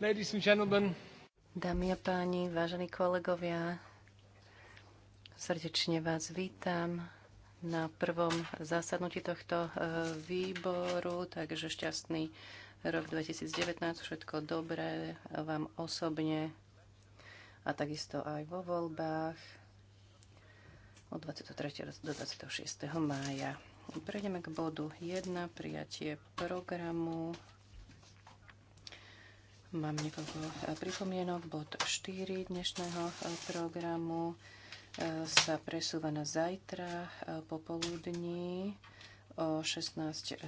Dámy a páni, vážení kolegovia, srdečne vás vítam na prvom zasadnutí tohto e, výboru, takže šťastný rok 2019, všetko dobré vám osobne a takisto aj vo voľbách od 23. do 26. mája. Prejdeme k bodu 1, prijatie programu. Mám niekoľko e, pripomienok. Bod 4 dnešného e, programu e, sa presúva na zajtra popoludní o 16.30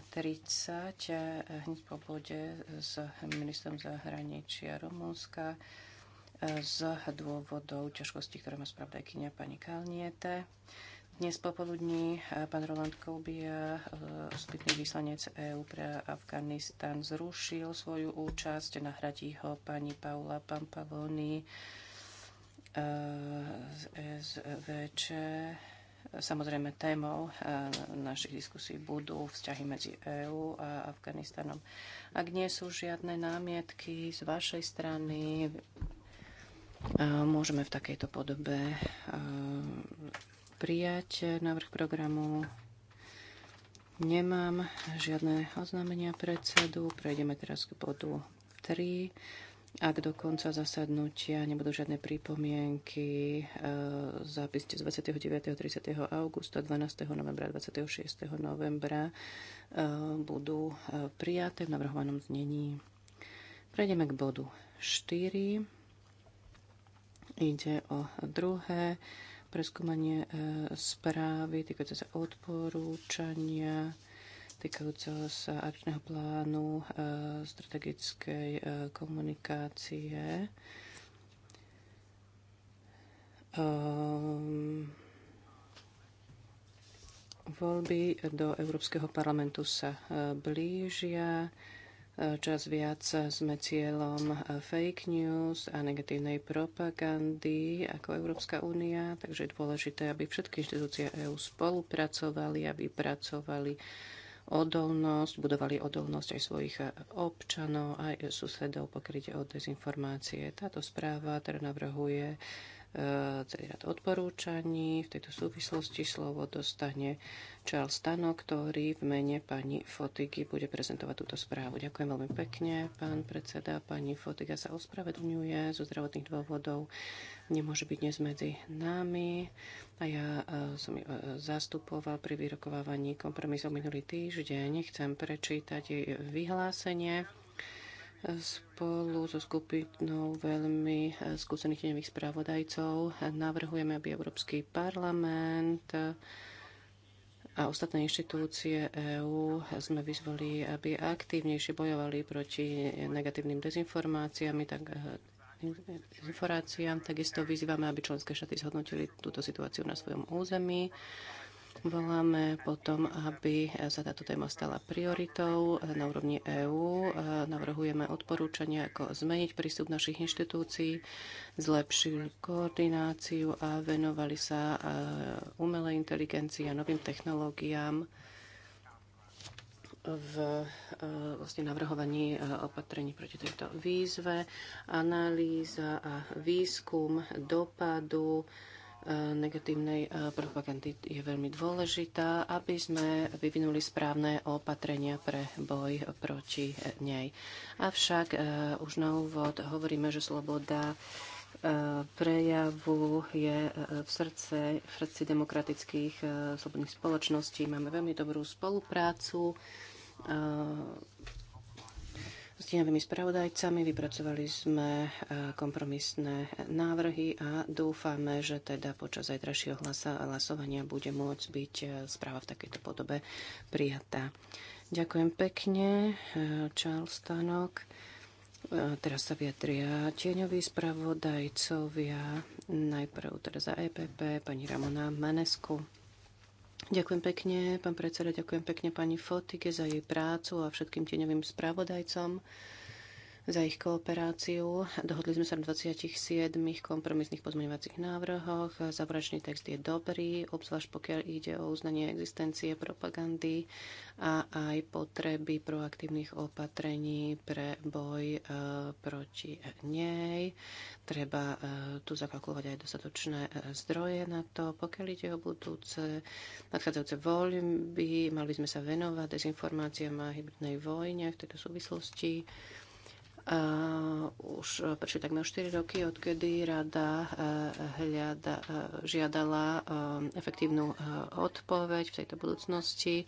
hneď po bode s ministrom zahraničia Rumúnska z dôvodov ťažkostí, ktoré má spravdajkynia pani Kalniete. Dnes popoludní eh, pán Roland Kolbia, eh, osobitný vyslanec EÚ pre Afganistan, zrušil svoju účasť, nahradí ho pani Paula Pampavoni, eh, z SVČ. Samozrejme, témou našich diskusí budú vzťahy medzi EÚ a Afganistanom. Ak nie sú žiadne námietky z vašej strany, môžeme v takejto podobe prijať. Návrh programu nemám žiadne oznámenia predsedu. Prejdeme teraz k bodu 3. Ak do konca zasadnutia nebudú žiadne prípomienky, e, zápiste z 29. 30. augusta, 12. novembra, 26. novembra e, budú e, prijaté v navrhovanom znení. Prejdeme k bodu 4. Ide o druhé preskúmanie e, správy týkajúce sa odporúčania, týkajúceho sa akčného plánu e, strategickej e, komunikácie. Ehm, voľby do Európskeho parlamentu sa blížia. Čas viac sme cieľom fake news a negatívnej propagandy ako Európska únia, takže je dôležité, aby všetky inštitúcie EÚ spolupracovali, aby pracovali odolnosť, budovali odolnosť aj svojich občanov, aj susedov pokryť od dezinformácie. Táto správa teda navrhuje E, celý rad odporúčaní. V tejto súvislosti slovo dostane Charles Tano, ktorý v mene pani Fotigy bude prezentovať túto správu. Ďakujem veľmi pekne, pán predseda. Pani Fotiga sa ospravedlňuje zo zdravotných dôvodov. Nemôže byť dnes medzi nami. A ja e, som ju e, zastupoval pri vyrokovávaní kompromisov minulý týždeň. Chcem prečítať jej vyhlásenie Spolu so skupinou veľmi eh, skúsených tieňových spravodajcov navrhujeme, aby Európsky parlament a ostatné inštitúcie EÚ sme vyzvali, aby aktívnejšie bojovali proti negatívnym dezinformáciám, tak eh, dezinformáciám. Takisto vyzývame, aby členské štáty zhodnotili túto situáciu na svojom území Voláme potom, aby sa táto téma stala prioritou na úrovni EÚ. Navrhujeme odporúčania, ako zmeniť prístup našich inštitúcií, zlepšiť koordináciu a venovali sa eh, umelej inteligencii a novým technológiám v eh, vlastne navrhovaní eh, opatrení proti tejto výzve, analýza a výskum dopadu Eh, negatívnej eh, propagandy je veľmi dôležitá, aby sme vyvinuli správne opatrenia pre boj proti nej. Avšak eh, už na úvod hovoríme, že sloboda prejavu je v, srdce, v srdci demokratických slobodných spoločností. Máme veľmi dobrú spoluprácu tieňovými spravodajcami. Vypracovali sme e, kompromisné návrhy a dúfame, že teda počas zajtrajšieho hlasovania bude môcť byť e, správa v takejto podobe prijatá. Ďakujem pekne, e, Charles Stanok. Teraz sa vyjadria tieňoví spravodajcovia. Najprv teda za EPP, pani Ramona Manesku. Ďakujem pekne, pán predseda, ďakujem pekne pani Fotike za jej prácu a všetkým tieňovým spravodajcom za ich kooperáciu. Dohodli sme sa na 27 kompromisných pozmeňovacích návrhoch. Zavračný text je dobrý, obzvlášť pokiaľ ide o uznanie existencie propagandy a aj potreby proaktívnych opatrení pre boj e, proti nej. Treba e, tu zakalkulovať aj dostatočné e, zdroje na to. Pokiaľ ide o budúce nadchádzajúce voľby, mali sme sa venovať dezinformáciám a hybridnej vojne v tejto súvislosti už prešli takmer 4 roky, odkedy rada e, hľada, e, žiadala e, efektívnu odpoveď v tejto budúcnosti.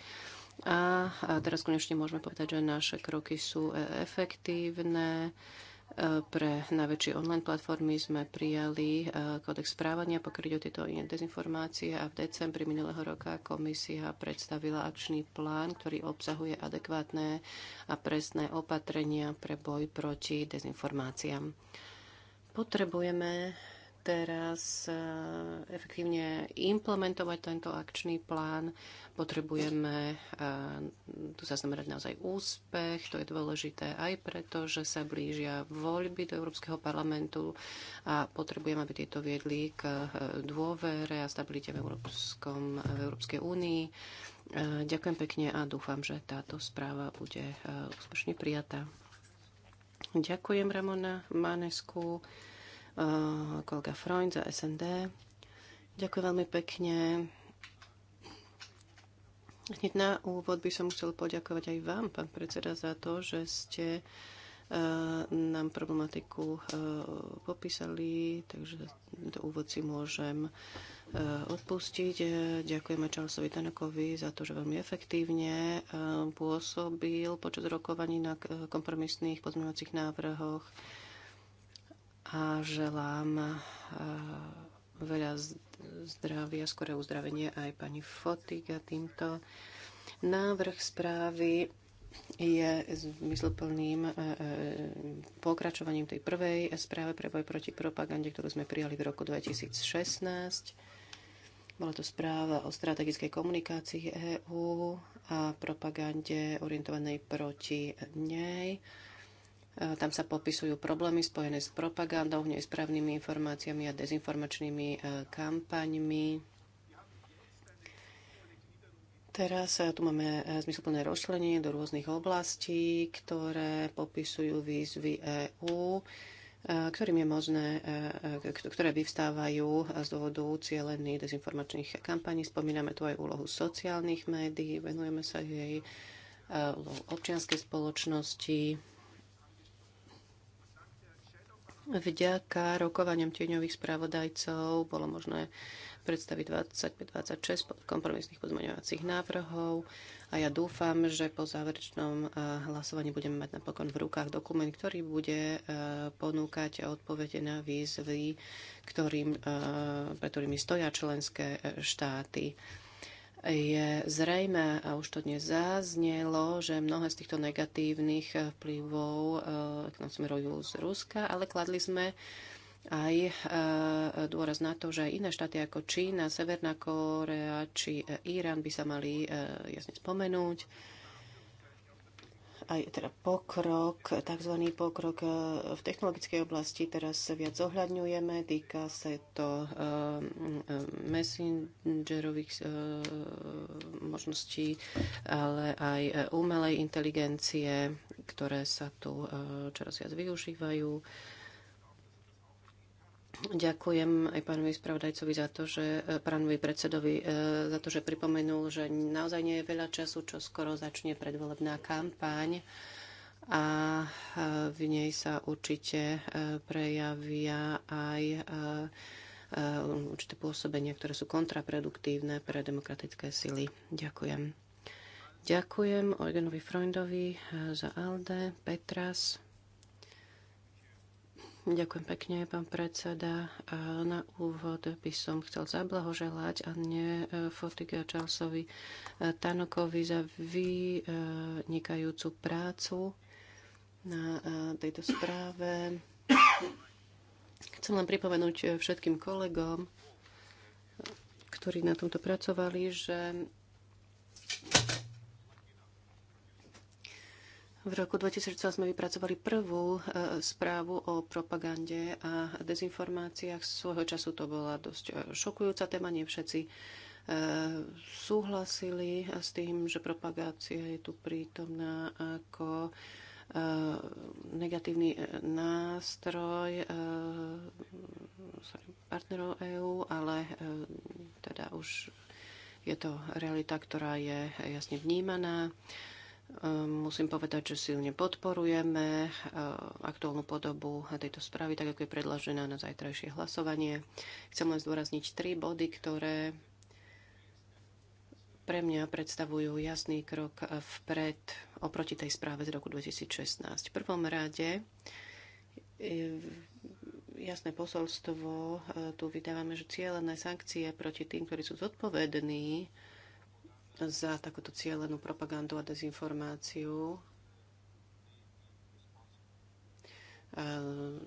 A teraz konečne môžeme povedať, že naše kroky sú efektívne Eh, pre najväčšie online platformy sme prijali eh, kódex správania pokryť o tieto dezinformácie a v decembri minulého roka komisia predstavila akčný plán, ktorý obsahuje adekvátne a presné opatrenia pre boj proti dezinformáciám. Potrebujeme teraz e, efektívne implementovať tento akčný plán. Potrebujeme e, tu zaznamenať naozaj úspech. To je dôležité aj preto, že sa blížia voľby do Európskeho parlamentu a potrebujeme, aby tieto viedli k e, dôvere a stabilite v, Európskom, v Európskej únii. Ďakujem pekne a dúfam, že táto správa bude úspešne prijatá. Ďakujem Ramona Manesku. Eh, kolega Freund za SND. Ďakujem veľmi pekne. Hneď na úvod by som chcel poďakovať aj vám, pán predseda, za to, že ste eh, nám problematiku eh, popísali, takže do úvod si môžem odpustiť. Ďakujeme Charlesovi Tanakovi za to, že veľmi efektívne pôsobil počas rokovaní na kompromisných pozmeňovacích návrhoch a želám e, veľa zdravia, skoré uzdravenie aj pani Fotiga týmto. Návrh správy je zmyslplným e, e, pokračovaním tej prvej správe pre boj proti propagande, ktorú sme prijali v roku 2016. Bola to správa o strategickej komunikácii EÚ a propagande orientovanej proti nej. E, tam sa popisujú problémy spojené s propagandou, nesprávnymi informáciami a dezinformačnými e, kampaňmi. Teraz e, tu máme zmysluplné rozšlenie do rôznych oblastí, ktoré popisujú výzvy EÚ ktorým je možné, ktoré vyvstávajú z dôvodu cieľených dezinformačných kampaní. Spomíname tu aj úlohu sociálnych médií, venujeme sa jej úlohu občianskej spoločnosti, Vďaka rokovaniam tieňových spravodajcov bolo možné predstaviť 25-26 kompromisných pozmeňovacích návrhov a ja dúfam, že po záverečnom eh, hlasovaní budeme mať napokon v rukách dokument, ktorý bude eh, ponúkať odpovede na výzvy, ktorým, eh, pre ktorými stoja členské štáty je zrejme, a už to dnes zaznelo, že mnohé z týchto negatívnych vplyvov eh, k nám smerujú z Ruska, ale kladli sme aj eh, dôraz na to, že aj iné štáty ako Čína, Severná Kórea či eh, Irán by sa mali jasne spomenúť aj teda pokrok, tzv. pokrok e, v technologickej oblasti teraz viac zohľadňujeme. Týka sa to e, e, messengerových možností, ale aj umelej inteligencie, ktoré sa tu čoraz viac využívajú Ďakujem aj pánovi spravodajcovi za to, že e, pánovi predsedovi e, za to, že pripomenul, že naozaj nie je veľa času, čo skoro začne predvolebná kampaň a e, v nej sa určite prejavia aj určité pôsobenia, ktoré sú kontraproduktívne pre demokratické sily. Ďakujem. Ďakujem Eugenovi Freundovi za Alde, Petras. Ďakujem pekne, pán predseda. Na úvod by som chcel zablahoželať Anne e, Fortiga Charlesovi e, Tanokovi za vynikajúcu prácu na e, tejto správe. Chcem len pripomenúť všetkým kolegom, ktorí na tomto pracovali, že v roku 2002 sme vypracovali prvú e, správu o propagande a dezinformáciách. Svojho času to bola dosť e, šokujúca téma. Nie všetci e, súhlasili s tým, že propagácia je tu prítomná ako negatívny nástroj partnerov EÚ, ale teda už je to realita, ktorá je jasne vnímaná. Musím povedať, že silne podporujeme eh, aktuálnu podobu tejto správy, tak ako je predložená na zajtrajšie hlasovanie. Chcem len zdôrazniť tri body, ktoré pre mňa predstavujú jasný krok vpred oproti tej správe z roku 2016. V prvom rade eh, jasné posolstvo eh, tu vydávame, že cieľené sankcie proti tým, ktorí sú zodpovední za takúto cieľenú propagandu a dezinformáciu. Ehm,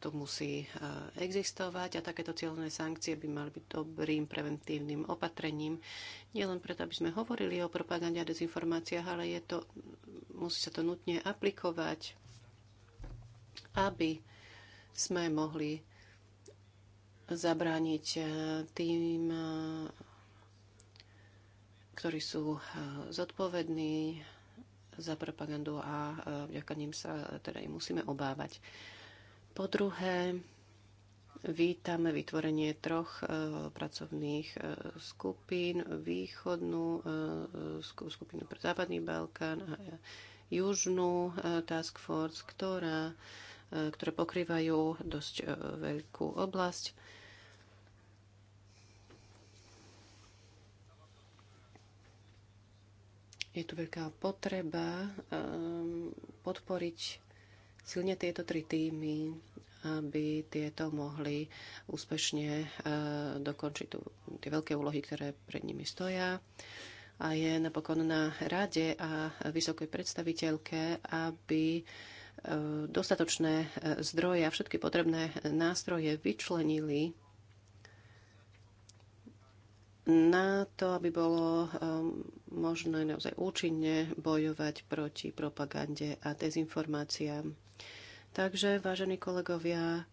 to musí e, existovať a takéto cieľné sankcie by mali byť dobrým preventívnym opatrením. Nielen preto, aby sme hovorili o propagande a dezinformáciách, ale je to, musí sa to nutne aplikovať, aby sme mohli zabrániť e, tým e, ktorí sú eh, zodpovední za propagandu a eh, vďaka ním sa teda i musíme obávať. Po druhé, vítame vytvorenie troch eh, pracovných skupín, východnú skupinu pre Západný Balkán a južnú task force, ktorá, ktoré pokrývajú dosť veľkú oblasť Je tu veľká potreba ehm, podporiť silne tieto tri týmy, aby tieto mohli úspešne eh, dokončiť tie veľké úlohy, ktoré pred nimi stoja a je napokon na rade a vysokej predstaviteľke, aby eh, dostatočné eh, zdroje a všetky potrebné nástroje vyčlenili na to, aby bolo ehm, možné naozaj účinne bojovať proti propagande a dezinformáciám. Takže, vážení kolegovia,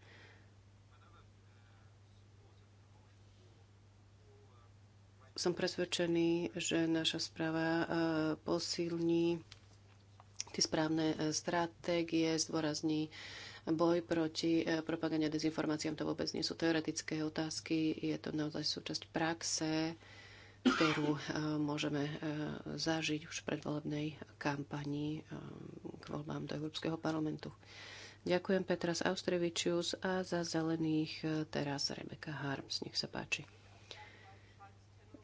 som presvedčený, že naša správa ehm, posilní tie správne ehm, stratégie, zdôrazní Boj proti e, propagande a dezinformáciám to vôbec nie sú teoretické otázky, je to naozaj súčasť praxe, ktorú e, môžeme e, zažiť už v predvolebnej kampanii k voľbám do Európskeho parlamentu. Ďakujem Petra z Austrevičius a za zelených teraz Rebeka Harms. Nech sa páči.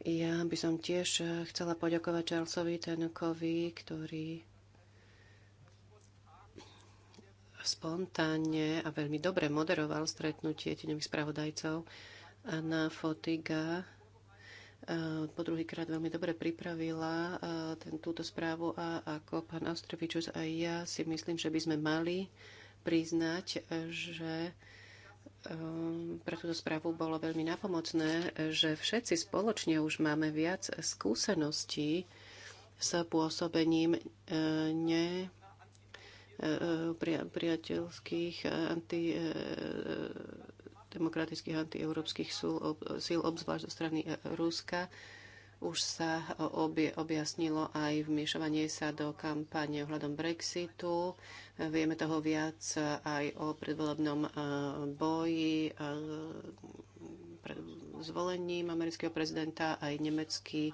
Ja by som tiež chcela poďakovať Charlesovi Tenkovi, ktorý spontánne a veľmi dobre moderoval stretnutie tieňových spravodajcov. na Fotiga eh, po druhýkrát veľmi dobre pripravila eh, ten, túto správu a ako pán Austrovičus aj ja si myslím, že by sme mali priznať, že eh, pre túto správu bolo veľmi napomocné, že všetci spoločne už máme viac skúseností s pôsobením ne priateľských anti e, demokratických antieurópskych síl, obzvlášť zo strany e, Ruska. Už sa obie, objasnilo aj vmiešovanie sa do kampane ohľadom Brexitu. Vieme toho viac aj o predvolebnom e, boji pred zvolením amerického prezidenta aj nemecký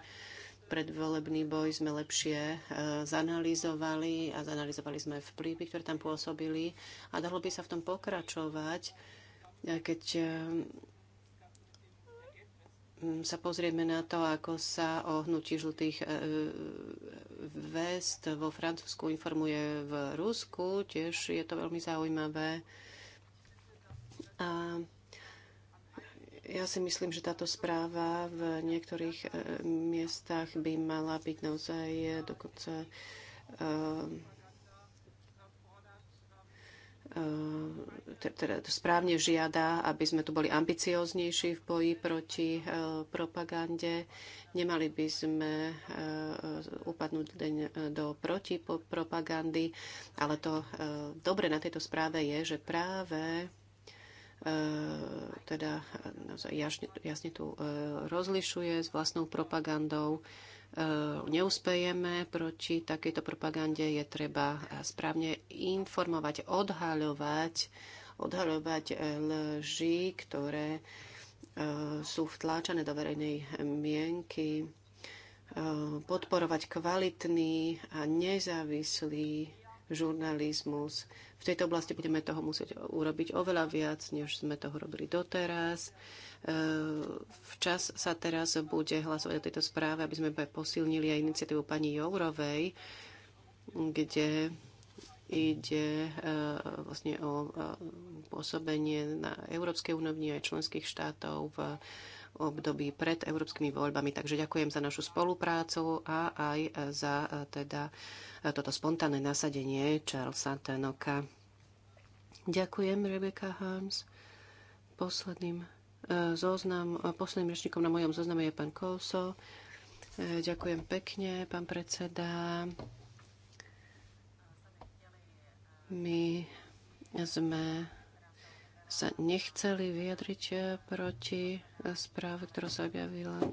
predvolebný boj sme lepšie e, zanalizovali a zanalizovali sme vplyvy, ktoré tam pôsobili a dalo by sa v tom pokračovať, e, keď e, sa pozrieme na to, ako sa o hnutí žltých vest vo Francúzsku informuje v Rusku. Tiež je to veľmi zaujímavé. A ja si myslím, že táto správa v niektorých e, miestach by mala byť naozaj dokonca e, e, teda správne žiada, aby sme tu boli ambicioznejší v boji proti propagande. Nemali by sme upadnúť deň do protipropagandy, ale to dobre na tejto správe je, že práve E, teda e, jasne, jasne tu e, rozlišuje s vlastnou propagandou. Neúspejeme proti takejto propagande, je treba správne informovať, odhaľovať, odhaľovať lži, ktoré sú vtláčané do verejnej mienky, podporovať kvalitný a nezávislý žurnalizmus. V tejto oblasti budeme toho musieť urobiť oveľa viac, než sme toho robili doteraz. E, včas sa teraz bude hlasovať o tejto správe, aby sme posilnili aj iniciatívu pani Jourovej, kde ide e, vlastne o e, pôsobenie na európskej úrovni aj členských štátov v období pred európskymi voľbami. Takže ďakujem za našu spoluprácu a aj za e, teda e, toto spontánne nasadenie Charlesa Tenoka. Ďakujem, Rebecca Harms. Posledným, e, zoznam, posledným rečníkom na mojom zozname je pán Kolso. Ďakujem pekne, pán predseda. My sme sa nechceli vyjadriť proti správe, ktorá sa objavila eh,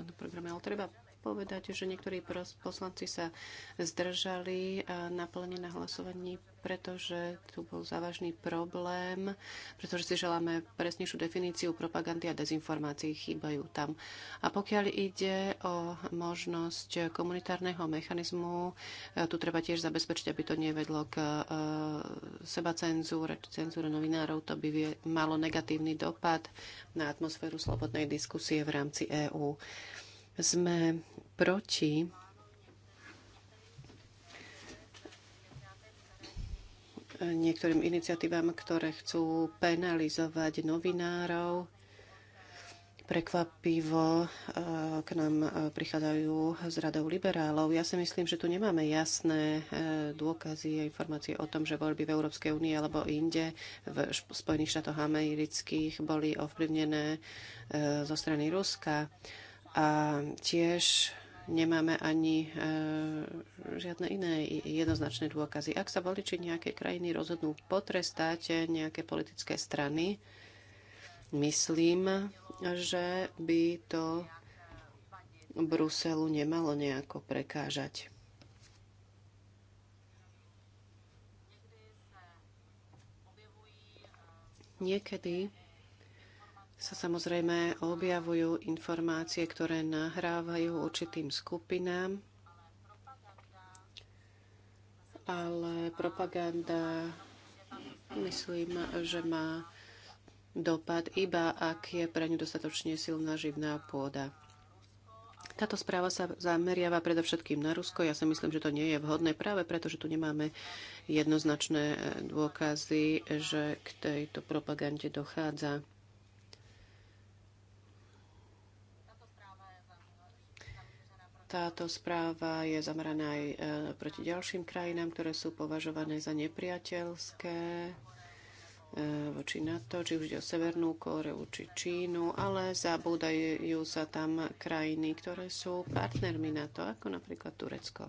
na programe. Ale treba povedať, že niektorí poslanci sa zdržali e, naplne na hlasovaní, pretože tu bol závažný problém, pretože si želáme presnejšiu definíciu propagandy a dezinformácií, chýbajú tam. A pokiaľ ide o možnosť komunitárneho mechanizmu, e, tu treba tiež zabezpečiť, aby to nevedlo k e, seba cenzúre, cenzúre novinárov, to by malo negatívny dopad na atmosféru slobodnej diskusie v rámci EÚ. Sme proti niektorým iniciatívam, ktoré chcú penalizovať novinárov. Prekvapivo eh, k nám eh, prichádzajú z radou liberálov. Ja si myslím, že tu nemáme jasné eh, dôkazy a informácie o tom, že voľby v Európskej únii alebo inde v Spojených štátoch amerických boli ovplyvnené zo strany Ruska. A tiež nemáme ani e, žiadne iné jednoznačné dôkazy. Ak sa voliči nejaké krajiny rozhodnú potrestať nejaké politické strany, myslím, že by to Bruselu nemalo nejako prekážať. Niekedy sa samozrejme objavujú informácie, ktoré nahrávajú určitým skupinám, ale propaganda myslím, že má dopad iba, ak je pre ňu dostatočne silná živná pôda. Táto správa sa zameriava predovšetkým na Rusko. Ja si myslím, že to nie je vhodné práve preto, že tu nemáme jednoznačné dôkazy, že k tejto propagande dochádza. Táto správa je zameraná aj e, proti ďalším krajinám, ktoré sú považované za nepriateľské e, voči NATO, či už ide o Severnú Kóreu či Čínu, ale zabúdajú sa tam krajiny, ktoré sú partnermi NATO, ako napríklad Turecko.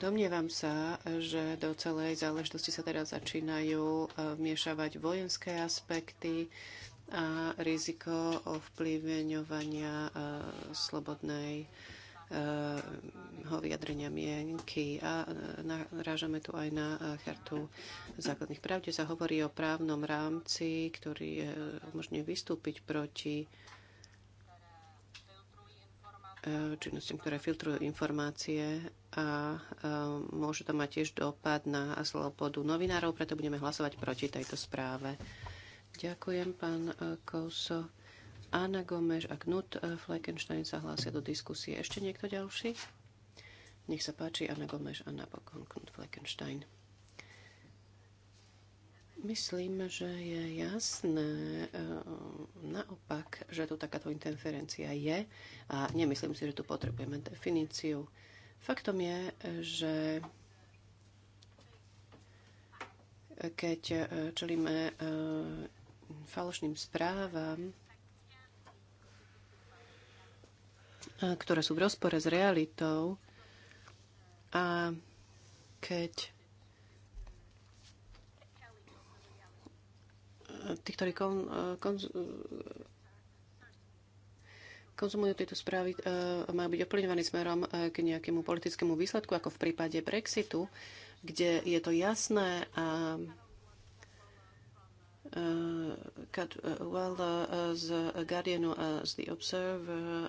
Domnievam sa, že do celej záležitosti sa teraz začínajú e, miešavať vojenské aspekty, a riziko ovplyvňovania e, slobodnej e, ho vyjadrenia mienky. A e, narážame tu aj na chartu základných práv, kde sa hovorí o právnom rámci, ktorý umožňuje vystúpiť proti činnostiam, ktoré filtrujú informácie a môže to mať tiež dopad na slobodu novinárov, preto budeme hlasovať proti tejto správe. Ďakujem, pán e, Kouso. Anna Gomeš a Knut e, Fleckenstein sa hlásia do diskusie. Ešte niekto ďalší? Nech sa páči, Anna Gomeš a napokon Knut Fleckenstein. Myslím, že je jasné e, naopak, že tu takáto interferencia je a nemyslím si, že tu potrebujeme definíciu. Faktom je, že keď čelíme falošným správam, ktoré sú v rozpore s realitou. A keď tí, ktorí kon, e, kon, konzumujú tieto správy, e, majú byť ovplyvňovaní smerom e, k nejakému politickému výsledku, ako v prípade Brexitu, kde je to jasné a Kat Well eh, z Guardianu a eh, z The Observer eh,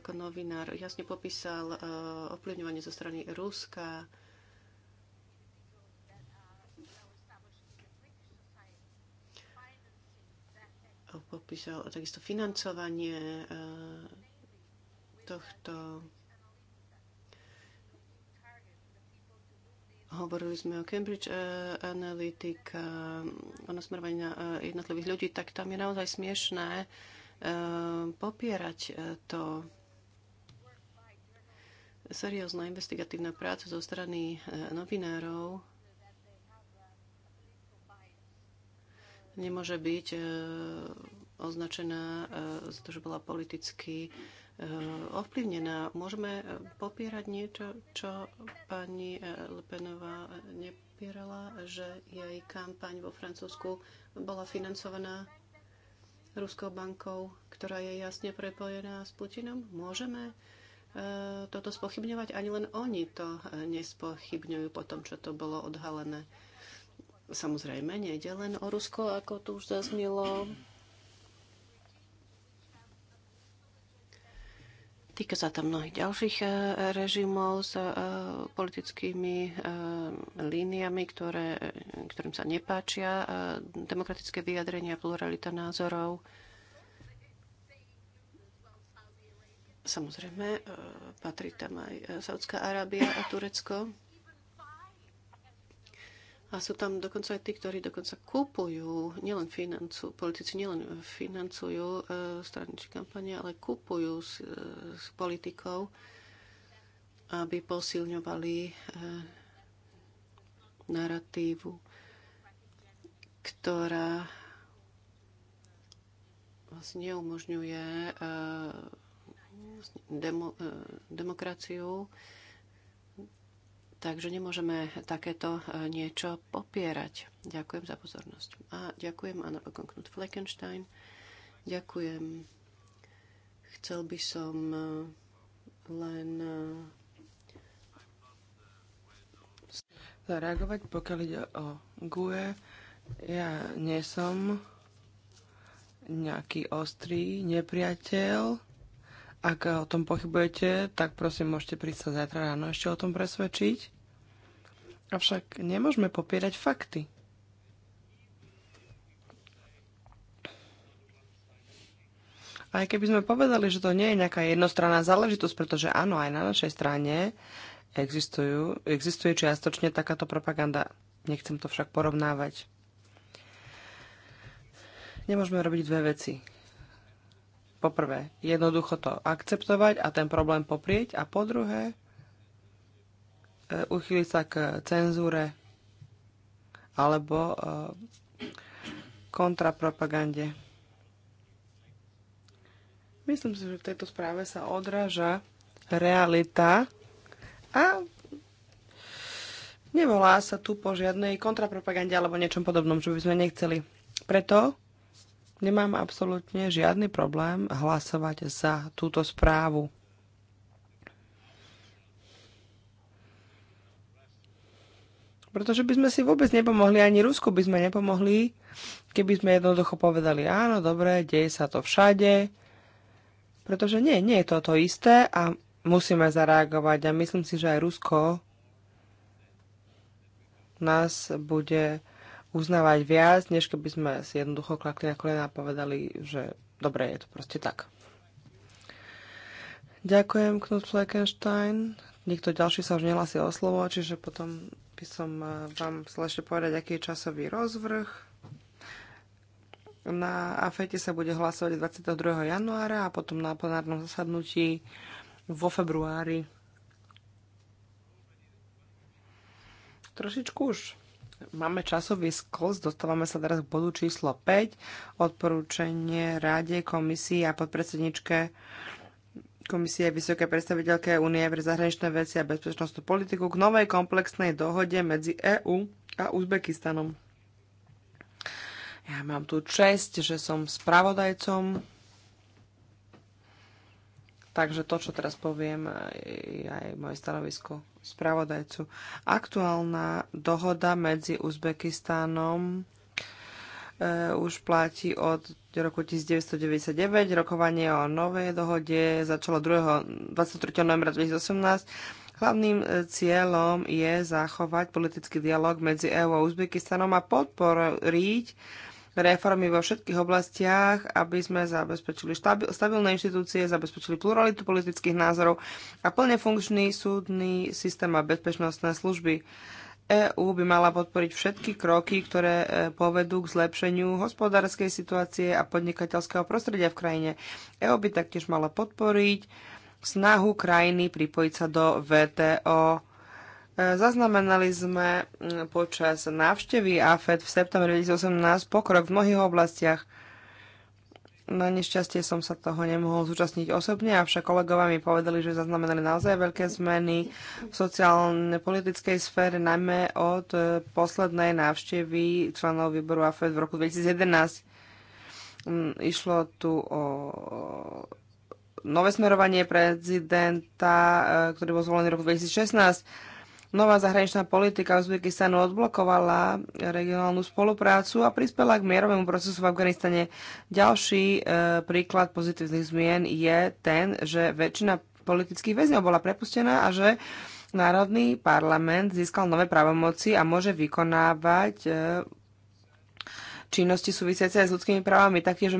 ako novinár jasne popísal ovplyvňovanie zo strany Ruska popísal takisto financovanie tohto hovorili sme o Cambridge eh, Analytica, eh, o nasmerovaní na eh, jednotlivých ľudí, tak tam je naozaj smiešné popierať to. Seriózna investigatívna práca zo strany novinárov nemôže byť označená za to, že bola politicky Eh, ovplyvnená. Môžeme eh, popierať niečo, čo pani eh, Lepenová nepierala, že jej kampaň vo Francúzsku bola financovaná ruskou bankou, ktorá je jasne prepojená s Putinom? Môžeme toto spochybňovať? Ani len oni to nespochybňujú po tom, čo to bolo odhalené. Samozrejme, nejde len o Rusko, ako tu už zaznelo. Týka sa to mnohých ďalších e, režimov s e, politickými e, líniami, ktoré, ktorým sa nepáčia demokratické vyjadrenia, pluralita názorov. Samozrejme, patrí tam aj Saudská Arábia a Turecko. A sú tam dokonca aj tí, ktorí dokonca kupujú, nielen financu, politici nielen financujú e, straničné kampane, ale kupujú s, e, s politikov, aby posilňovali e, narratívu, ktorá vlastne neumožňuje e, vlastne demo, e, demokraciu. E, Takže nemôžeme takéto e, niečo popierať. Ďakujem za pozornosť. A ďakujem, Anna Bogonknut Fleckenstein. Ďakujem. Chcel by som e, len e, zareagovať, pokiaľ ide o GUE. Ja nie som nejaký ostrý nepriateľ. Ak o tom pochybujete, tak prosím, môžete prísť sa zajtra ráno ešte o tom presvedčiť. Avšak nemôžeme popierať fakty. Aj keby sme povedali, že to nie je nejaká jednostranná záležitosť, pretože áno, aj na našej strane existujú, existuje čiastočne takáto propaganda. Nechcem to však porovnávať. Nemôžeme robiť dve veci. Poprvé, jednoducho to akceptovať a ten problém poprieť a po druhé, E, uchýliť sa k cenzúre alebo e, kontrapropagande. Myslím si, že v tejto správe sa odráža realita a nevolá sa tu po žiadnej kontrapropagande alebo niečom podobnom, čo by sme nechceli. Preto nemám absolútne žiadny problém hlasovať za túto správu. Pretože by sme si vôbec nepomohli, ani Rusku by sme nepomohli, keby sme jednoducho povedali, áno, dobre, deje sa to všade. Pretože nie, nie je to to isté a musíme zareagovať a myslím si, že aj Rusko nás bude uznávať viac, než keby sme si jednoducho klakli na kolena a povedali, že dobre, je to proste tak. Ďakujem, Knut Fleckenstein. Nikto ďalší sa už nehlasil o slovo, čiže potom by som e, vám chcela ešte povedať, aký je časový rozvrh. Na AFETE sa bude hlasovať 22. januára a potom na plenárnom zasadnutí vo februári. Trošičku už máme časový sklz, dostávame sa teraz k bodu číslo 5, odporúčanie Ráde, komisii a podpredsedničke Komisie Vysoké predstaviteľke Únie pre zahraničné veci a bezpečnostnú politiku k novej komplexnej dohode medzi EÚ a Uzbekistanom. Ja mám tu čest, že som spravodajcom, takže to, čo teraz poviem, je aj moje stanovisko spravodajcu. Aktuálna dohoda medzi Uzbekistanom e, už platí od do roku 1999. Rokovanie o novej dohode začalo 2. 23. novembra 2018 Hlavným e, cieľom je zachovať politický dialog medzi EÚ a Uzbekistanom a podporiť reformy vo všetkých oblastiach, aby sme zabezpečili stabilné inštitúcie, zabezpečili pluralitu politických názorov a plne funkčný súdny systém a bezpečnostné služby. EÚ by mala podporiť všetky kroky, ktoré e, povedú k zlepšeniu hospodárskej situácie a podnikateľského prostredia v krajine. EÚ by taktiež mala podporiť snahu krajiny pripojiť sa do VTO. E, zaznamenali sme počas návštevy AFED v septembri 2018 pokrok v mnohých oblastiach – na nešťastie som sa toho nemohol zúčastniť osobne, avšak kolegovia mi povedali, že zaznamenali naozaj veľké zmeny v sociálne-politickej sfére, najmä od e, poslednej návštevy členov výboru AFED v roku 2011. Mm, išlo tu o nové smerovanie prezidenta, e, ktorý bol zvolený v roku 2016 Nová zahraničná politika Uzbekistanu odblokovala regionálnu spoluprácu a prispela k mierovému procesu v Afganistane. Ďalší e, príklad pozitívnych zmien je ten, že väčšina politických väzňov bola prepustená a že Národný parlament získal nové právomoci a môže vykonávať e, činnosti súvisiace aj s ľudskými právami, taktiež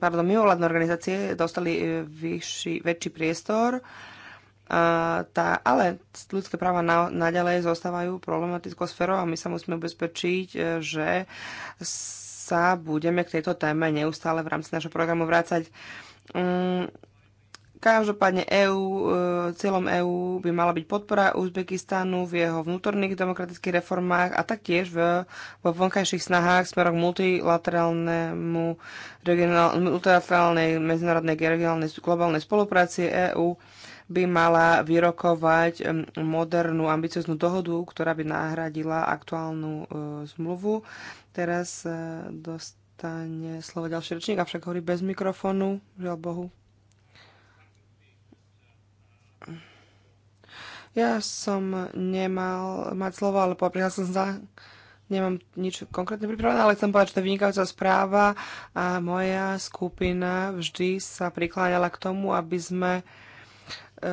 pardon, mimovládne organizácie dostali e, vyšší, väčší priestor. E, a tá, ale ľudské práva na, naďalej zostávajú problematickou sférou a my sa musíme ubezpečiť, e, že sa budeme k tejto téme neustále v rámci našho programu vrácať. Um, Každopádne EU, e, cieľom EÚ by mala byť podpora Uzbekistanu v jeho vnútorných demokratických reformách a taktiež v, vo vonkajších snahách smerom k multilaterálnemu regionál, multilaterálnej medzinárodnej regionálnej globálnej spolupráci EÚ. EU by mala vyrokovať modernú, ambicioznú dohodu, ktorá by nahradila aktuálnu e, zmluvu. Teraz e, dostane slovo ďalší rečník, avšak hovorí bez mikrofónu, žiaľ Bohu. Ja som nemal mať slovo, ale prihlásil som za... nemám nič konkrétne pripravené, ale chcem povedať, že to je vynikajúca správa a moja skupina vždy sa prikláňala k tomu, aby sme E,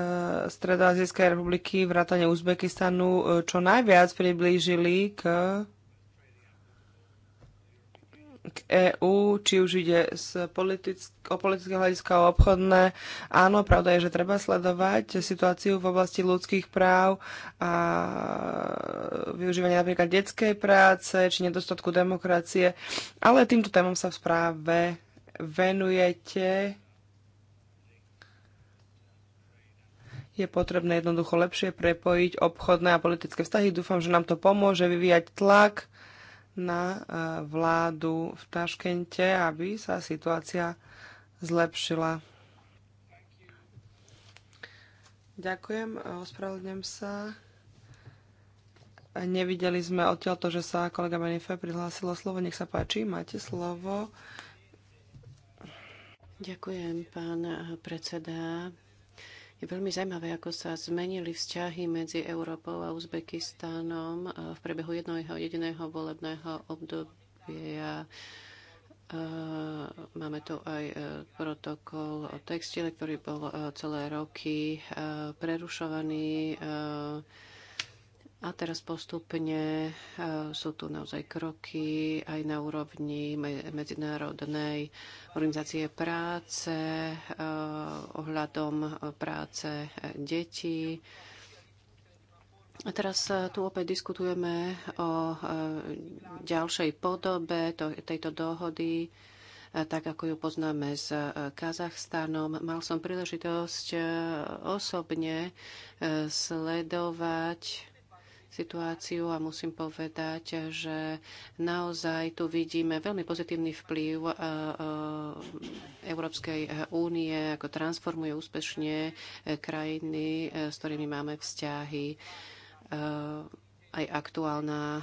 Stredoazijskej republiky, vrátane Uzbekistanu, e, čo najviac priblížili k, k EÚ, či už ide z politick- o politické hľadiska, o obchodné. Áno, pravda je, že treba sledovať situáciu v oblasti ľudských práv a využívanie napríklad detskej práce či nedostatku demokracie, ale týmto témam sa v správe venujete je potrebné jednoducho lepšie prepojiť obchodné a politické vztahy. Dúfam, že nám to pomôže vyvíjať tlak na e, vládu v Taškente, aby sa situácia zlepšila. Ďakujem, e, ospravedlňujem sa. Nevideli sme odtiaľ to, že sa kolega Benife prihlásilo slovo. Nech sa páči, máte slovo. Ďakujem, pán predseda. Je veľmi zaujímavé, ako sa zmenili vzťahy medzi Európou a Uzbekistanom e, v priebehu jednoho jediného volebného obdobia. E, máme tu aj e, protokol o textile, ktorý bol celé roky prerušovaný a teraz postupne e, sú tu naozaj kroky aj na úrovni Medzinárodnej organizácie práce e, ohľadom práce detí. A teraz e, tu opäť diskutujeme o ďalšej podobe tejto dohody tak ako ju poznáme s Kazachstanom. Mal som príležitosť osobne sledovať situáciu a musím povedať, že naozaj tu vidíme veľmi pozitívny vplyv eh, eh, Európskej eh, únie, ako transformuje úspešne krajiny, s ktorými máme vzťahy. Aj aktuálna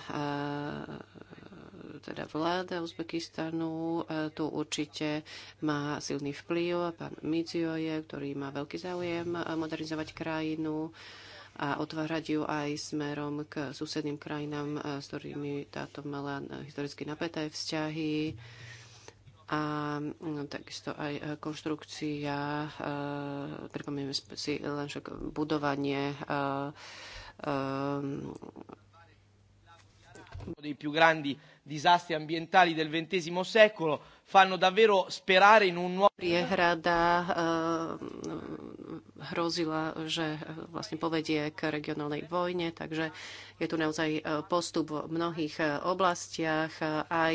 teda vláda Uzbekistanu tu určite má silný vplyv. Pán Mizioje, ktorý má veľký záujem modernizovať krajinu a otvárať ju aj smerom k susedným krajinám, e, s ktorými táto mala e, historicky napäté vzťahy a no, takisto aj e, konštrukcia, e, pripomíname si len však budovanie e, e, priehrada e, hrozila, že e, vlastne povedie k regionálnej vojne, takže je tu naozaj e, postup v mnohých e, oblastiach aj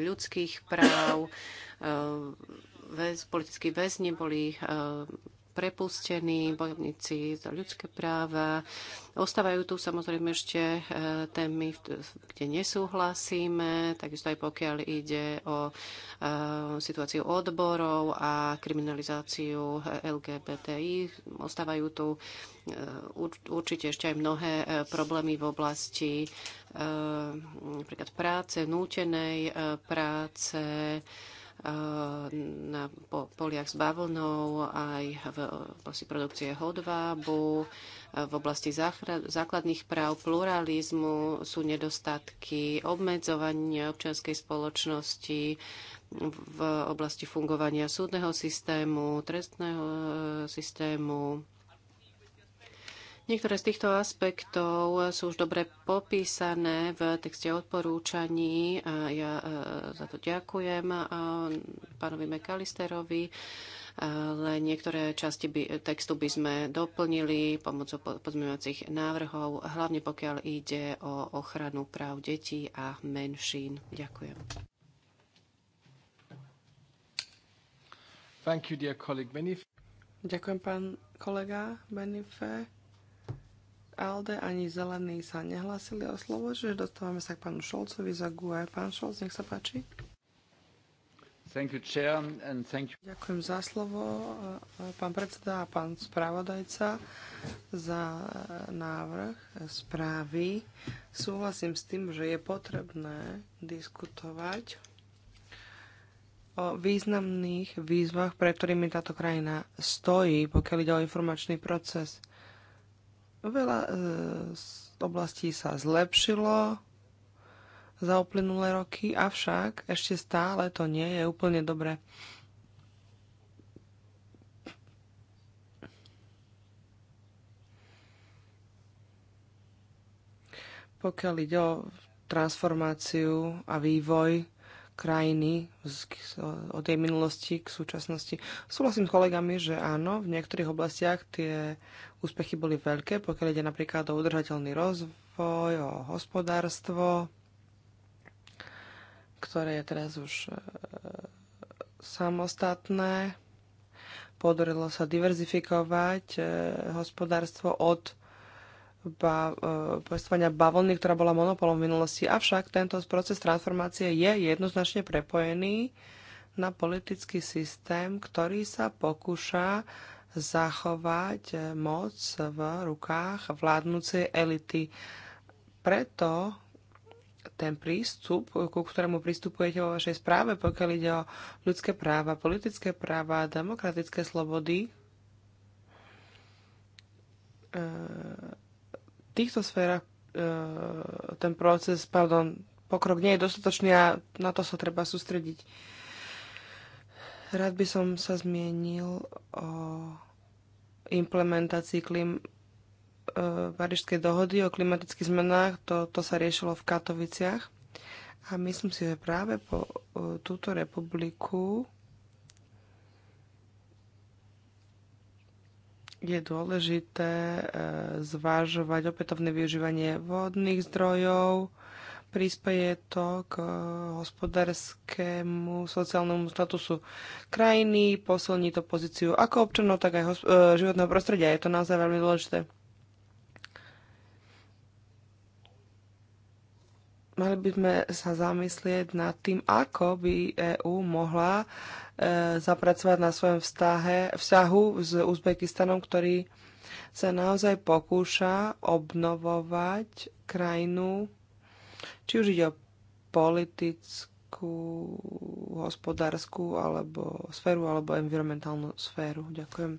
ľudských práv. politickí väzni boli prepustení, bojovníci za ľudské práva. Ostávajú tu samozrejme ešte e, témy, kde nesúhlasíme, takisto aj pokiaľ ide o e, situáciu odborov a kriminalizáciu e, LGBTI. Ostávajú tu určite ešte aj mnohé problémy v oblasti napríklad práce, nútenej práce, na poliach s bavlnou, aj v oblasti produkcie hodvábu, v oblasti základných práv, pluralizmu sú nedostatky, obmedzovanie občianskej spoločnosti, v oblasti fungovania súdneho systému, trestného systému, Niektoré z týchto aspektov sú už dobre popísané v texte odporúčaní. A ja e, za to ďakujem e, pánovi McAllisterovi ale niektoré časti by, textu by sme doplnili pomocou pozmeňovacích návrhov, hlavne pokiaľ ide o ochranu práv detí a menšín. Ďakujem. Thank you, dear colleague Ďakujem, pán kolega Benife. ALDE ani zelení sa nehlásili o slovo, čiže dostávame sa k pánu Šolcovi za GUE. Pán Šolc, nech sa páči. Thank you, chair, and thank you. Ďakujem za slovo, e, e, pán predseda a pán správodajca za e, návrh správy. Súhlasím s tým, že je potrebné diskutovať o významných výzvach, pre ktorými táto krajina stojí, pokiaľ ide o informačný proces – Veľa e, oblastí sa zlepšilo za uplynulé roky, avšak ešte stále to nie je úplne dobré. Pokiaľ ide o transformáciu a vývoj krajiny od jej minulosti k súčasnosti. Súhlasím s kolegami, že áno, v niektorých oblastiach tie úspechy boli veľké, pokiaľ ide napríklad o udržateľný rozvoj, o hospodárstvo, ktoré je teraz už e, samostatné. Podarilo sa diverzifikovať e, hospodárstvo od ba, e, pestovania bavlny, ktorá bola monopolom v minulosti. Avšak tento proces transformácie je jednoznačne prepojený na politický systém, ktorý sa pokúša zachovať moc v rukách vládnúcej elity. Preto ten prístup, ku ktorému pristupujete vo vašej správe, pokiaľ ide o ľudské práva, politické práva, demokratické slobody, e, týchto sférach e, ten proces, pardon, pokrok nie je dostatočný a na to sa treba sústrediť. Rád by som sa zmienil o implementácii klim, e, Parížskej dohody o klimatických zmenách. To, to sa riešilo v Katoviciach. A myslím si, že práve po e, túto republiku je dôležité e, zvážovať opätovné využívanie vodných zdrojov. Prispieje to k e, hospodárskému sociálnemu statusu krajiny, posilní to pozíciu ako občanov, tak aj e, životného prostredia. Je to naozaj veľmi dôležité. mali by sme sa zamyslieť nad tým, ako by EÚ mohla e, zapracovať na svojom vztahe, vzťahu s Uzbekistanom, ktorý sa naozaj pokúša obnovovať krajinu, či už ide o politickú, hospodárskú alebo sféru, alebo environmentálnu sféru. Ďakujem.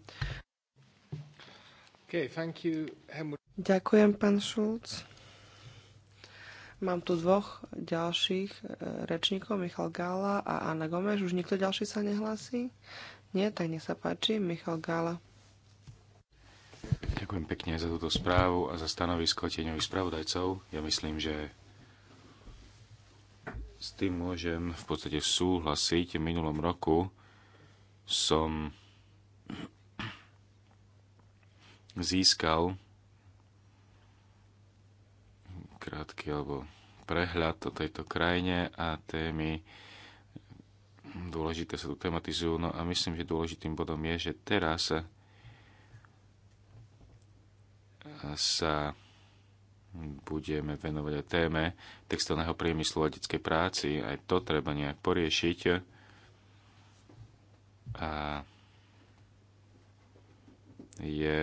Okay, thank you, Ďakujem, pán Schulz. Mám tu dvoch ďalších e, rečníkov, Michal Gála a Anna Gomeš. Už nikto ďalší sa nehlasí? Nie, tak nech sa páči, Michal Gála. Ďakujem pekne za túto správu a za stanovisko tieňových spravodajcov. Ja myslím, že s tým môžem v podstate súhlasiť. V minulom roku som získal krátky alebo prehľad o tejto krajine a témy dôležité sa tu tematizujú. No a myslím, že dôležitým bodom je, že teraz sa budeme venovať aj téme textilného priemyslu a detskej práci. Aj to treba nejak poriešiť. A je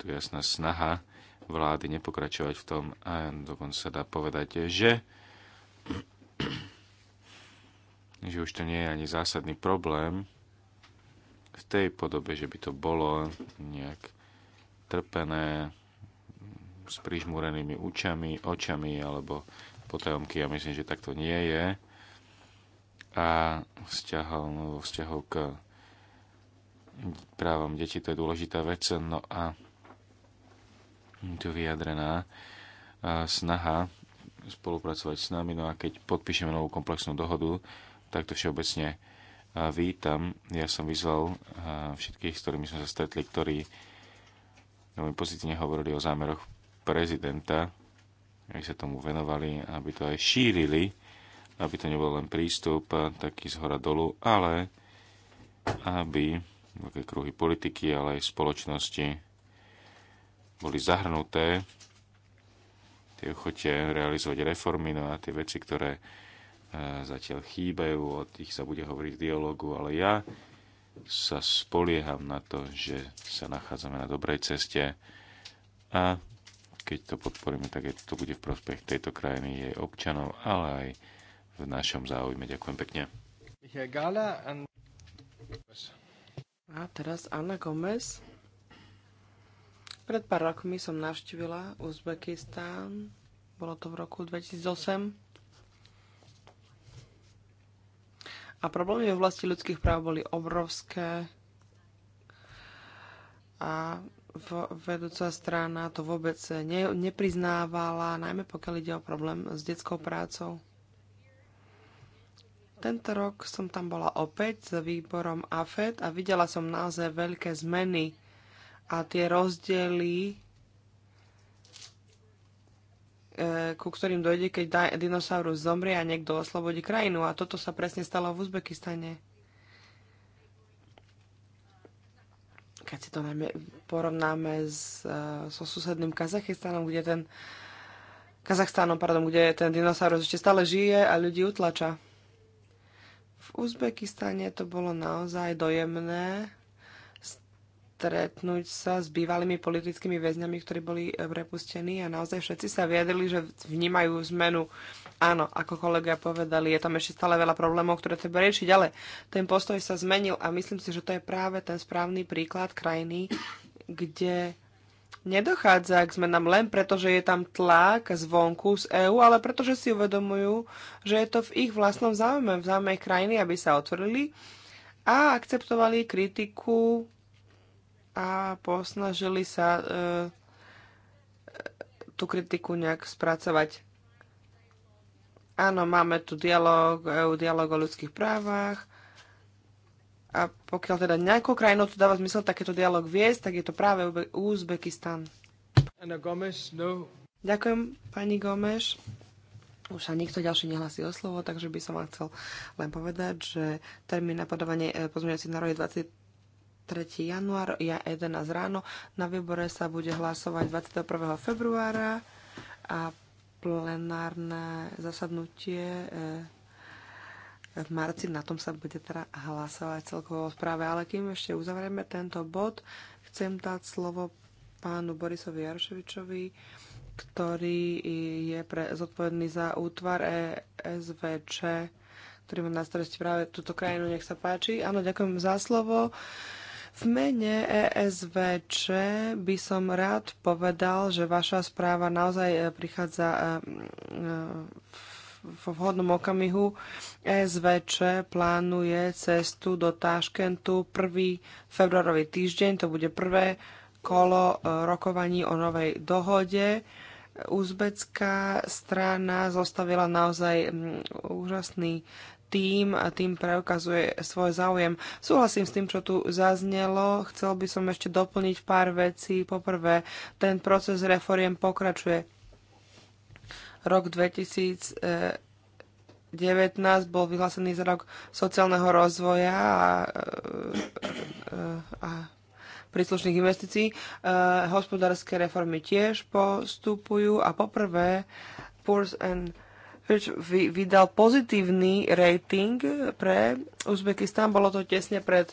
tu jasná snaha vlády nepokračovať v tom a dokonca dá povedať, že že už to nie je ani zásadný problém v tej podobe, že by to bolo nejak trpené s prižmúrenými učami, očami alebo potajomky. Ja myslím, že takto nie je. A vzťahov, no, vzťahov k právom detí, to je dôležitá vec. No a tu vyjadrená snaha spolupracovať s nami. No a keď podpíšeme novú komplexnú dohodu, tak to všeobecne vítam. Ja som vyzval všetkých, s ktorými sme sa stretli, ktorí veľmi pozitívne hovorili o zámeroch prezidenta, aby sa tomu venovali, aby to aj šírili, aby to nebol len prístup taký z hora dolu, ale aby veľké kruhy politiky, ale aj spoločnosti boli zahrnuté tie ochote realizovať reformy, no a tie veci, ktoré e, zatiaľ chýbajú, o tých sa bude hovoriť v dialogu, ale ja sa spolieham na to, že sa nachádzame na dobrej ceste a keď to podporíme, tak to bude v prospech tejto krajiny, jej občanov, ale aj v našom záujme. Ďakujem pekne. A teraz Anna Gomez. Pred pár rokmi som navštívila Uzbekistán. Bolo to v roku 2008. A problémy v oblasti ľudských práv boli obrovské. A vedúca strana to vôbec ne, nepriznávala, najmä pokiaľ ide o problém s detskou prácou. Tento rok som tam bola opäť s výborom AFED a videla som naozaj veľké zmeny a tie rozdiely, e, ku ktorým dojde, keď dinosaurus zomrie a niekto oslobodí krajinu. A toto sa presne stalo v Uzbekistane. Keď si to najmä porovnáme s, e, so susedným Kazachstanom, kde ten Kazachstánom, pardon, kde ten dinosaurus ešte stále žije a ľudí utlača. V Uzbekistane to bolo naozaj dojemné stretnúť sa s bývalými politickými väzňami, ktorí boli e, prepustení a naozaj všetci sa vyjadrili, že vnímajú zmenu. Áno, ako kolega povedali, je tam ešte stále veľa problémov, ktoré treba riešiť, ale ten postoj sa zmenil a myslím si, že to je práve ten správny príklad krajiny, kde nedochádza k zmenám len preto, že je tam tlak zvonku z EÚ, ale pretože si uvedomujú, že je to v ich vlastnom záujme, v záujme krajiny, aby sa otvorili a akceptovali kritiku a posnažili sa e, tú kritiku nejak spracovať. Áno, máme tu dialog, EU dialog o ľudských právach a pokiaľ teda nejakou krajinou tu dáva zmysel takéto dialog viesť, tak je to práve Uzbekistan. Gomes, no. Ďakujem, pani Gomeš. Už sa nikto ďalší nehlasí o slovo, takže by som vám chcel len povedať, že termín napadovanie e, pozmeňujúcich pozmeňovacích návrhov je 3. január, ja 11 ráno. Na výbore sa bude hlasovať 21. februára a plenárne zasadnutie e, v marci, na tom sa bude teda hlasovať celkovo o správe. Ale kým ešte uzavrieme tento bod, chcem dať slovo pánu Borisovi Jaroševičovi, ktorý je pre, zodpovedný za útvar ESVČ, ktorý má na starosti práve túto krajinu. Nech sa páči. Áno, ďakujem za slovo. V mene ESVČ by som rád povedal, že vaša správa naozaj e, prichádza e, e, v vhodnom okamihu. ESVČ plánuje cestu do Taškentu 1. februárový týždeň, to bude prvé kolo rokovaní o novej dohode. Uzbecká strana zostavila naozaj úžasný tým a tým preukazuje svoj záujem. Súhlasím s tým, čo tu zaznelo. Chcel by som ešte doplniť pár vecí. Poprvé, ten proces reforiem pokračuje. Rok 2019 bol vyhlásený za rok sociálneho rozvoja a, a, e, e, a príslušných investícií. E, hospodárske reformy tiež postupujú a poprvé Poors and vydal pozitívny rating pre Uzbekistan. Bolo to tesne pred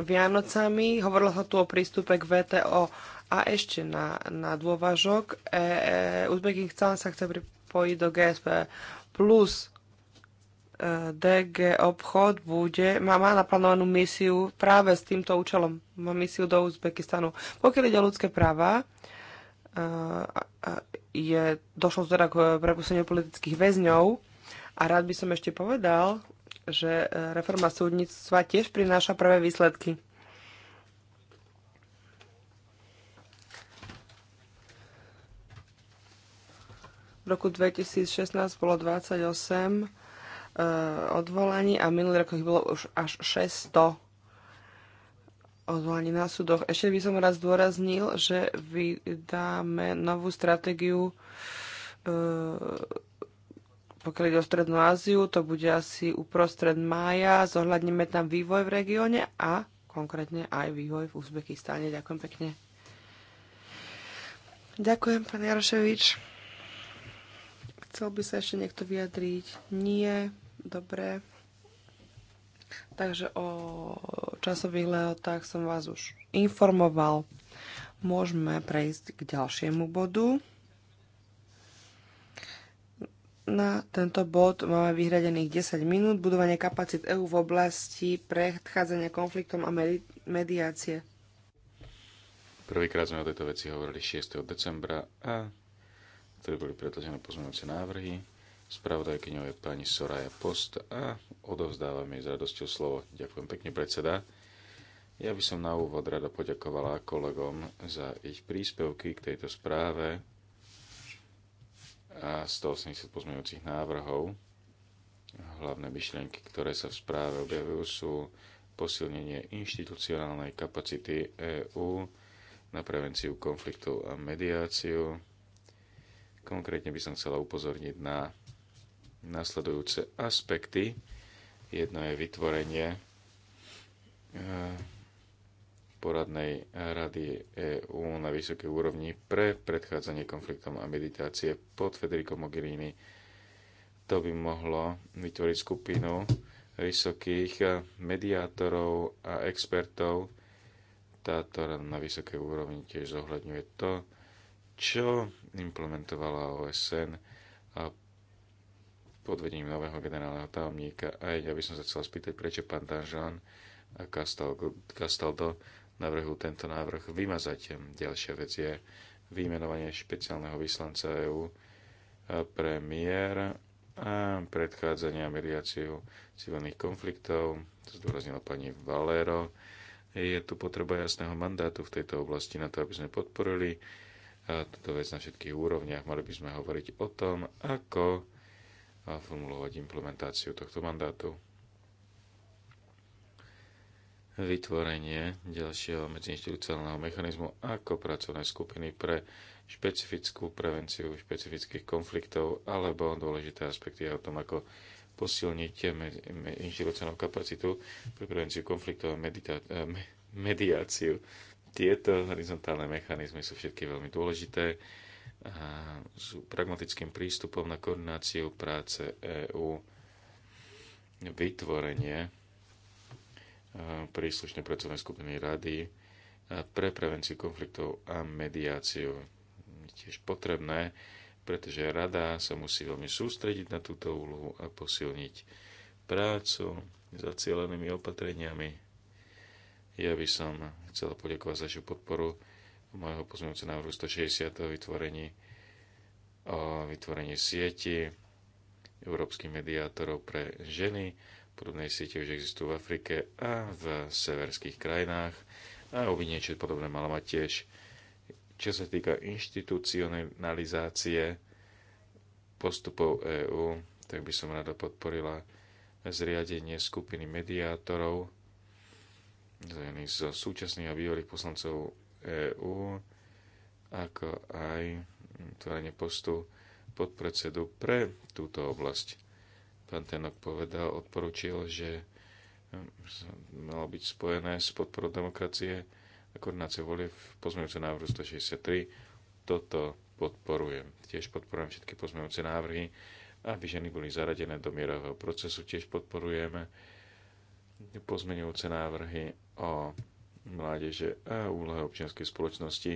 Vianocami. Hovorilo sa tu o prístupe k VTO. A ešte na, na dôvažok, e, e, Uzbekistan sa chce pripojiť do GSP+. Plus e, DG obchod bude, má, má naplánovanú misiu práve s týmto účelom, má misiu do Uzbekistanu. Pokiaľ ide o ľudské práva, e, e, je, došlo teda k eh, prepuseniu politických väzňov a rád by som ešte povedal, že eh, reforma súdnictva tiež prináša prvé výsledky. V roku 2016 bolo 28 e, eh, odvolaní a minulý rok ich bolo už až 600 odvolaní na súdoch. Ešte by som raz zdôraznil, že vydáme novú stratégiu e, pokiaľ ide o Strednú Áziu, to bude asi uprostred mája. Zohľadníme tam vývoj v regióne a konkrétne aj vývoj v Uzbekistáne. Ďakujem pekne. Ďakujem, pán Jaroševič. Chcel by sa ešte niekto vyjadriť? Nie. Dobre. Takže o časových lehotách som vás už informoval. Môžeme prejsť k ďalšiemu bodu. Na tento bod máme vyhradených 10 minút budovanie kapacít EÚ v oblasti predchádzania konfliktom a mediácie. Prvýkrát sme o tejto veci hovorili 6. decembra a vtedy boli predložené pozmeňujúce návrhy Spravodajkyňou je pani Soraya Post a odovzdávam jej s radosťou slovo. Ďakujem pekne, predseda. Ja by som na úvod rada poďakovala kolegom za ich príspevky k tejto správe a 180 pozmeňujúcich návrhov. Hlavné myšlienky, ktoré sa v správe objavujú, sú posilnenie inštitucionálnej kapacity EÚ na prevenciu konfliktov a mediáciu. Konkrétne by som chcela upozorniť na nasledujúce aspekty. Jedno je vytvorenie e, poradnej rady EÚ na vysokej úrovni pre predchádzanie konfliktom a meditácie pod Federico Mogherini. To by mohlo vytvoriť skupinu vysokých e, mediátorov a expertov. Táto rada na vysokej úrovni tiež zohľadňuje to, čo implementovala OSN pod vedením nového generálneho tajomníka. A ja by som sa chcel spýtať, prečo pán Danžan a Castaldo navrhujú tento návrh vymazať. Ďalšia vec je vymenovanie špeciálneho vyslanca EÚ e, premiér a predchádzanie a mediáciu civilných konfliktov. To zdôraznila pani Valero. Je tu potreba jasného mandátu v tejto oblasti na to, aby sme podporili e, túto vec na všetkých úrovniach. Mali by sme hovoriť o tom, ako formulovať implementáciu tohto mandátu. Vytvorenie ďalšieho medziinstitucionálneho mechanizmu ako pracovné skupiny pre špecifickú prevenciu špecifických konfliktov alebo dôležité aspekty o tom, ako posilniť inštitucionálnu kapacitu pre prevenciu konfliktov a eh, mediáciu. Tieto horizontálne mechanizmy sú všetky veľmi dôležité s pragmatickým prístupom na koordináciu práce EÚ, vytvorenie e, príslušnej pracovnej skupiny rady e, pre prevenciu konfliktov a mediáciu. Je tiež potrebné, pretože rada sa musí veľmi sústrediť na túto úlohu a posilniť prácu za cieľenými opatreniami. Ja by som chcela poďakovať za vašu podporu môjho pozmeňujúceho návrhu 160 o vytvorení, o vytvorení sieti európskych mediátorov pre ženy. Podobné siete už existujú v Afrike a v severských krajinách. A by niečo podobné malo mať tiež. Čo sa týka inštitucionalizácie postupov EÚ, tak by som rada podporila zriadenie skupiny mediátorov, zelených zo súčasných a bývalých poslancov EÚ, ako aj tvorenie postu podpredsedu pre túto oblasť. Pán Tenok povedal, odporučil, že hm, malo byť spojené s podporou demokracie a koordinácie volie v pozmeňujúce návrhu 163. Toto podporujem. Tiež podporujem všetky pozmeňujúce návrhy, aby ženy boli zaradené do mierového procesu. Tiež podporujeme pozmeňujúce návrhy o mládeže a úlohe občianskej spoločnosti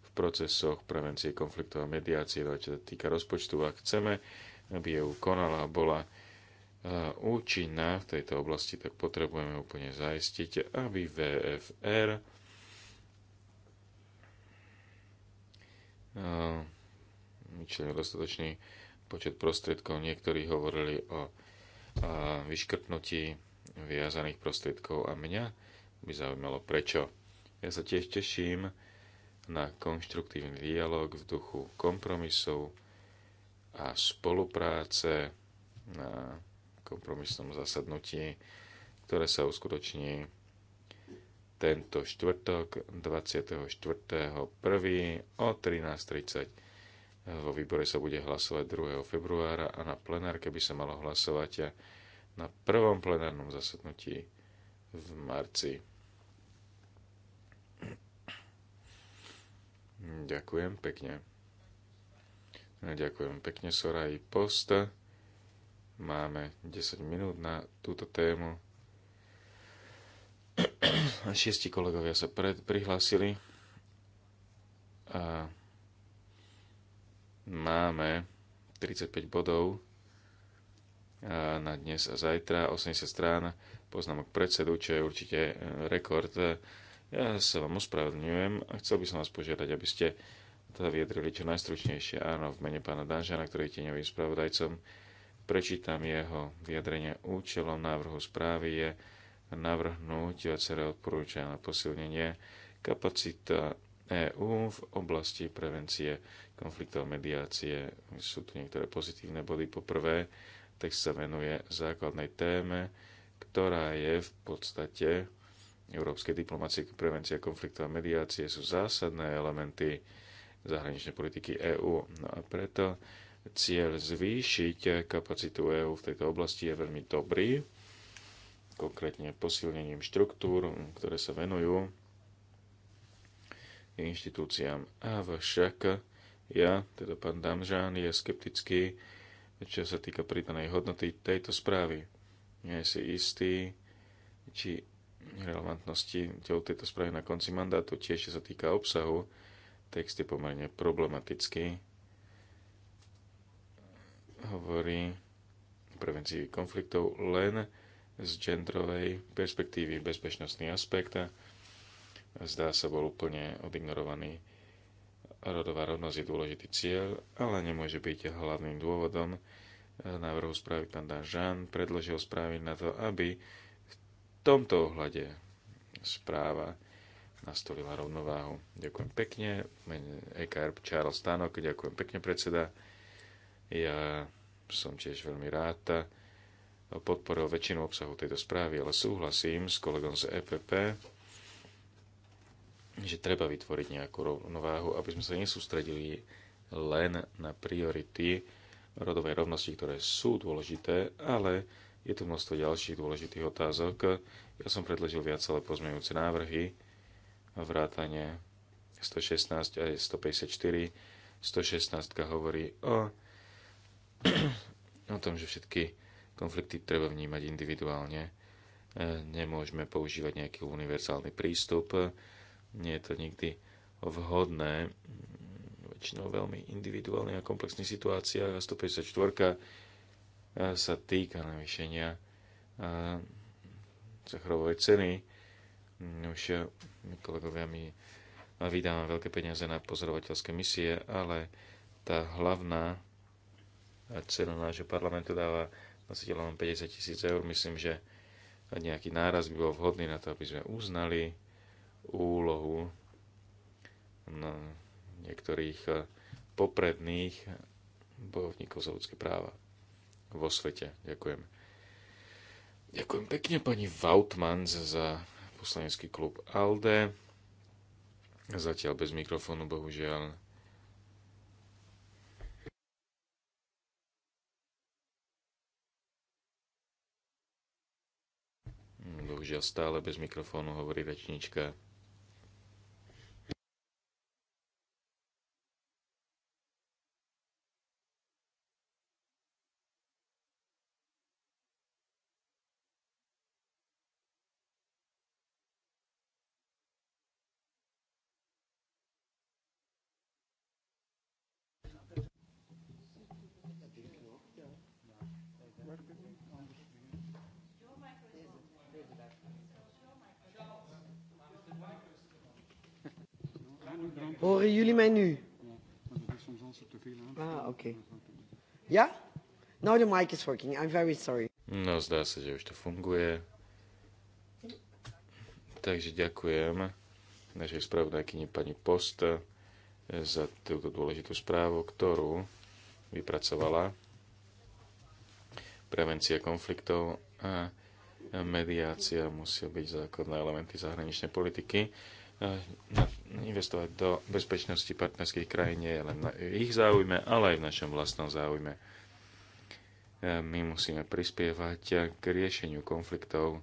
v procesoch prevencie konfliktov a mediácie, no, čo sa týka rozpočtu. Ak chceme, aby EU konala a bola e, účinná v tejto oblasti, tak potrebujeme úplne zaistiť, aby VFR e, vyčlenil dostatočný počet prostriedkov. Niektorí hovorili o e, vyškrtnutí viazaných prostriedkov a mňa by zaujímalo prečo. Ja sa tiež teším na konštruktívny dialog v duchu kompromisov a spolupráce na kompromisnom zasadnutí, ktoré sa uskutoční tento štvrtok 24.1. o 13.30. Vo výbore sa bude hlasovať 2. februára a na plenárke by sa malo hlasovať na prvom plenárnom zasadnutí v marci. Ďakujem pekne. No, ďakujem pekne i Post. Máme 10 minút na túto tému. Šiesti kolegovia sa pred, prihlásili. A máme 35 bodov na dnes a zajtra, 80 strán poznámok predsedu, čo je určite e, rekord ja sa vám ospravedlňujem a chcel by som vás požiadať, aby ste to vyjadrili čo najstručnejšie. Áno, v mene pána Danžana, ktorý je tieňovým spravodajcom, prečítam jeho vyjadrenie. Účelom návrhu správy je navrhnúť viaceré odporúčania na posilnenie kapacita EÚ v oblasti prevencie konfliktov mediácie. Sú tu niektoré pozitívne body. Poprvé, text sa venuje základnej téme, ktorá je v podstate európskej diplomácie, prevencia konfliktov a mediácie sú zásadné elementy zahraničnej politiky EÚ. No a preto cieľ zvýšiť kapacitu EÚ v tejto oblasti je veľmi dobrý, konkrétne posilnením štruktúr, ktoré sa venujú inštitúciám. Avšak ja, teda pán Damžán, je skeptický, čo sa týka pridanej hodnoty tejto správy. Nie si istý, či relevantnosti tejto správy na konci mandátu. Tiež sa týka obsahu. Text je pomerne problematický. Hovorí o prevencii konfliktov len z genderovej perspektívy bezpečnostný aspekt. Zdá sa, bol úplne odignorovaný. Rodová rovnosť je dôležitý cieľ, ale nemôže byť hlavným dôvodom. Návrhu správy pán Danžan predložil správy na to, aby tomto ohľade správa nastolila rovnováhu. Ďakujem pekne. Mene EKR Charles Stanok, ďakujem pekne predseda. Ja som tiež veľmi rád podporil väčšinu obsahu tejto správy, ale súhlasím s kolegom z EPP, že treba vytvoriť nejakú rovnováhu, aby sme sa nesústredili len na priority rodovej rovnosti, ktoré sú dôležité, ale je tu množstvo ďalších dôležitých otázok. Ja som predložil ale pozmeňujúce návrhy, vrátane 116 a 154. 116 hovorí o, o tom, že všetky konflikty treba vnímať individuálne. E, nemôžeme používať nejaký univerzálny prístup. Nie je to nikdy vhodné väčšinou veľmi individuálnych a komplexných situáciách a 154 E, sa týka navýšenia e, sacharovej ceny. Mm, už e, kolegovia mi vydávame veľké peniaze na pozorovateľské misie, ale tá hlavná cena nášho parlamentu dáva nositeľom 50 tisíc eur. Myslím, že nejaký náraz by bol vhodný na to, aby sme uznali úlohu na no, niektorých popredných bojovníkov za ľudské práva vo svete. Ďakujem. Ďakujem pekne pani Vautman za poslanecký klub ALDE. Zatiaľ bez mikrofónu, bohužiaľ. Bohužiaľ stále bez mikrofónu hovorí rečnička. jullie mij nu? Ah, okay. Yeah? Now the mic is working. I'm very sorry. No, zdá sa, že už to funguje. Takže ďakujem našej spravodajkyni pani Post eh, za túto dôležitú správu, ktorú vypracovala prevencia konfliktov a mediácia musia byť základné elementy zahraničnej politiky. Eh, investovať do bezpečnosti partnerských krajín nie je len na ich záujme, ale aj v našom vlastnom záujme. Eh, my musíme prispievať k riešeniu konfliktov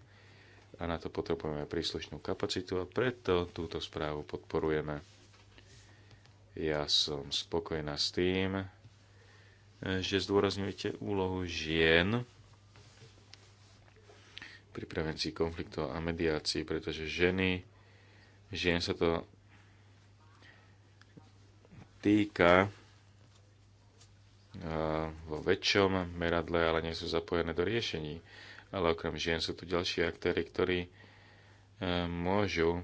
a na to potrebujeme príslušnú kapacitu a preto túto správu podporujeme. Ja som spokojná s tým, eh, že zdôrazňujete úlohu žien pri prevencii konfliktov a mediácii, pretože ženy žien sa to týka e, vo väčšom meradle, ale nie sú zapojené do riešení. Ale okrem žien sú tu ďalší aktéry, ktorí e, môžu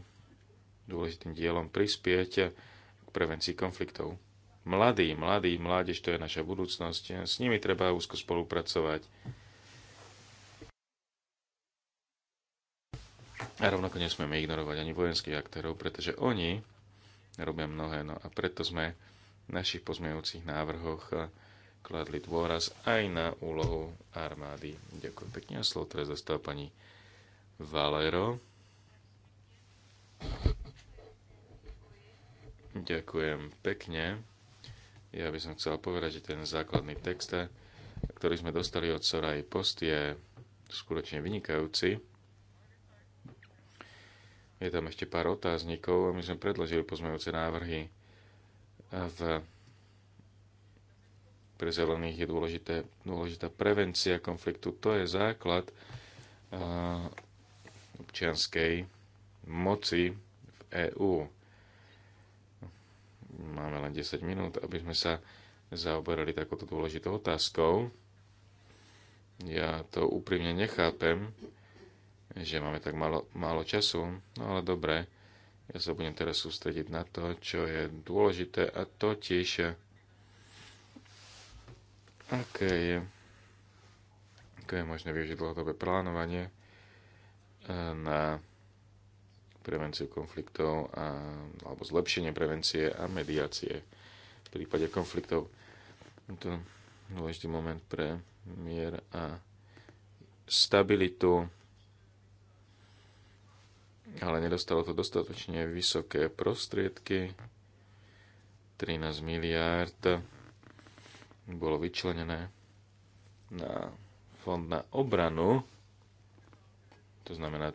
dôležitým dielom prispieť k prevencii konfliktov. Mladí, mladí, mládež to je naša budúcnosť, s nimi treba úzko spolupracovať A rovnako nesmieme ignorovať ani vojenských aktérov, pretože oni robia mnohé. No a preto sme v našich pozmejúcich návrhoch kladli dôraz aj na úlohu armády. Ďakujem pekne. A slovo teraz zastáva pani Valero. Ďakujem pekne. Ja by som chcel povedať, že ten základný text, ktorý sme dostali od Soraj Post, je skutočne vynikajúci. Je tam ešte pár otáznikov a my sme predložili pozmejúce návrhy. V pre zelených je dôležité, dôležitá prevencia konfliktu. To je základ uh, občianskej moci v EÚ. Máme len 10 minút, aby sme sa zaoberali takouto dôležitou otázkou. Ja to úprimne nechápem, že máme tak malo, málo času, no ale dobre, ja sa budem teraz sústrediť na to, čo je dôležité a totiž aké je, aké je možné využiť dlhodobé plánovanie e, na prevenciu konfliktov a, alebo zlepšenie prevencie a mediácie v prípade konfliktov. To je dôležitý moment pre mier a stabilitu ale nedostalo to dostatočne vysoké prostriedky. 13 miliárd bolo vyčlenené na fond na obranu, to znamená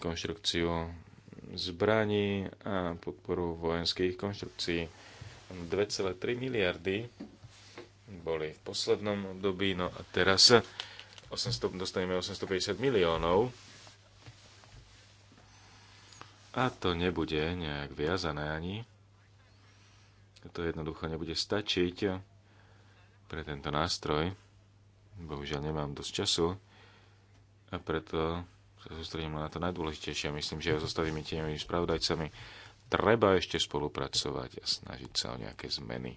konštrukciu zbraní a podporu vojenských konštrukcií. 2,3 miliardy boli v poslednom období, no a teraz 800, dostaneme 850 miliónov a to nebude nejak viazané ani. To jednoducho nebude stačiť pre tento nástroj. Bohužiaľ nemám dosť času a preto sa sústredím na to najdôležitejšie. Myslím, že ja s ostatnými tieňovými spravodajcami treba ešte spolupracovať a snažiť sa o nejaké zmeny.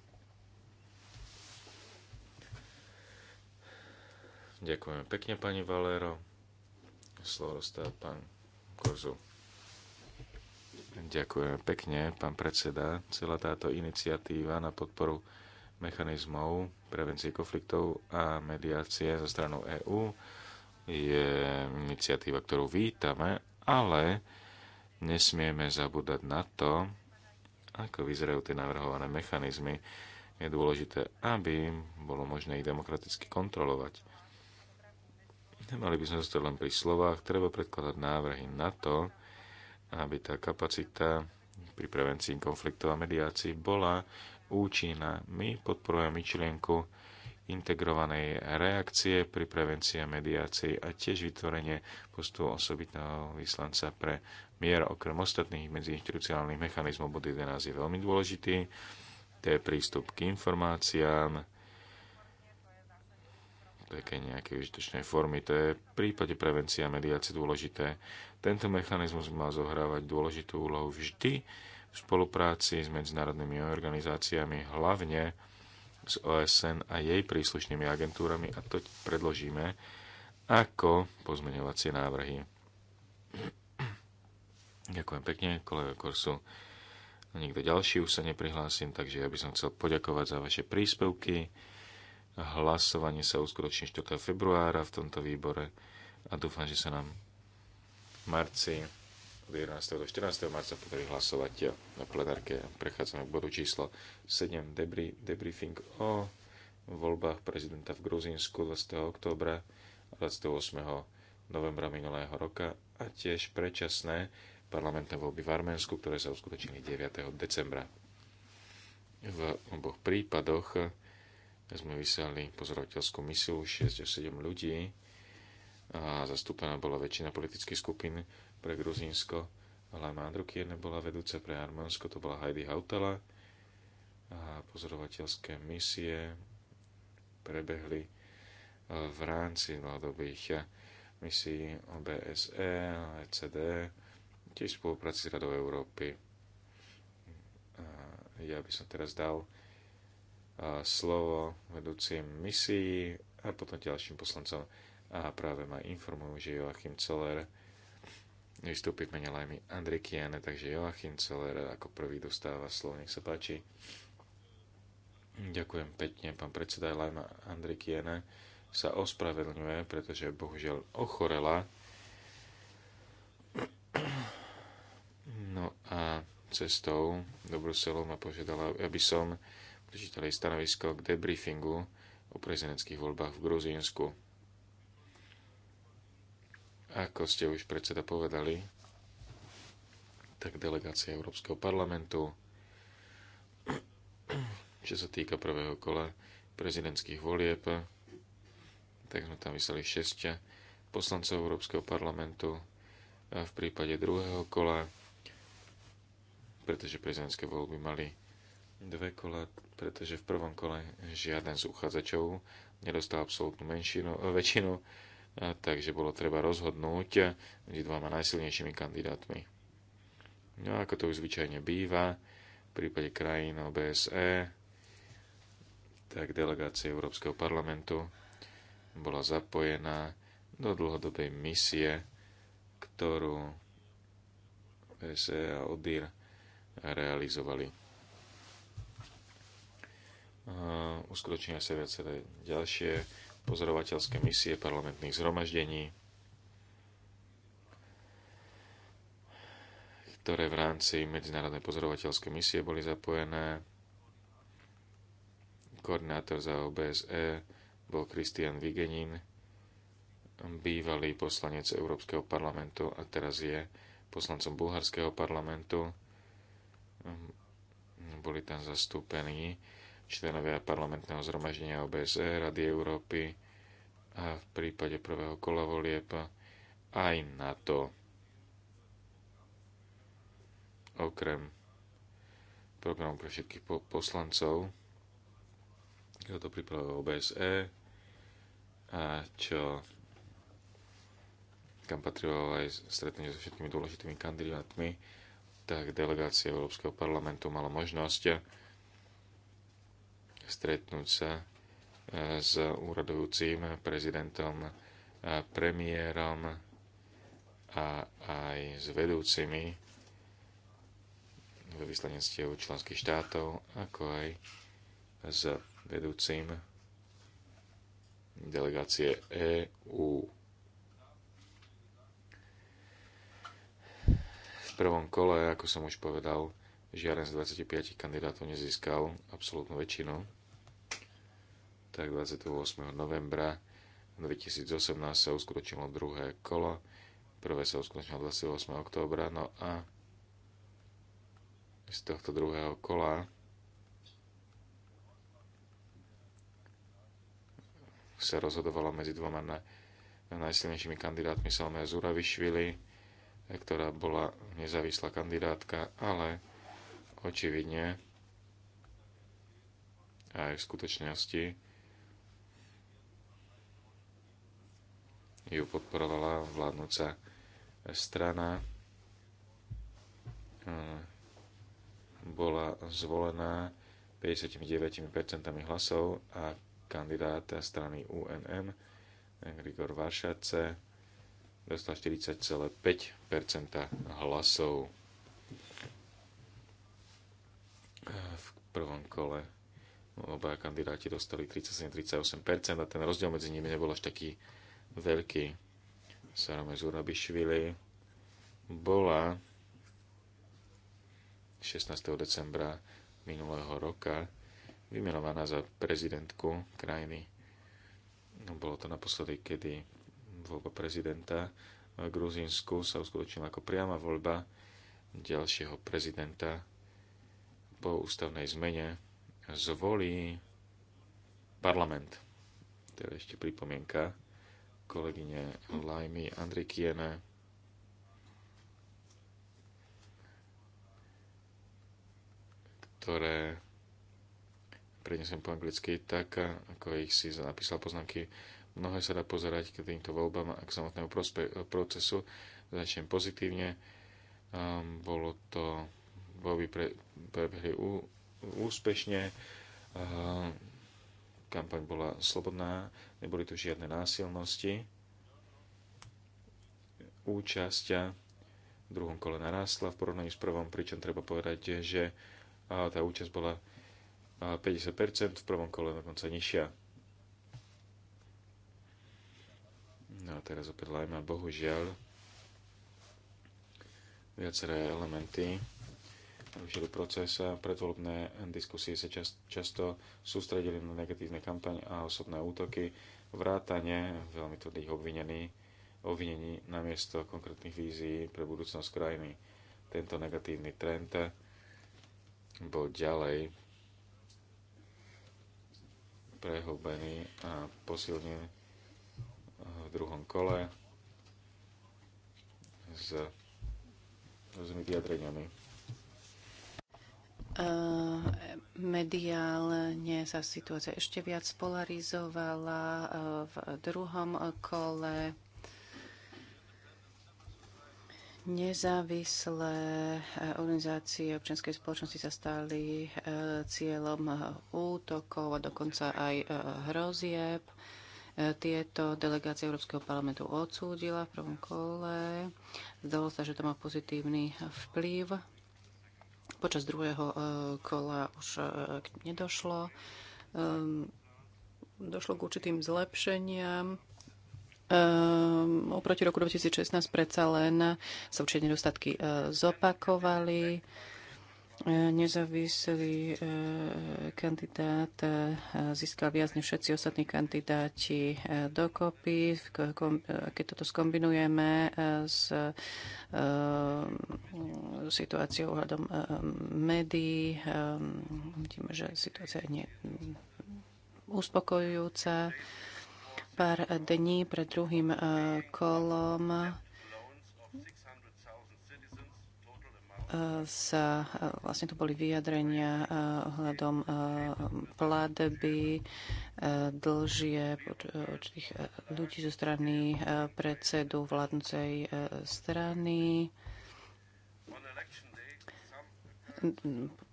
Ďakujem pekne, pani Valero. Slovo dostáva pán Korzu. Ďakujem pekne, pán predseda. Celá táto iniciatíva na podporu mechanizmov prevencie konfliktov a mediácie zo stranu EÚ je iniciatíva, ktorú vítame, ale nesmieme zabúdať na to, ako vyzerajú tie navrhované mechanizmy. Je dôležité, aby bolo možné ich demokraticky kontrolovať. Nemali by sme zostať len pri slovách, treba predkladať návrhy na to, aby tá kapacita pri prevencii konfliktov a mediácii bola účinná. My podporujeme myšlienku integrovanej reakcie pri prevencii a mediácii a tiež vytvorenie postu osobitného vyslanca pre mier okrem ostatných medziinstitucionálnych mechanizmov bod 11 je veľmi dôležitý. To je prístup k informáciám, také nejakej užitočnej formy. To je v prípade prevencie a mediácie dôležité. Tento mechanizmus má zohrávať dôležitú úlohu vždy v spolupráci s medzinárodnými organizáciami, hlavne s OSN a jej príslušnými agentúrami a to predložíme ako pozmeňovacie návrhy. Ďakujem pekne, kolega Korsu. Nikto ďalší už sa neprihlásim, takže ja by som chcel poďakovať za vaše príspevky. Hlasovanie sa uskutoční 4. februára v tomto výbore a dúfam, že sa nám v marci od 11. do 14. marca podarí hlasovať na plenárke. Prechádzame k bodu číslo 7, debri, debriefing o voľbách prezidenta v Gruzínsku 20. októbra a 28. novembra minulého roka a tiež predčasné parlamentné voľby v Arménsku, ktoré sa uskutočnili 9. decembra. V oboch prípadoch sme vysielali pozorovateľskú misiu 6-7 ľudí a zastúpená bola väčšina politických skupín pre Gruzínsko. Ale Mandruky jedna bola vedúca pre Arménsko, to bola Heidi Hautala. A pozorovateľské misie prebehli e, v rámci vládových e, misií OBSE a ECD, tiež spolupráci s Radou Európy. A ja by som teraz dal slovo vedúcim misií a potom ďalším poslancom. A práve ma informujú, že Joachim Celer vystúpi v mene Lajmy Andrikiane, takže Joachim Celer ako prvý dostáva slovo, nech sa páči. Ďakujem pekne, pán predseda Lajma Andrikiane sa ospravedlňuje, pretože bohužiaľ ochorela. No a cestou do Bruselu ma požiadala, aby som prečítali stanovisko k debriefingu o prezidentských voľbách v Gruzínsku. Ako ste už predseda povedali, tak delegácia Európskeho parlamentu, čo sa týka prvého kola prezidentských volieb, tak sme tam vyslali 6 poslancov Európskeho parlamentu a v prípade druhého kola, pretože prezidentské voľby mali dve kola, pretože v prvom kole žiaden z uchádzačov nedostal absolútnu menšinu, eh, väčšinu, takže bolo treba rozhodnúť eh, medzi dvoma najsilnejšími kandidátmi. No ako to už zvyčajne býva, v prípade krajín OBSE, tak delegácia Európskeho parlamentu bola zapojená do dlhodobej misie, ktorú OBSE a ODIR realizovali uskutočnia sa viaceré ďalšie pozorovateľské misie parlamentných zhromaždení, ktoré v rámci medzinárodnej pozorovateľskej misie boli zapojené. Koordinátor za OBSE bol Kristian Vigenin, bývalý poslanec Európskeho parlamentu a teraz je poslancom Bulharského parlamentu. Boli tam zastúpení členovia parlamentného zhromaždenia OBSE, Rady Európy a v prípade prvého kola volieb aj na to. Okrem programu pre všetkých po- poslancov, ktoré to pripravuje OBSE a čo kam patrilo aj stretnutie so všetkými dôležitými kandidátmi, tak delegácia Európskeho parlamentu mala možnosť stretnúť sa e, s úradujúcim prezidentom, e, premiérom a aj s vedúcimi vyslanectiev členských štátov, ako aj s vedúcim delegácie EU. V prvom kole, ako som už povedal, žiaden z 25 kandidátov nezískal absolútnu väčšinu tak 28. novembra 2018 sa uskutočnilo druhé kolo, prvé sa uskutočnilo 28. októbra, no a z tohto druhého kola sa rozhodovalo medzi dvoma na, najsilnejšími kandidátmi Salme Zuravišvili, ktorá bola nezávislá kandidátka, ale očividne aj v skutočnosti ju podporovala vládnúca strana. Hm, bola zvolená 59% hlasov a kandidát strany UNM Grigor Varšace dostal 40,5% hlasov v prvom kole obaja kandidáti dostali 37-38% a ten rozdiel medzi nimi nebol až taký veľký. Sarame Zurabišvili bola 16. decembra minulého roka vymenovaná za prezidentku krajiny. Bolo to naposledy, kedy voľba prezidenta v Gruzínsku sa uskutočnila ako priama voľba ďalšieho prezidenta po ústavnej zmene zvolí parlament. To je ešte pripomienka kolegyne Lajmy Andrikiene. ktoré prenesem po anglicky tak, ako ich si napísal poznámky. Mnohé sa dá pozerať k týmto voľbám a k samotnému procesu. Začnem pozitívne. Um, bolo to voľby pre, prebehli úspešne. Um, kampaň bola slobodná, neboli tu žiadne násilnosti. Účasť v druhom kole narástla v porovnaní s prvom, pričom treba povedať, že tá účasť bola 50%, v prvom kole dokonca nižšia. No a teraz opäť Lajma, bohužiaľ, viaceré elementy využili proces. Predvolebné diskusie sa čas, často sústredili na negatívne kampaň a osobné útoky, vrátanie veľmi tvrdých obvinení, obvinení namiesto konkrétnych vízií pre budúcnosť krajiny. Tento negatívny trend bol ďalej prehlbený a posilnený v druhom kole s, s vyjadreniami Eh, mediálne sa situácia ešte viac polarizovala eh, v druhom kole. Nezávislé eh, organizácie občianskej spoločnosti sa stali cieľom útokov a dokonca aj hrozieb. Tieto delegácie Európskeho parlamentu odsúdila v prvom kole. Zdalo sa, že to má pozitívny vplyv Počas druhého e, kola už e, nedošlo. Ehm, došlo k určitým zlepšeniam. Ehm, oproti roku 2016 predsa len sa určite nedostatky e, zopakovali. E, nezávislý e, kandidát e, získal viac než všetci ostatní kandidáti dokopy. Keď toto skombinujeme s situáciou ohľadom médií, vidíme, že situácia je uspokojujúca. Pár dní pred druhým kolom sa e, vlastne tu boli vyjadrenia e, ohľadom e, platby dlžie určitých ľudí zo strany predsedu vládnucej strany.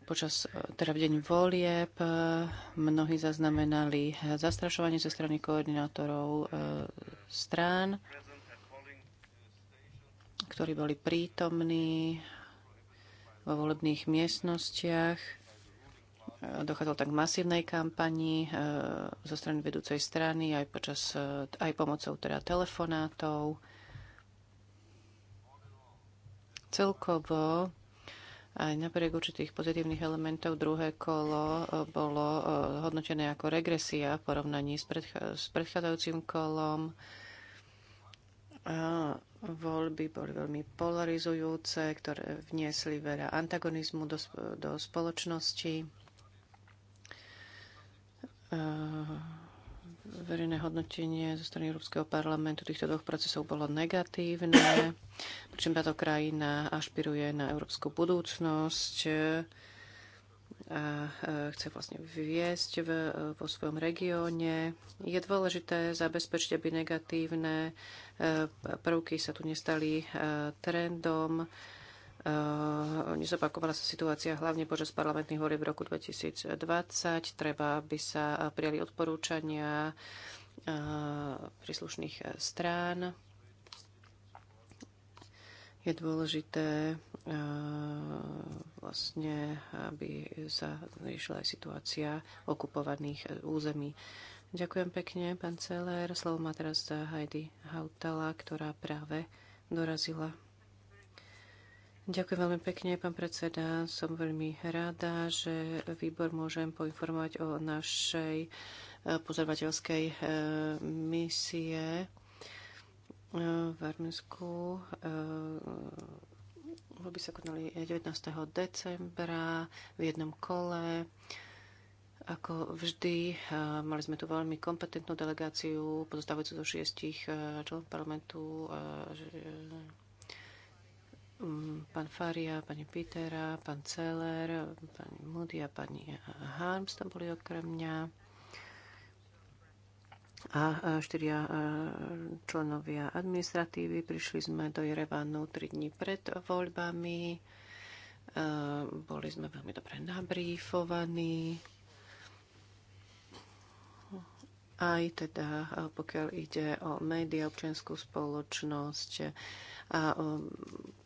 Počas teda v deň volieb mnohí zaznamenali zastrašovanie zo strany koordinátorov strán, ktorí boli prítomní vo volebných miestnostiach. Dochádzalo tak k masívnej kampani e, zo strany vedúcej strany aj, počas, e, aj pomocou teda telefonátov. Celkovo aj napriek určitých pozitívnych elementov druhé kolo e, bolo hodnotené ako regresia v porovnaní s, predchádzajúcim kolom. A voľby boli veľmi polarizujúce, ktoré vniesli veľa antagonizmu do, do spoločnosti. Ehm, verejné hodnotenie zo strany Európskeho parlamentu týchto dvoch procesov bolo negatívne, pričom táto krajina ašpiruje na európsku budúcnosť a e, chce vlastne viesť v, e, vo svojom regióne. Je dôležité zabezpečiť, aby negatívne E, prvky sa tu nestali e, trendom. E, nezopakovala sa situácia hlavne počas parlamentných volieb v roku 2020. Treba, aby sa prijali odporúčania príslušných strán. Je dôležité vlastne, aby sa riešila aj situácia okupovaných území. Ďakujem pekne, pán Celer. Slovo má teraz Heidi Hautala, ktorá práve dorazila. Ďakujem veľmi pekne, pán predseda. Som veľmi rada, že výbor môžem poinformovať o našej eh, pozorovateľskej eh, misie eh, v Arminsku. voľby sa konali 19. decembra v jednom kole. Ako vždy, eh, mali sme tu veľmi kompetentnú delegáciu, pozostávajúcu zo šiestich eh, členov parlamentu, eh, mm, pán Faria, pani Pitera, pán Celer, pani Moody a pani Harms tam boli okrem mňa a štyria členovia administratívy. Prišli sme do Jerevanu tri dní pred voľbami. Boli sme veľmi dobre nabrífovaní aj teda e, pokiaľ ide o médiá, občianskú spoločnosť. E, a e,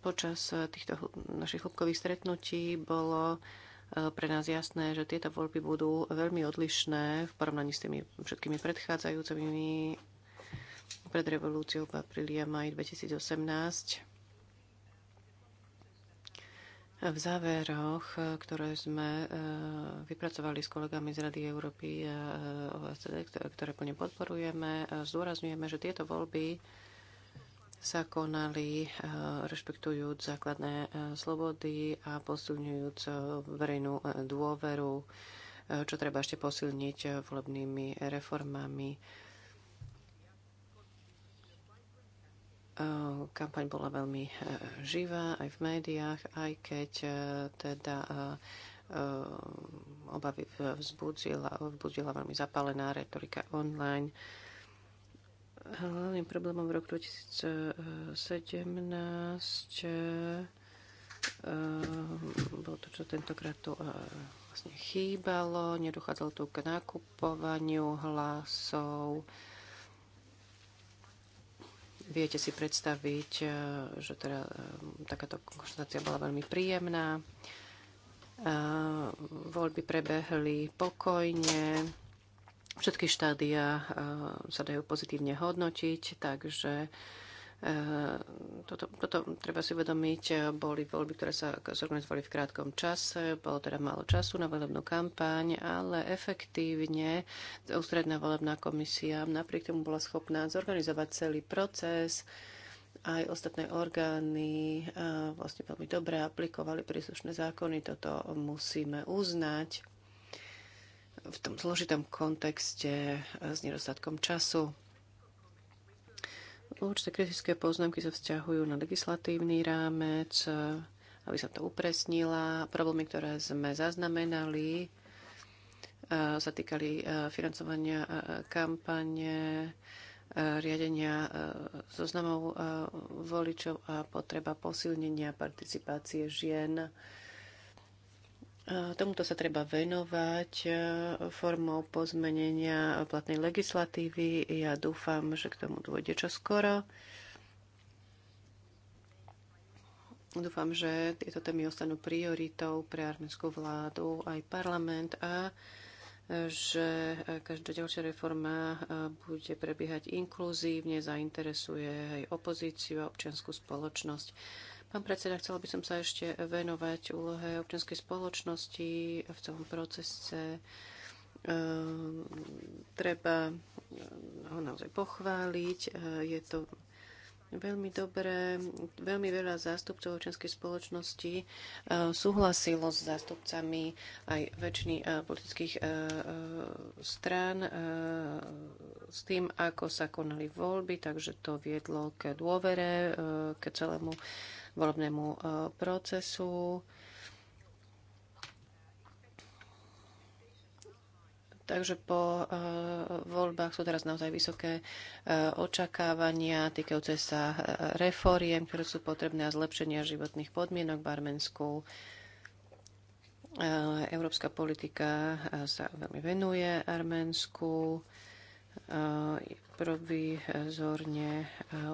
počas týchto našich hĺbkových stretnutí bolo pre nás jasné, že tieto voľby budú veľmi odlišné v porovnaní s tými všetkými predchádzajúcimi pred revolúciou v apríli a maj 2018. V záveroch, ktoré sme e, vypracovali s kolegami z Rady Európy e, OSD, ktoré plne podporujeme, zdôrazňujeme, že tieto voľby sa konali e, rešpektujúc základné slobody a posilňujúc verejnú dôveru, čo treba ešte posilniť volebnými reformami Kampaň bola veľmi e, živá aj v médiách, aj keď e, teda e, obavy vzbudzila, vzbudzila veľmi zapálená retorika online. Hlavným problémom v roku 2017 bolo to, čo tentokrát tu vlastne chýbalo, nedochádzalo tu k nakupovaniu hlasov, Viete si predstaviť, e, že teda e, takáto konštatácia bola veľmi príjemná. E, voľby prebehli pokojne. Všetky štádia sa dajú pozitívne hodnotiť, takže Ehm, toto, toto treba si uvedomiť, boli voľby, ktoré sa zorganizovali v krátkom čase, bolo teda málo času na volebnú kampaň, ale efektívne ústredná volebná komisia napriek tomu bola schopná zorganizovať celý proces, aj ostatné orgány eh, vlastne veľmi dobre aplikovali príslušné zákony, toto musíme uznať v tom zložitom kontexte eh, s nedostatkom času. Určité kritické poznámky sa vzťahujú na legislatívny rámec, aby sa to upresnila. Problémy, ktoré sme zaznamenali, e, sa týkali e, financovania e, kampane, riadenia zoznamov voličov a potreba posilnenia participácie žien E, tomuto sa treba venovať e, formou pozmenenia platnej legislatívy. Ja dúfam, že k tomu dôjde čoskoro. Dúfam, že tieto témy ostanú prioritou pre arménskú vládu aj parlament a e, že každá ďalšia reforma bude prebiehať inkluzívne, zainteresuje aj opozíciu a občianskú spoločnosť. Pán predseda, chcela by som sa ešte venovať úlohe občianskej spoločnosti v celom procese. Ehm, treba ho naozaj pochváliť. Ehm, je to Veľmi dobré. Veľmi veľa zástupcov občianskej spoločnosti ehm, súhlasilo s zástupcami aj väčšiny politických strán s tým, ako sa konali voľby, takže to viedlo k dôvere, k celému volebnému e, procesu. Takže po e, voľbách sú teraz naozaj vysoké e, očakávania týkajúce sa reforiem, ktoré sú potrebné a zlepšenia životných podmienok v Arménsku. Európska politika sa veľmi venuje Arménsku provizorne e,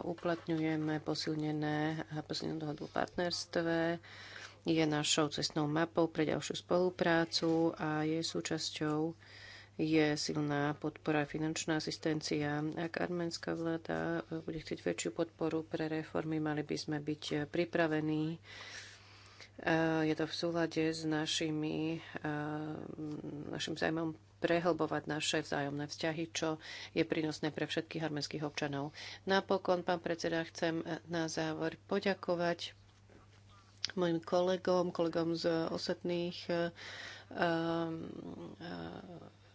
uplatňujeme posilnené, e, posilnenú dohodu partnerstve. Je našou cestnou mapou pre ďalšiu spoluprácu a jej súčasťou je silná podpora finančná asistencia. Ak arménska vláda e, bude chcieť väčšiu podporu pre reformy, mali by sme byť pripravení. Je to v súlade s našimi, našim zájmom prehlbovať naše vzájomné vzťahy, čo je prínosné pre všetkých arménskych občanov. Napokon, pán predseda, chcem na záver poďakovať mojim kolegom, kolegom z ostatných eh, eh,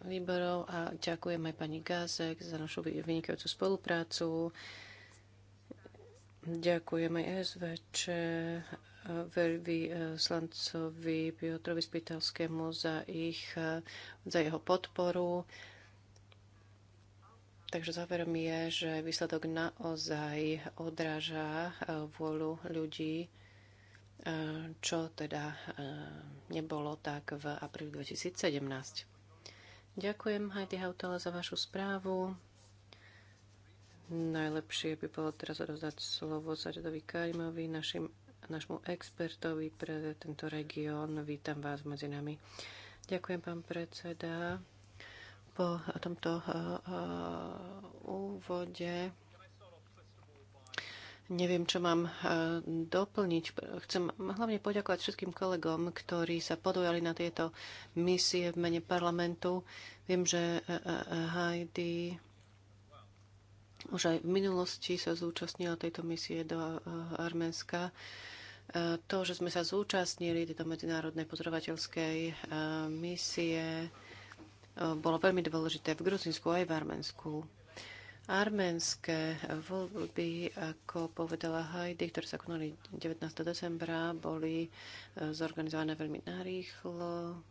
výborov a ďakujem aj pani Gázek za našu vynikajúcu spoluprácu. Ďakujem aj SVČ E, slancovi Piotrovi Spitalskému za, ich, e, za jeho podporu. Takže záverom je, že výsledok naozaj odráža e, vôľu ľudí, čo teda nebolo tak v apríli 2017. Ďakujem Heidi Hautala za vašu správu. Najlepšie by bolo teraz rozdať slovo zadovi Karimovi, našim nášmu expertovi pre tento región. Vítam vás medzi nami. Ďakujem, pán predseda. Po tomto eh, eh, úvode neviem, čo mám eh, doplniť. Chcem hlavne poďakovať všetkým kolegom, ktorí sa podujali na tieto misie v mene parlamentu. Viem, že Heidi už aj v minulosti sa zúčastnila tejto misie do Arménska. To, že sme sa zúčastnili tejto medzinárodnej pozorovateľskej eh, misie, eh, bolo veľmi dôležité v Gruzinsku aj v Arménsku. Arménske voľby, ako povedala Heidi, ktoré sa konali 19. decembra, boli eh, zorganizované veľmi narýchlo.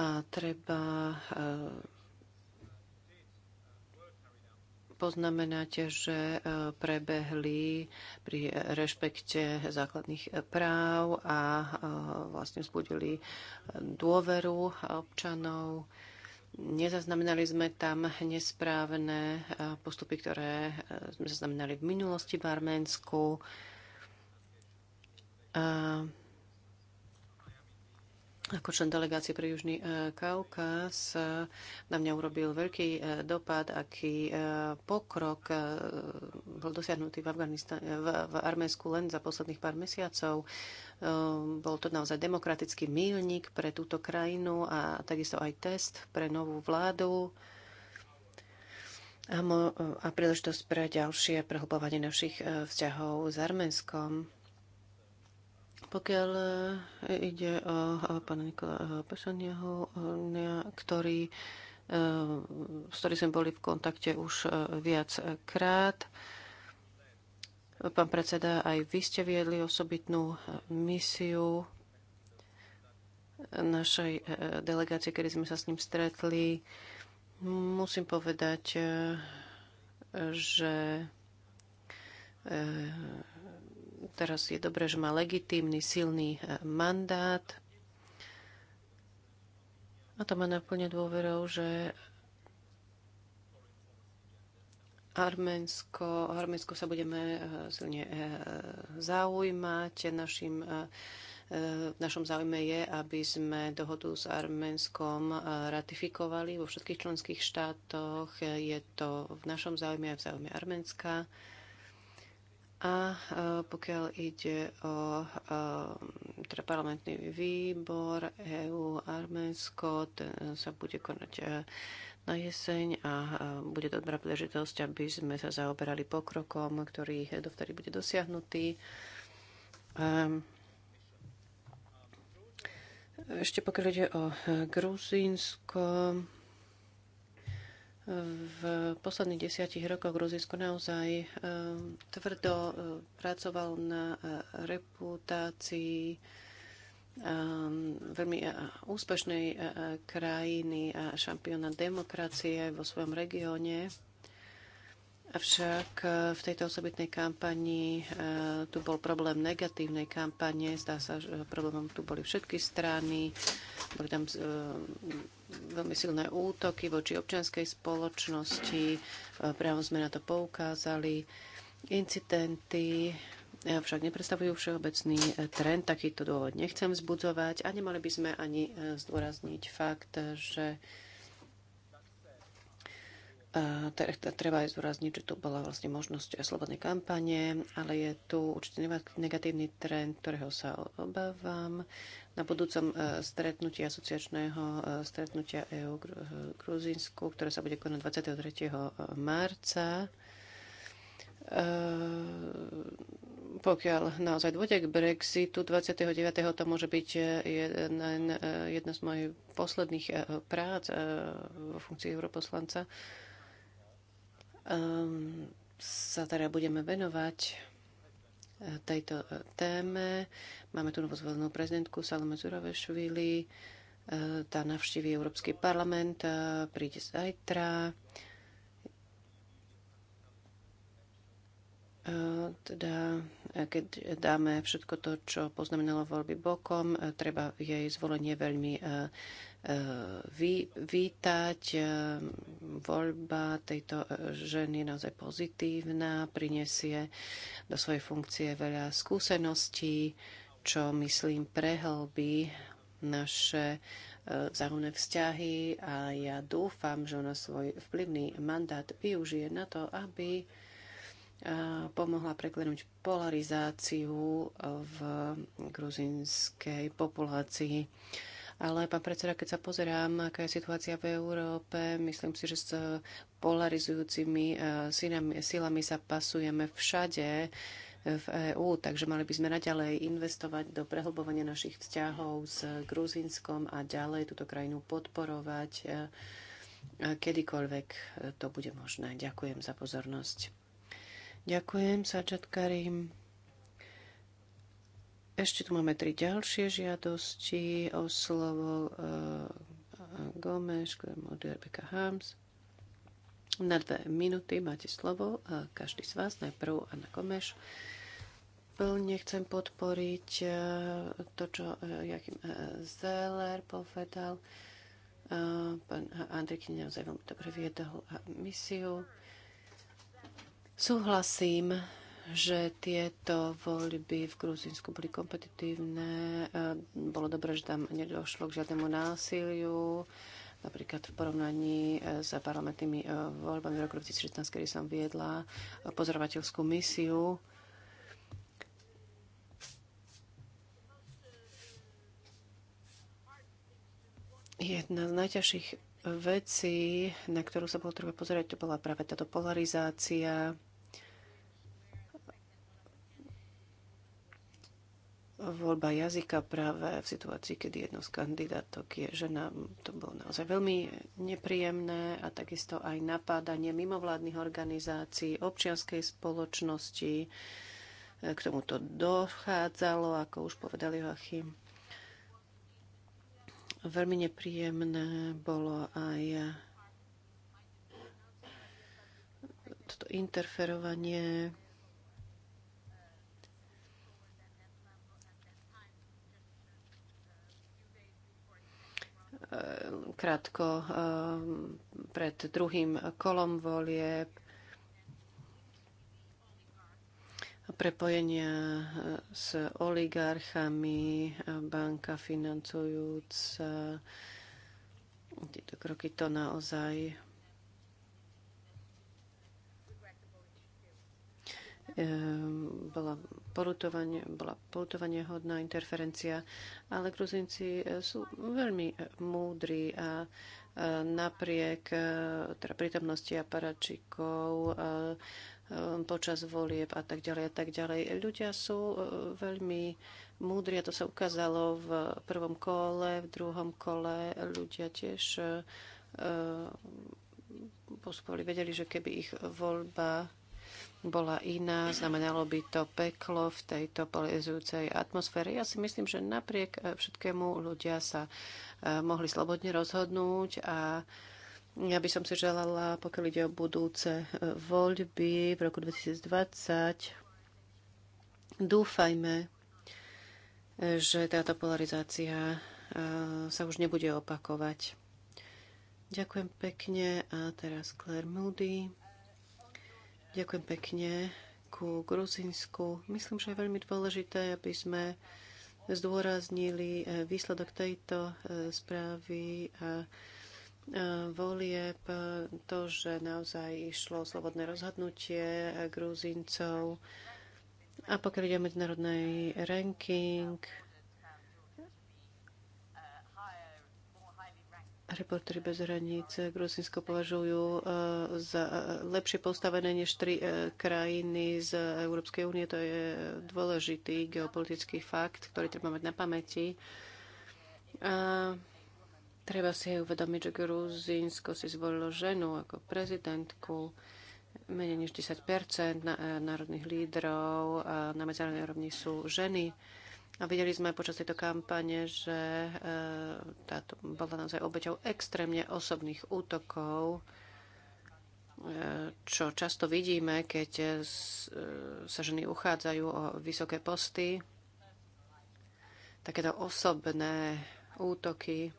A treba poznamenať, že e, prebehli pri rešpekte základných práv a e, vlastne vzbudili e, dôveru občanov. Nezaznamenali sme tam nesprávne postupy, ktoré sme zaznamenali v minulosti v Arménsku ako člen delegácie pre Južný e, Kaukaz e, na mňa urobil veľký e, dopad, aký pokrok bol dosiahnutý v, Afganistan- v, v Arménsku len za posledných pár mesiacov. Bol to naozaj demokratický mílnik pre túto krajinu a takisto aj test pre novú vládu a, mo- a príležitosť pre ďalšie prehlbovanie našich vzťahov s Arménskom. Pokiaľ e, ide o pána Nikola e, Pašaniahu, e, ktorý, s ktorým sme boli v kontakte už viac krát, pán predseda, aj vy ste viedli osobitnú misiu našej delegácie, kedy sme sa s ním stretli. Musím povedať, že teraz je dobré, že má legitímny, silný e, mandát. A to ma naplňa dôverou, že Arménsko, Arménsko sa budeme e, silne e, zaujímať. Našim, v našom záujme je, aby sme dohodu s Arménskom ratifikovali vo všetkých členských štátoch. Je to v našom záujme aj v záujme Arménska. A e, pokiaľ ide o e, teda parlamentný výbor EU Arménsko, ten sa bude konať e, na jeseň a bude to dobrá príležitosť, aby sme sa zaoberali pokrokom, ktorý dovtedy bude dosiahnutý. Ešte pokiaľ ide o Gruzínsko, v posledných desiatich rokoch Gruzinsko naozaj eh, tvrdo eh, pracoval na eh, reputácii veľmi úspešnej krajiny a šampióna demokracie vo svojom regióne. Avšak v tejto osobitnej kampani tu bol problém negatívnej kampane. Zdá sa, že problémom tu boli všetky strany. Boli tam veľmi silné útoky voči občianskej spoločnosti. E, Právo sme na to poukázali. Incidenty e, však nepredstavujú všeobecný e, trend. Takýto dôvod nechcem zbudzovať a nemali by sme ani zdôrazniť fakt, že Eh, treba aj zúrazniť, že to bola vlastne možnosť slobodnej kampane, ale je tu určite negatívny trend, ktorého sa obávam. Na budúcom eh, stretnutí asociačného eh, stretnutia EU Gruzínsku, ktoré sa bude konať 23. marca, pokiaľ naozaj dôjde k Brexitu 29. to môže byť jedna, jedna z mojich posledných prác vo funkcii europoslanca, um, sa teda budeme venovať eh, tejto eh, téme. Máme tu novozvolenú prezidentku Salome Zurovešvili. Eh, tá navštíví Európsky parlament, príde zajtra. Teda, keď dáme všetko to, čo poznamenalo voľby bokom, treba jej zvolenie veľmi Eh, vy, vítať. Eh, voľba tejto eh, ženy je naozaj pozitívna, prinesie do svojej funkcie veľa skúseností, čo myslím prehlbí naše vzájomné vzťahy a ja dúfam, že ona svoj vplyvný mandát využije na to, aby pomohla preklenúť polarizáciu v gruzinskej populácii. Ale pán predseda, keď sa pozerám, aká je situácia v Európe, myslím si, že s polarizujúcimi eh, silami sa pasujeme všade eh, v EÚ, takže mali by sme naďalej investovať do prehlbovania našich vzťahov s Gruzinskom a ďalej túto krajinu podporovať, eh, kedykoľvek to bude možné. Ďakujem za pozornosť. Ďakujem, Sajad Karim. Ešte tu máme tri ďalšie žiadosti o slovo eh, eh, Gomeš, od Rebecca Harms. Na dve minúty máte slovo, eh, každý z vás, najprv Anna Gomeš. Plne chcem podporiť to, čo Jakým Zeller povedal. Pán Andrik naozaj veľmi dobre viedol misiu. Súhlasím že tieto voľby v Gruzinsku boli kompetitívne. E, bolo dobré, že tam nedošlo k žiadnemu násiliu. Napríklad v porovnaní s e, parlamentnými e, voľbami v roku 2016, kedy som viedla pozorovateľskú misiu, Jedna z najťažších vecí, na ktorú sa bolo treba pozerať, to bola práve táto polarizácia voľba jazyka práve v situácii, kedy jedno z kandidátok je žena. To bolo naozaj veľmi nepríjemné a takisto aj napádanie mimovládnych organizácií, občianskej spoločnosti. E, k tomu to dochádzalo, ako už povedal Joachim. Veľmi nepríjemné bolo aj toto interferovanie Eh, krátko eh, pred druhým kolom volieb prepojenia eh, s oligarchami, banka financujúca tieto kroky to naozaj Ehm, bola porutovanie, bola porutovanie hodná interferencia, ale Gruzinci e, sú veľmi e, múdri a e, napriek teda prítomnosti aparačikov počas volieb a tak ďalej a tak ďalej. Ľudia sú veľmi múdri a to sa ukázalo v prvom kole, v druhom kole. Ľudia tiež pospoli vedeli, že keby ich voľba bola iná, znamenalo by to peklo v tejto polizujúcej atmosfére. Ja si myslím, že napriek e, všetkému ľudia sa e, mohli slobodne rozhodnúť a ja by som si želala, pokiaľ ide o budúce e, voľby v roku 2020, dúfajme, že táto polarizácia sa už nebude opakovať. Ďakujem pekne a teraz Claire Moody. Ďakujem pekne ku Gruzinsku. Myslím, že je veľmi dôležité, aby sme zdôraznili eh, výsledok tejto eh, správy a eh, volieb, to, že naozaj išlo o slobodné rozhodnutie Gruzincov. A pokiaľ ide o medzinárodný ranking, Reportéri bez hraníc Gruzinsko považujú e, za e, lepšie postavené než tri e, krajiny z Európskej únie. To je dôležitý geopolitický fakt, ktorý treba mať na pamäti. A treba si aj uvedomiť, že Gruzinsko si zvolilo ženu ako prezidentku menej než 10 národných lídrov na medzinárodnej rovni sú ženy. A videli sme počas tejto kampane, že e, táto bola naozaj obeťou extrémne osobných útokov, e, čo často vidíme, keď e, sa ženy uchádzajú o vysoké posty. Takéto osobné útoky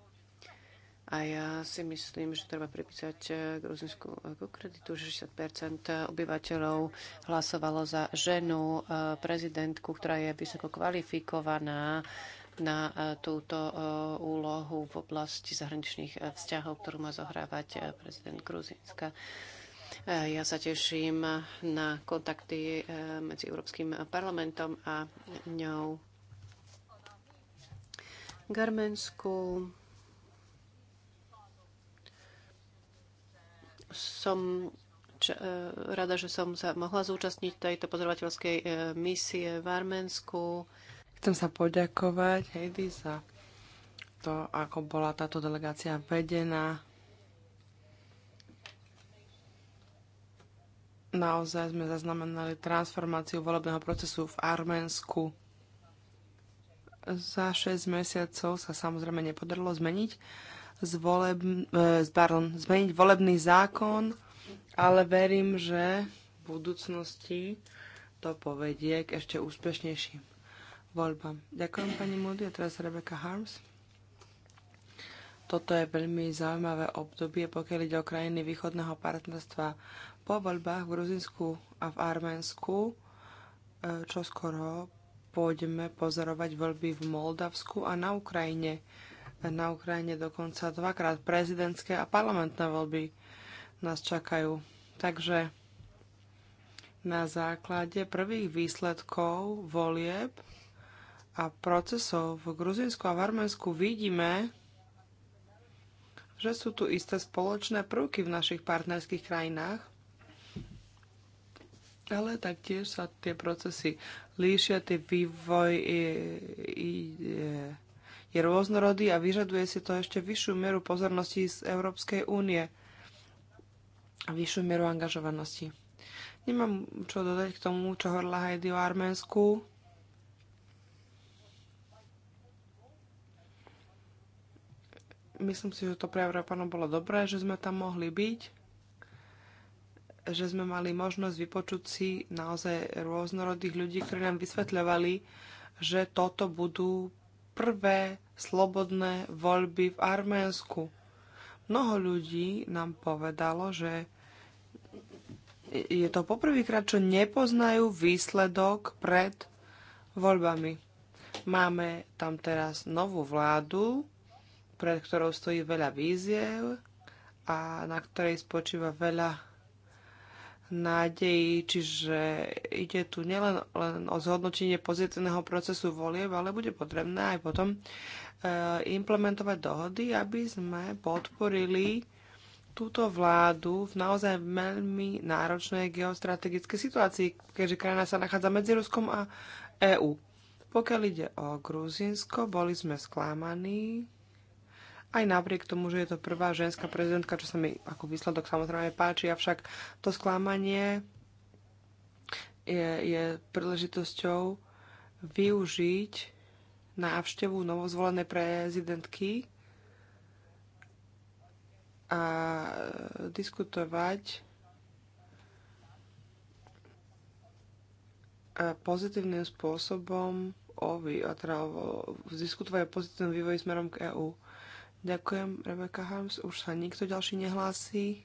a ja si myslím, že treba pripísať Gruzinsku eh, eh, k kreditu, že 60 obyvateľov hlasovalo za ženu eh, prezidentku, ktorá je vysoko kvalifikovaná na túto úlohu v oblasti zahraničných vzťahov, ktorú má zohrávať prezident Gruzinska. Ja sa teším na kontakty medzi Európskym parlamentom a ňou. Garmensku som e, rada, že som sa mohla zúčastniť tejto pozorovateľskej e, misie v Arménsku. Chcem sa poďakovať Heidi za to, ako bola táto delegácia vedená. Naozaj sme zaznamenali transformáciu volebného procesu v Arménsku. Za 6 mesiacov sa samozrejme nepodarilo zmeniť z voleb, e, pardon, zmeniť volebný zákon, ale verím, že v budúcnosti to povedie k ešte úspešnejším voľbám. Ďakujem pani Moody a teraz Rebecca Harms. Toto je veľmi zaujímavé obdobie, pokiaľ ide o krajiny východného partnerstva po voľbách v Gruzinsku a v Arménsku. E, čo skoro pôjdeme pozorovať voľby v Moldavsku a na Ukrajine na Ukrajine dokonca dvakrát prezidentské a parlamentné voľby nás čakajú. Takže na základe prvých výsledkov volieb a procesov v Gruzinsku a v Arménsku vidíme, že sú tu isté spoločné prvky v našich partnerských krajinách, ale taktiež sa tie procesy líšia, tie vývoj i, i, i je rôznorodý a vyžaduje si to ešte vyššiu mieru pozornosti z Európskej únie a vyššiu mieru angažovanosti. Nemám čo dodať k tomu, čo hovorila Heidi o Arménsku. Myslím si, že to pre Európanov bolo dobré, že sme tam mohli byť, že sme mali možnosť vypočuť si naozaj rôznorodých ľudí, ktorí nám vysvetľovali, že toto budú prvé slobodné voľby v Arménsku. Mnoho ľudí nám povedalo, že je to poprvýkrát, čo nepoznajú výsledok pred voľbami. Máme tam teraz novú vládu, pred ktorou stojí veľa víziev a na ktorej spočíva veľa nádeji, čiže ide tu nielen len o zhodnotenie pozitívneho procesu volieb, ale bude potrebné aj potom e, implementovať dohody, aby sme podporili túto vládu v naozaj veľmi náročnej geostrategickej situácii, keďže krajina sa nachádza medzi Ruskom a EÚ. Pokiaľ ide o Gruzinsko, boli sme sklamaní, aj napriek tomu, že je to prvá ženská prezidentka, čo sa mi ako výsledok samozrejme páči, avšak to sklamanie je, je príležitosťou využiť návštevu novozvolenej prezidentky a diskutovať pozitívnym spôsobom o, vy, teda o, o, o, o pozitívnom vývoji smerom k EÚ. Ďakujem, Rebecca Harms. Už sa nikto ďalší nehlási.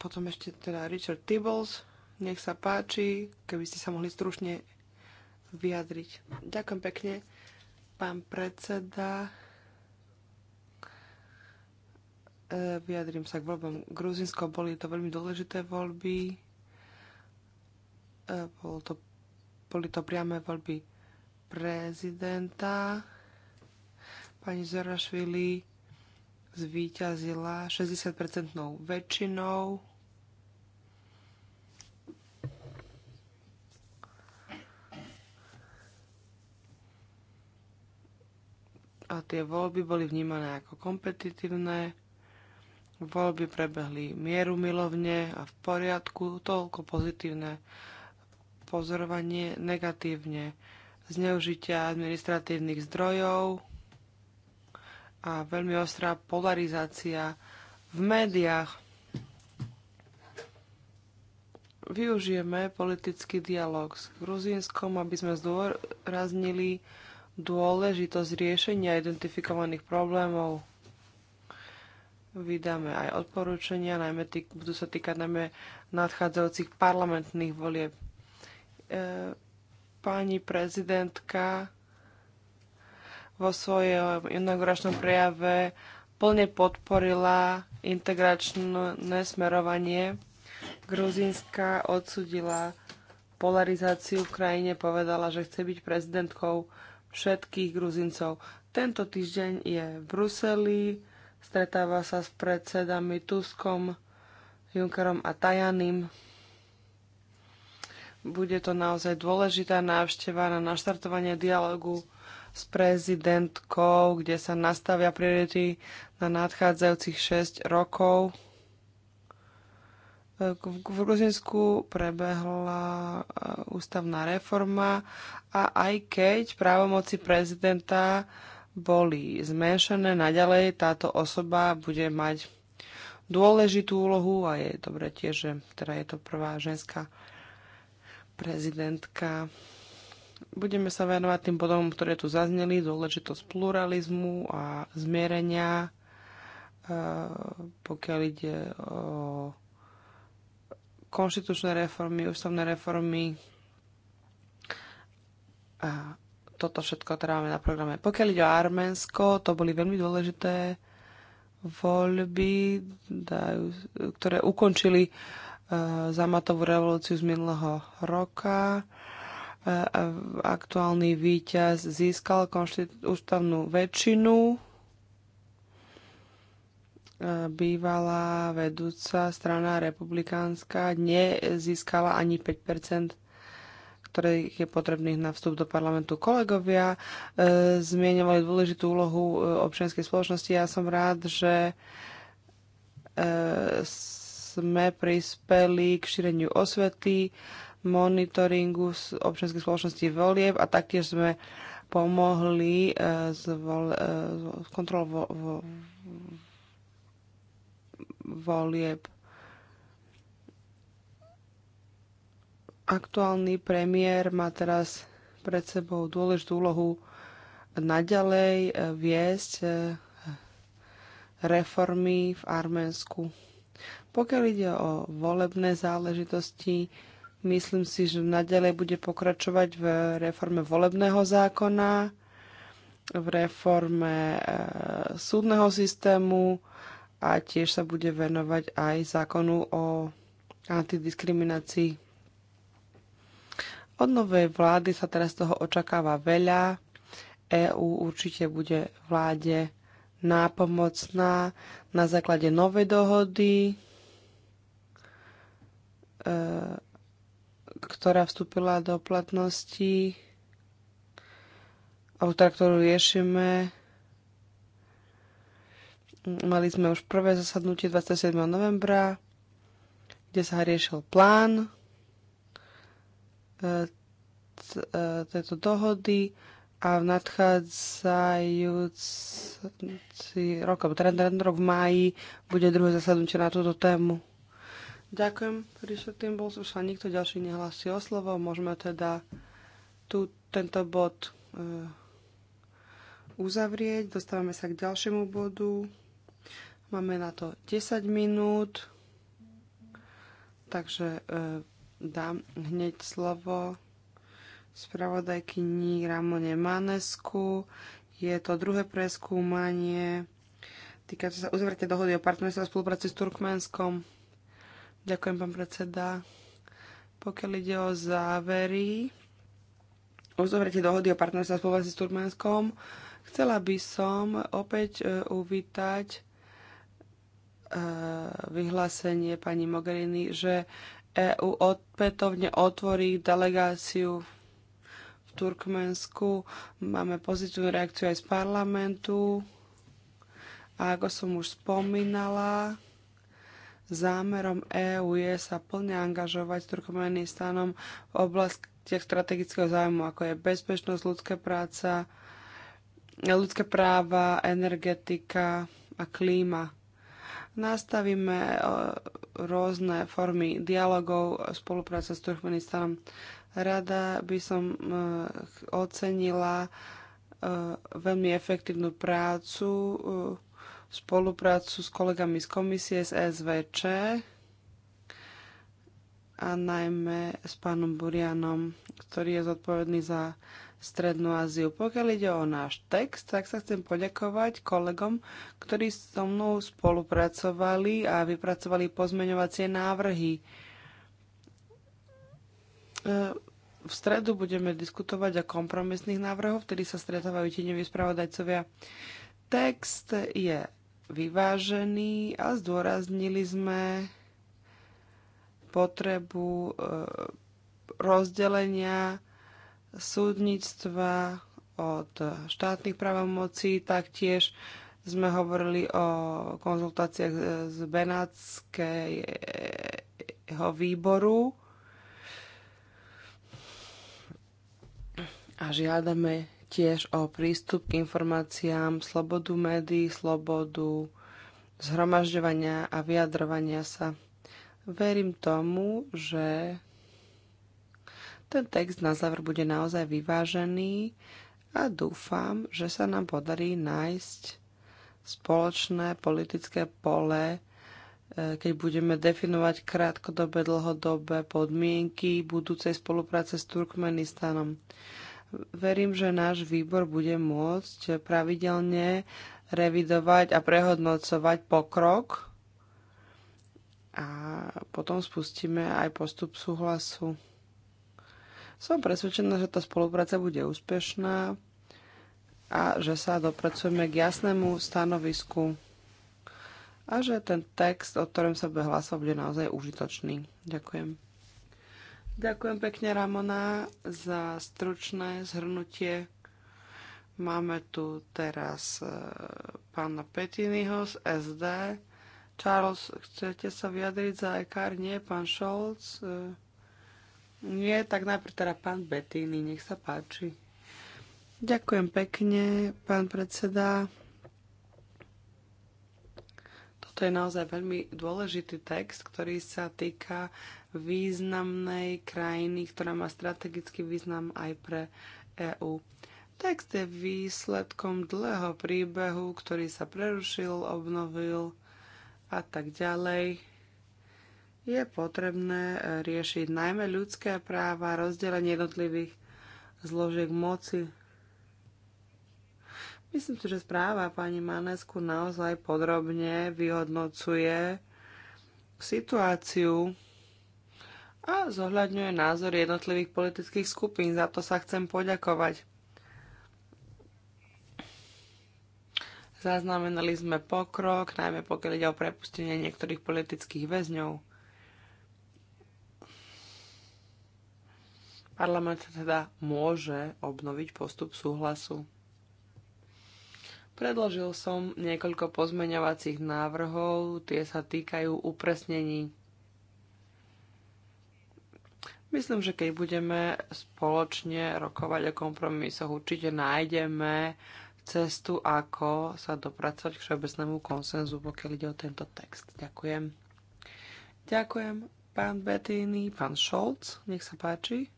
Potom ešte teda Richard Tibbles. Nech sa páči, keby ste sa mohli stručne vyjadriť. Ďakujem pekne, pán predseda. E, vyjadrím sa k voľbám Gruzinsko. Boli to veľmi dôležité voľby. E, bol to, boli to priame voľby prezidenta Pani Zarašvili zvíťazila 60-percentnou väčšinou. A tie voľby boli vnímané ako kompetitívne. Voľby prebehli mieru milovne a v poriadku, toľko pozitívne pozorovanie negatívne zneužitia administratívnych zdrojov, a veľmi ostrá polarizácia v médiách. Využijeme politický dialog s Gruzínskom, aby sme zdôraznili dôležitosť riešenia identifikovaných problémov. Vydáme aj odporúčania, najmä tý, budú sa týkať najmä nadchádzajúcich parlamentných volieb. E, pani prezidentka vo svojom inauguračnom prejave plne podporila integračné smerovanie. Gruzínska odsudila polarizáciu v krajine, povedala, že chce byť prezidentkou všetkých Gruzincov. Tento týždeň je v Bruseli, stretáva sa s predsedami Tuskom, Junkerom a Tajaným. Bude to naozaj dôležitá návšteva na naštartovanie dialogu s prezidentkou, kde sa nastavia priority na nadchádzajúcich 6 rokov. V Gruzinsku prebehla eh, ústavná reforma a aj keď právomoci prezidenta boli zmenšené, naďalej táto osoba bude mať dôležitú úlohu a je dobre tiež, že teda je to prvá ženská prezidentka budeme sa venovať tým bodom, ktoré tu zazneli, dôležitosť pluralizmu a zmierenia, e, pokiaľ ide o konštitučné reformy, ústavné reformy. A toto všetko teda máme na programe. Pokiaľ ide o Arménsko, to boli veľmi dôležité voľby, ktoré ukončili e, zamatovú revolúciu z minulého roka. E, e, aktuálny víťaz získal ústavnú väčšinu. E, bývalá vedúca strana republikánska nezískala ani 5 ktoré je potrebných na vstup do parlamentu. Kolegovia e, zmienovali dôležitú úlohu občianskej spoločnosti. Ja som rád, že e, sme prispeli k šíreniu osvety, e, monitoringu občianskej spoločnosti volieb a taktiež sme pomohli s eh, vol, eh, kontrolou vo, vo, volieb. Aktuálny premiér má teraz pred sebou dôležitú úlohu naďalej eh, viesť reformy v Arménsku. Pokiaľ ide o volebné záležitosti, Myslím si, že nadalej bude pokračovať v reforme volebného zákona, v reforme eh, súdneho systému a tiež sa bude venovať aj zákonu o antidiskriminácii. Od novej vlády sa teraz toho očakáva veľa. EÚ určite bude vláde nápomocná na základe novej dohody eh, ktorá vstúpila do platnosti, alebo tá, teda, ktorú riešime. Mali sme už prvé zasadnutie 27. novembra, kde sa riešil plán e, e, tejto dohody a v nadchádzajúci rok, alebo teda rok v máji, bude druhé zasadnutie na túto tému. Ďakujem, Richard Timbuls. Už sa nikto ďalší nehlási o slovo. Môžeme teda tu, tento bod e, uzavrieť. Dostávame sa k ďalšiemu bodu. Máme na to 10 minút. Takže e, dám hneď slovo spravodajkyni Ramone Manesku. Je to druhé preskúmanie týkajúce sa uzavretia dohody o partnerstve a spolupráci s Turkmenskom. Ďakujem, pán predseda. Pokiaľ ide o závery, uzavretie dohody o partnerstve a spolupráci s Turmenskom, chcela by som opäť e, uvítať e, vyhlásenie pani Mogherini, že EU opätovne otvorí delegáciu v Turkmensku. Máme pozitívnu reakciu aj z parlamentu. A ako som už spomínala, Zámerom EÚ je sa plne angažovať s Turkmenistanom v oblastiach strategického zájmu, ako je bezpečnosť, ľudské práca, ľudské práva, energetika a klíma. Nastavíme e, rôzne formy dialogov spolupráce s Turkmenistanom. Rada by som e, ocenila e, veľmi efektívnu prácu spoluprácu s kolegami z komisie z SVČ a najmä s pánom Burianom, ktorý je zodpovedný za Strednú Áziu. Pokiaľ ide o náš text, tak sa chcem poďakovať kolegom, ktorí so mnou spolupracovali a vypracovali pozmeňovacie návrhy. E, v stredu budeme diskutovať o kompromisných návrhoch, vtedy sa stretávajú tieňoví spravodajcovia. Text je vyvážený, a zdôraznili sme potrebu e, rozdelenia súdnictva od štátnych právomocí, taktiež sme hovorili o konzultáciách z Benátskeho výboru a žiadame tiež o prístup k informáciám, slobodu médií, slobodu zhromažďovania a vyjadrovania sa. Verím tomu, že ten text na záver bude naozaj vyvážený a dúfam, že sa nám podarí nájsť spoločné politické pole, e, keď budeme definovať krátkodobé, dlhodobé podmienky budúcej spolupráce s Turkmenistanom. Verím, že náš výbor bude môcť pravidelne revidovať a prehodnocovať pokrok a potom spustíme aj postup súhlasu. Som presvedčená, že tá spolupráca bude úspešná a že sa dopracujeme k jasnému stanovisku a že ten text, o ktorom sa bude hlasovať, bude naozaj užitočný. Ďakujem. Ďakujem pekne, Ramona, za stručné zhrnutie. Máme tu teraz e, pána Petinyho z SD. Charles, chcete sa vyjadriť za EKR? Nie, pán Scholz? E, nie, tak najprv teda pán Bettini, nech sa páči. Ďakujem pekne, pán predseda. Toto je naozaj veľmi dôležitý text, ktorý sa týka významnej krajiny, ktorá má strategický význam aj pre EÚ. Text je výsledkom dlhého príbehu, ktorý sa prerušil, obnovil a tak ďalej. Je potrebné e, riešiť najmä ľudské práva, rozdelenie jednotlivých zložiek moci. Myslím si, že správa pani Manesku naozaj podrobne vyhodnocuje situáciu a zohľadňuje názory jednotlivých politických skupín. Za to sa chcem poďakovať. Zaznamenali sme pokrok, najmä pokiaľ ide o prepustenie niektorých politických väzňov. Parlament teda môže obnoviť postup súhlasu. Predložil som niekoľko pozmeňovacích návrhov, tie sa týkajú upresnení Myslím, že keď budeme spoločne rokovať o kompromisoch, určite nájdeme cestu, ako sa dopracovať k všeobecnému konsenzu, pokiaľ ide o tento text. Ďakujem. Ďakujem, pán Bettini, pán Scholz, nech sa páči.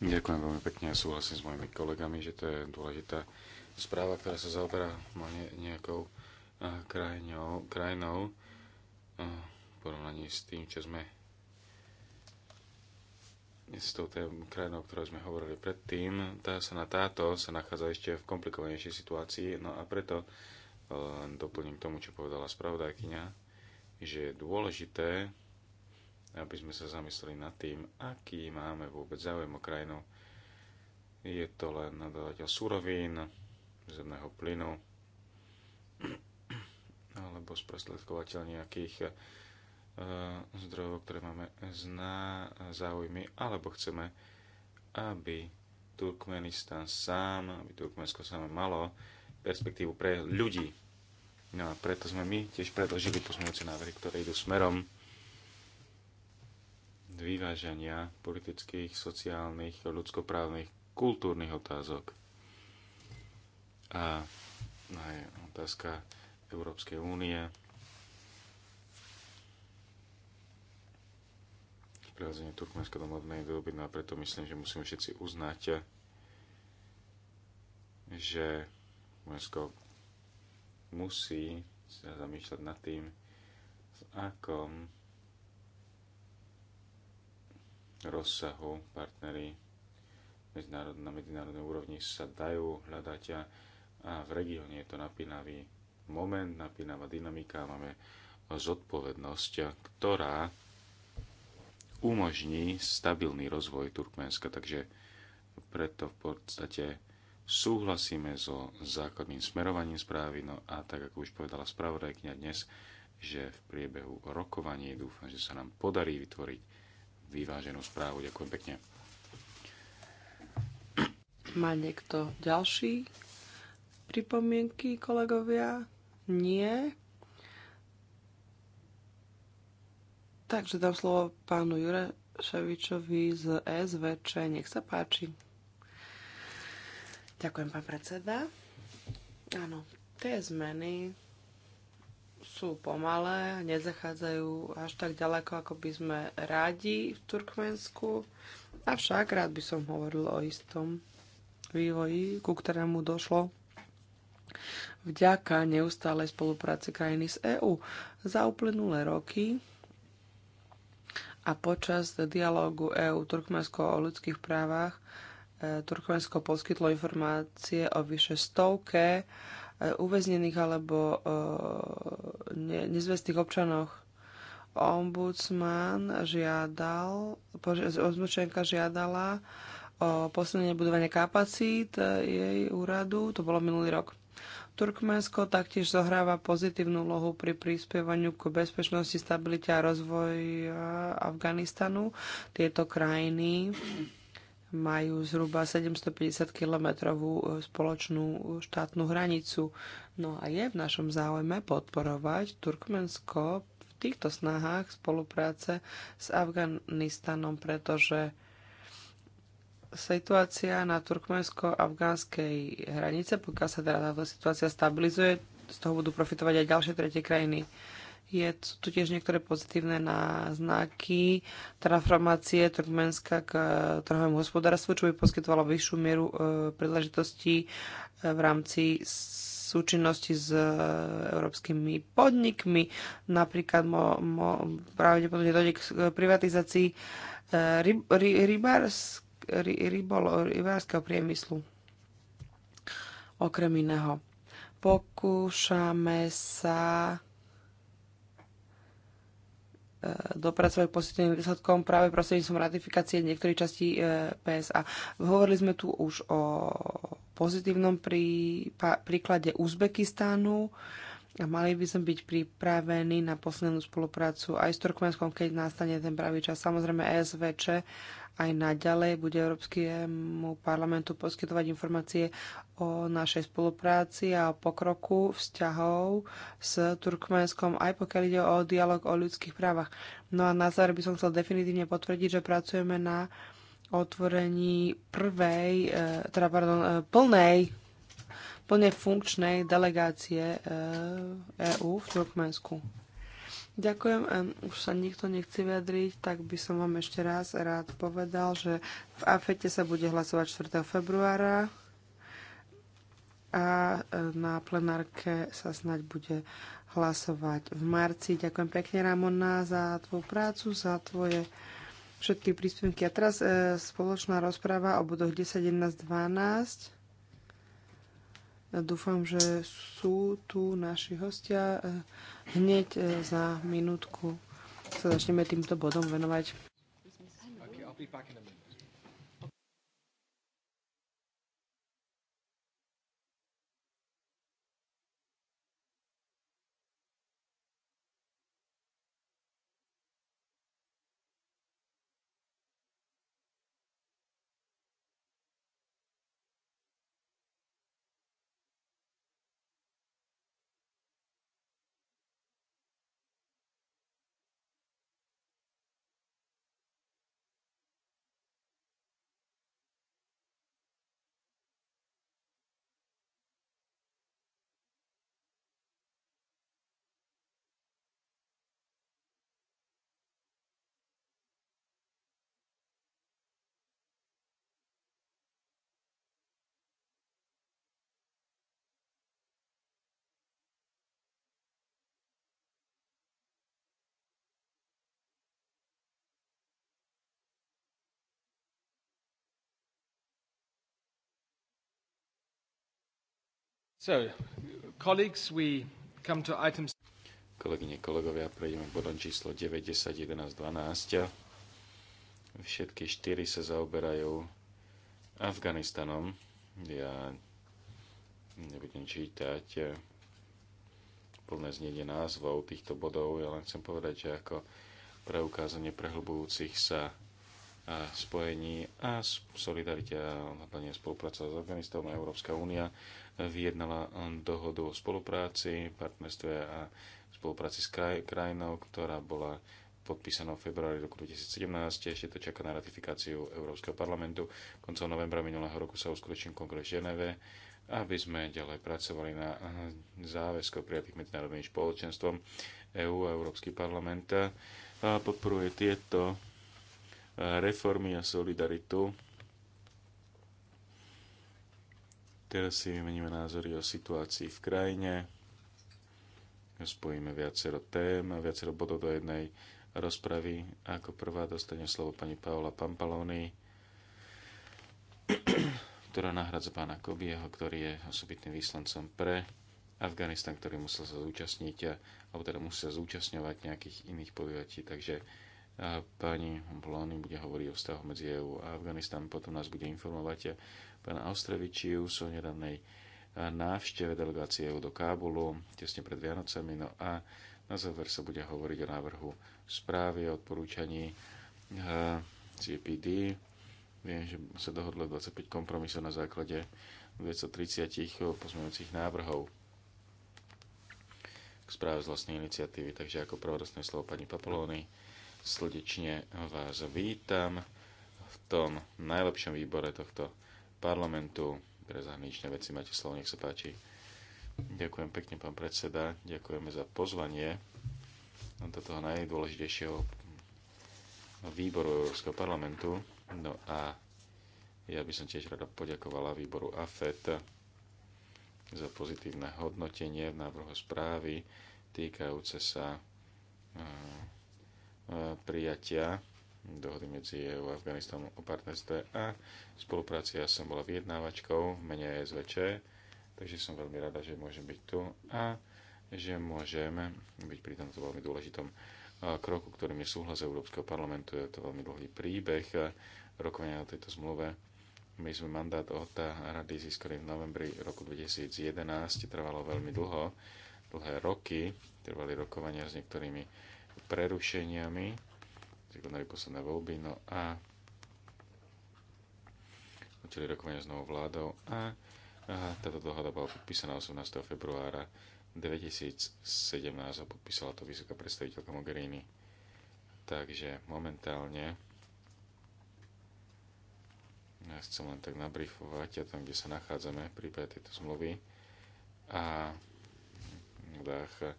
Ďakujem veľmi pekne a súhlasím s mojimi kolegami, že to je dôležitá správa, ktorá sa zaoberá nejakou eh, krajinou, krajinou eh, v porovnaní s tým, čo sme s tou krajinou, o ktorej sme hovorili predtým, tá sa na táto sa nachádza ešte v komplikovanejšej situácii, no a preto len doplním k tomu, čo povedala spravodajkyňa, že je dôležité, aby sme sa zamysleli nad tým, aký máme vôbec záujem o krajinu. Je to len nadávateľ surovín, zemného plynu, alebo sprostredkovateľ nejakých E, zdrojov, ktoré máme zná záujmy, alebo chceme, aby Turkmenistan sám, aby Turkmensko sám malo perspektívu pre ľudí. No a preto sme my tiež predložili pozmeňujúce návrhy, ktoré idú smerom vyvážania politických, sociálnych, ľudskoprávnych, kultúrnych otázok. A no aj otázka Európskej únie, prirazenie Turkmenska do modnej doby, no a preto myslím, že musíme všetci uznať, že Turkmensko musí sa zamýšľať nad tým, v akom rozsahu partnery na medzinárodnej úrovni sa dajú hľadať a, a v regióne je to napínavý moment, napínavá dynamika a máme zodpovednosť, ktorá umožní stabilný rozvoj Turkmenska. Takže preto v podstate súhlasíme so základným smerovaním správy. No a tak, ako už povedala spravodajkňa dnes, že v priebehu rokovaní dúfam, že sa nám podarí vytvoriť vyváženú správu. Ďakujem pekne. Má niekto ďalší pripomienky, kolegovia? Nie. Takže dám slovo pánu Jureševičovi z SVČ. Nech sa páči. Ďakujem, pán predseda. Áno, tie zmeny sú pomalé, nezachádzajú až tak ďaleko, ako by sme rádi v Turkmensku. Avšak rád by som hovoril o istom vývoji, ku ktorému došlo vďaka neustálej spolupráci krajiny s EÚ. Za uplynulé roky a počas dialógu EU Turkmensko o ľudských právach e, Turkmensko poskytlo informácie o vyše stovke e, uväznených alebo e, nezvestných občanoch. Ombudsman žiadal, ombudsmanka žiadala o posilnenie budovania kapacít jej úradu, to bolo minulý rok. Turkmensko taktiež zohráva pozitívnu lohu pri prispievaniu k bezpečnosti, stabilite a rozvoju eh, Afganistanu. Tieto krajiny majú zhruba 750 kilometrovú eh, spoločnú štátnu hranicu. No a je v našom záujme podporovať Turkmensko v týchto snahách spolupráce s Afganistanom, pretože situácia na turkmensko-afgánskej hranice, pokiaľ sa teda táto situácia stabilizuje, z toho budú profitovať aj ďalšie tretie krajiny. Je tu tiež niektoré pozitívne náznaky transformácie Turkmenska k eh, trhovému hospodárstvu, čo by poskytovalo vyššiu mieru eh, príležitostí eh, v rámci súčinnosti s európskymi podnikmi. Napríklad mo, mo, pravdepodobne dojde k privatizácii ryb, ry, rybárs, rybárskeho priemyslu. Okrem iného. Pokúšame sa e, dopracovať pozitívnym výsledkom práve prostredníctvom ratifikácie niektorých častí e, PSA. Hovorili sme tu už o pozitívnom príklade Uzbekistánu. A mali by sme byť pripravení na poslednú spoluprácu aj s Turkmenskom, keď nastane ten pravý čas. Samozrejme ESVČ aj naďalej bude Európskemu parlamentu poskytovať informácie o našej spolupráci a o pokroku vzťahov s Turkmenskom, aj pokiaľ ide o dialog o ľudských právach. No a na záver by som chcel definitívne potvrdiť, že pracujeme na otvorení prvej, e, teda pardon, e, plnej plne funkčnej delegácie EÚ e v Turkmensku. Ďakujem. E, už sa nikto nechce vyjadriť, tak by som vám ešte raz rád povedal, že v AFETE sa bude hlasovať 4. februára a e, na plenárke sa snať bude hlasovať v marci. Ďakujem pekne, Ramona, za tvoju prácu, za tvoje všetky príspevky. A teraz e, spoločná rozpráva o bodoch 10, 11, 12. Dúfam, že sú tu naši hostia. E, hneď e, za minútku sa začneme týmto bodom venovať. Okay, So, colleagues, we come to items... Kolegyne, kolegovia, prejdeme k bodom číslo 9, 10, 11, 12. Všetky štyri sa zaoberajú Afganistanom. Ja nebudem čítať plné znenie názvov týchto bodov, ja len chcem povedať, že ako preukázanie prehlbujúcich sa spojení a solidarite a hlavne spolupráca s Afganistanom a Európska únia vyjednala dohodu o spolupráci, partnerstve a spolupráci s kraj, krajinou, ktorá bola podpísaná v februári roku 2017. Ešte to čaká na ratifikáciu Európskeho parlamentu. Koncom novembra minulého roku sa uskutočnil kongres Ženeve, aby sme ďalej pracovali na záväzko prijatých medzinárodným spoločenstvom EÚ a Európsky parlament. A podporuje tieto reformy a solidaritu. Teraz si vymeníme názory o situácii v krajine. Spojíme viacero tém, viacero bodov do jednej rozpravy. Ako prvá dostane slovo pani Paola Pampaloni, ktorá nahradza pána Kobieho, ktorý je osobitným výslancom pre Afganistan, ktorý musel sa zúčastniť, alebo teda musel zúčastňovať nejakých iných podujatí. Takže pani Blony bude hovoriť o vzťahu medzi EU a Afganistanom, potom nás bude informovať pán Austrevičius o nedávnej návšteve delegácie EU do Kábulu tesne pred Vianocami. No a na záver sa bude hovoriť o návrhu správy a odporúčaní eh, CPD. Viem, že sa dohodlo 25 kompromisov na základe 230 pozmeňujúcich návrhov k správe z vlastnej iniciatívy. Takže ako prvorostné slovo pani Papolóny Srdečne vás vítam v tom najlepšom výbore tohto parlamentu pre zahraničné veci. Máte slovo, nech sa páči. Ďakujem pekne, pán predseda. Ďakujeme za pozvanie do toho najdôležitejšieho výboru Európskeho parlamentu. No a ja by som tiež rada poďakovala výboru AFET za pozitívne hodnotenie v návrhu správy týkajúce sa eh, E, prijatia dohody medzi EU a Afganistanom o partnerstve a spolupráci. Ja som bola vyjednávačkou v mene SVČ, takže som veľmi rada, že môžem byť tu a že môžeme byť pri tomto veľmi dôležitom e, kroku, ktorým je súhlas Európskeho parlamentu. Je to veľmi dlhý príbeh e, rokovania o tejto zmluve. My sme mandát od rady získali v novembri roku 2011. Trvalo veľmi dlho, dlhé roky, trvali rokovania s niektorými prerušeniami, konali posledné voľby, no a začali rokovania s novou vládou a, a táto dohoda bola podpísaná 18. februára 2017 a podpísala to vysoká predstaviteľka Mogherini. Takže momentálne ja chcem len tak nabrifovať a tam, kde sa nachádzame v prípade tejto zmluvy a dách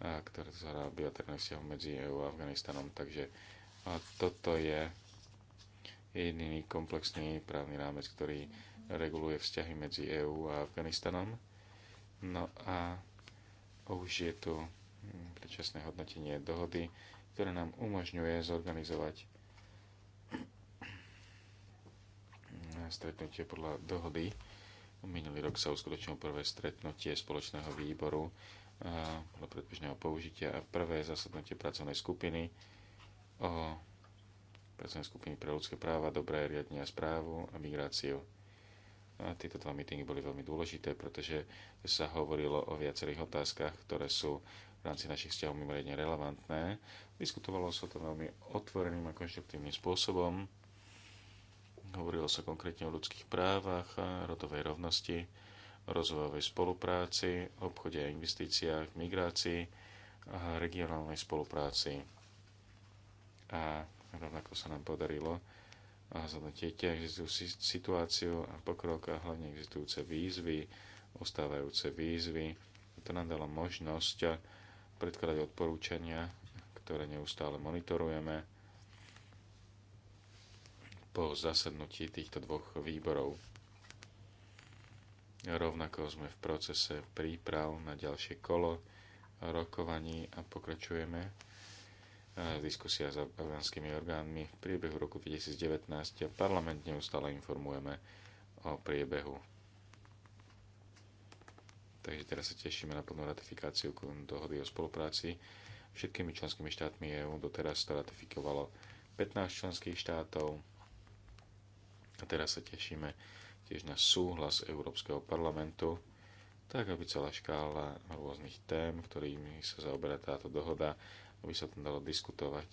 ktoré sa hrá bilaterálnych medzi EU a Afganistanom. Takže a toto je jediný komplexný právny rámec, ktorý reguluje vzťahy medzi EU a Afganistanom. No a už je tu predčasné hodnotenie dohody, ktoré nám umožňuje zorganizovať stretnutie podľa dohody. Minulý rok sa uskutočnilo prvé stretnutie spoločného výboru podľa predbežného použitia a prvé zasadnutie pracovnej skupiny o pracovnej skupiny pre ľudské práva, dobré riadenie a správu a migráciu. A tieto dva meetingy boli veľmi dôležité, pretože sa hovorilo o viacerých otázkach, ktoré sú v rámci našich vzťahov mimoriadne relevantné. Diskutovalo sa to veľmi otvoreným a konštruktívnym spôsobom. Hovorilo sa konkrétne o ľudských právach, rodovej rovnosti, rozvojovej spolupráci, obchode a investíciách, migrácii a regionálnej spolupráci. A rovnako sa nám podarilo zhodnotiť existujúcu situáciu a pokrok a hlavne existujúce výzvy, ostávajúce výzvy. To nám dalo možnosť predkladať odporúčania, ktoré neustále monitorujeme po zasadnutí týchto dvoch výborov Rovnako sme v procese príprav na ďalšie kolo rokovaní a pokračujeme e, diskusia s afgánskymi orgánmi. V priebehu roku 2019 parlament neustále informujeme o priebehu. Takže teraz sa tešíme na plnú ratifikáciu dohody o spolupráci. Všetkými členskými štátmi EÚ doteraz to ratifikovalo 15 členských štátov. A teraz sa tešíme tiež na súhlas Európskeho parlamentu, tak aby celá škála rôznych tém, ktorými sa zaoberá táto dohoda, aby sa tam dalo diskutovať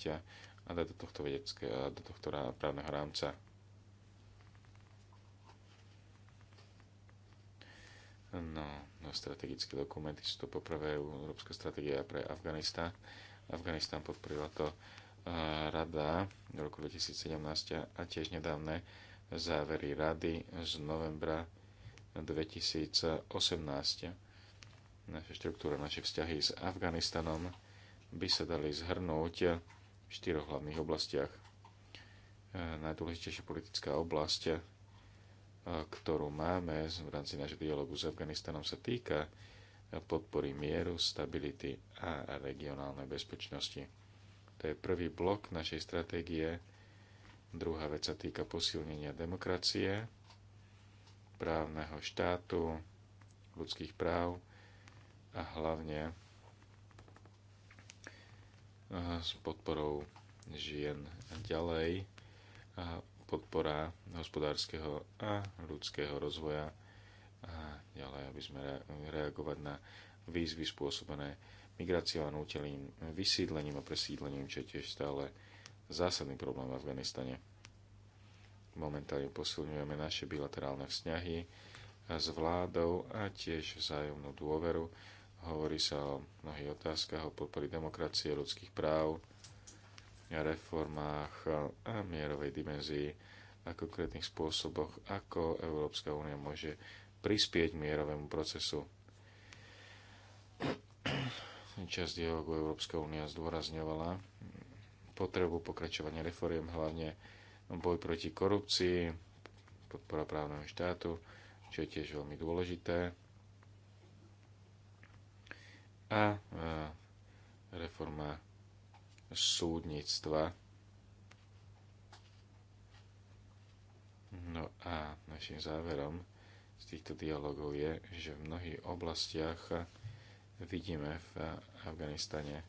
a dať do tohto vedeckého, do tohto právneho rámca. No, no strategické dokumenty sú to poprvé Európska stratégia pre Afganistán. Afganistán podporila to Rada v roku 2017 a tiež nedávne závery rady z novembra 2018. Naša štruktúra, naše vzťahy s Afganistanom by sa dali zhrnúť v štyroch hlavných oblastiach. E, najdôležitejšia politická oblasť, e, ktorú máme v rámci nášho dialogu s Afganistanom, sa týka podpory mieru, stability a regionálnej bezpečnosti. To je prvý blok našej stratégie Druhá vec sa týka posilnenia demokracie, právneho štátu, ľudských práv a hlavne eh, s podporou žien a ďalej a eh, podpora hospodárskeho a ľudského rozvoja a ďalej, aby sme reagovať na výzvy spôsobené migráciou a nútelým vysídlením a presídlením, čo je tiež stále zásadný problém v Afganistane. Momentálne posilňujeme naše bilaterálne vzťahy s vládou a tiež vzájomnú dôveru. Hovorí sa o mnohých otázkach, o podpory demokracie, ľudských práv, reformách a mierovej dimenzii a konkrétnych spôsoboch, ako Európska únia môže prispieť mierovému procesu. Časť dialogu Európska únia zdôrazňovala potrebu pokračovania reforiem, hlavne boj proti korupcii, podpora právneho štátu, čo je tiež veľmi dôležité. A e, reforma súdnictva. No a našim záverom z týchto dialogov je, že v mnohých oblastiach vidíme v Afganistane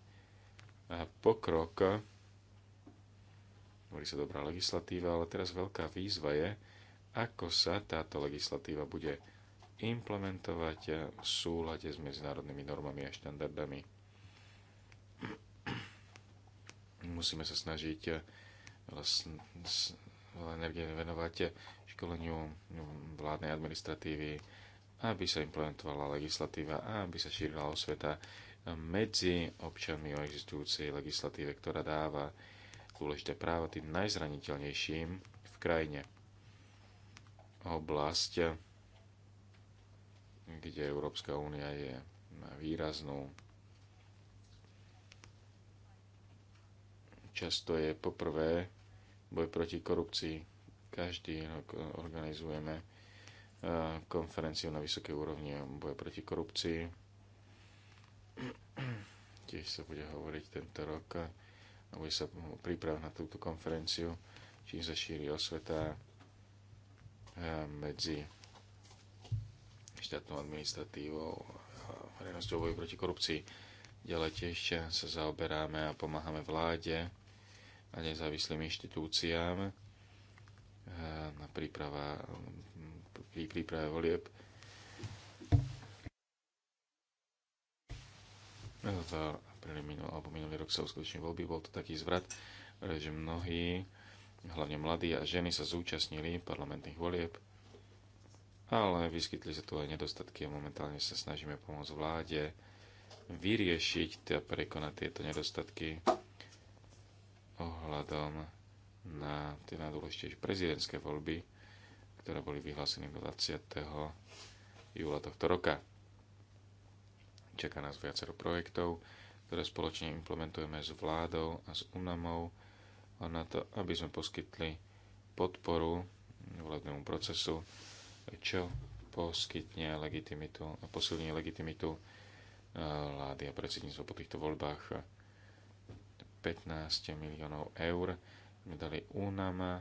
pokrok hovorí sa dobrá legislatíva, ale teraz veľká výzva je, ako sa táto legislatíva bude implementovať v súlade s medzinárodnými normami a štandardami. Musíme sa snažiť veľa eh, energie venovať školeniu no, vládnej administratívy, aby sa implementovala legislatíva a aby sa šírila osveta medzi občanmi o existujúcej legislatíve, ktorá dáva dôležité práva tým najzraniteľnejším v krajine. Oblasť, kde Európska únia je na výraznú často je poprvé boj proti korupcii. Každý rok organizujeme konferenciu na vysokej úrovni o boje proti korupcii. Tiež sa bude hovoriť tento rok bude sa pripravať na túto konferenciu, čím sa šíri osveta eh, medzi štátnou administratívou a verejnosťou boju proti korupcii. Ďalej tiež sa zaoberáme a pomáhame vláde a nezávislým inštitúciám eh, na príprava, pri príprave volieb. V apríli minul, alebo minulý rok sa uskutočnili voľby, bol to taký zvrat, eh, že mnohí, hlavne mladí a ženy sa zúčastnili parlamentných volieb, ale vyskytli sa tu aj nedostatky a momentálne sa snažíme pomôcť vláde vyriešiť a prekonať tieto nedostatky ohľadom na tie najdôležitejšie prezidentské voľby, ktoré boli vyhlásené 20. júla tohto roka. Čaká nás viacero projektov, ktoré spoločne implementujeme s vládou a s UNAMou na to, aby sme poskytli podporu volebnému procesu, čo poskytne legitimitu a posilní legitimitu eh, vlády a predsedníctvo po týchto voľbách 15 miliónov eur dali UNAMA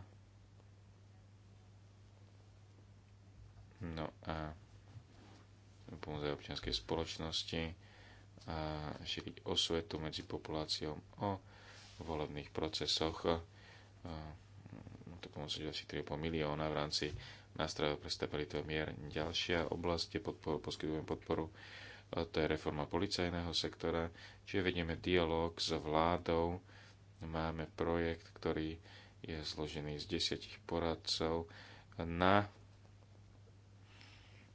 no a pomôže občianskej spoločnosti a šíriť osvetu medzi populáciou o volebných procesoch. No, to pomôcť asi 3,5 milióna v rámci nástrojov pre stabilitu mier. Ďalšia oblasť, kde podporu, poskytujeme podporu, to je reforma policajného sektora, čiže vedieme dialog s vládou. Máme projekt, ktorý je zložený z desiatich poradcov na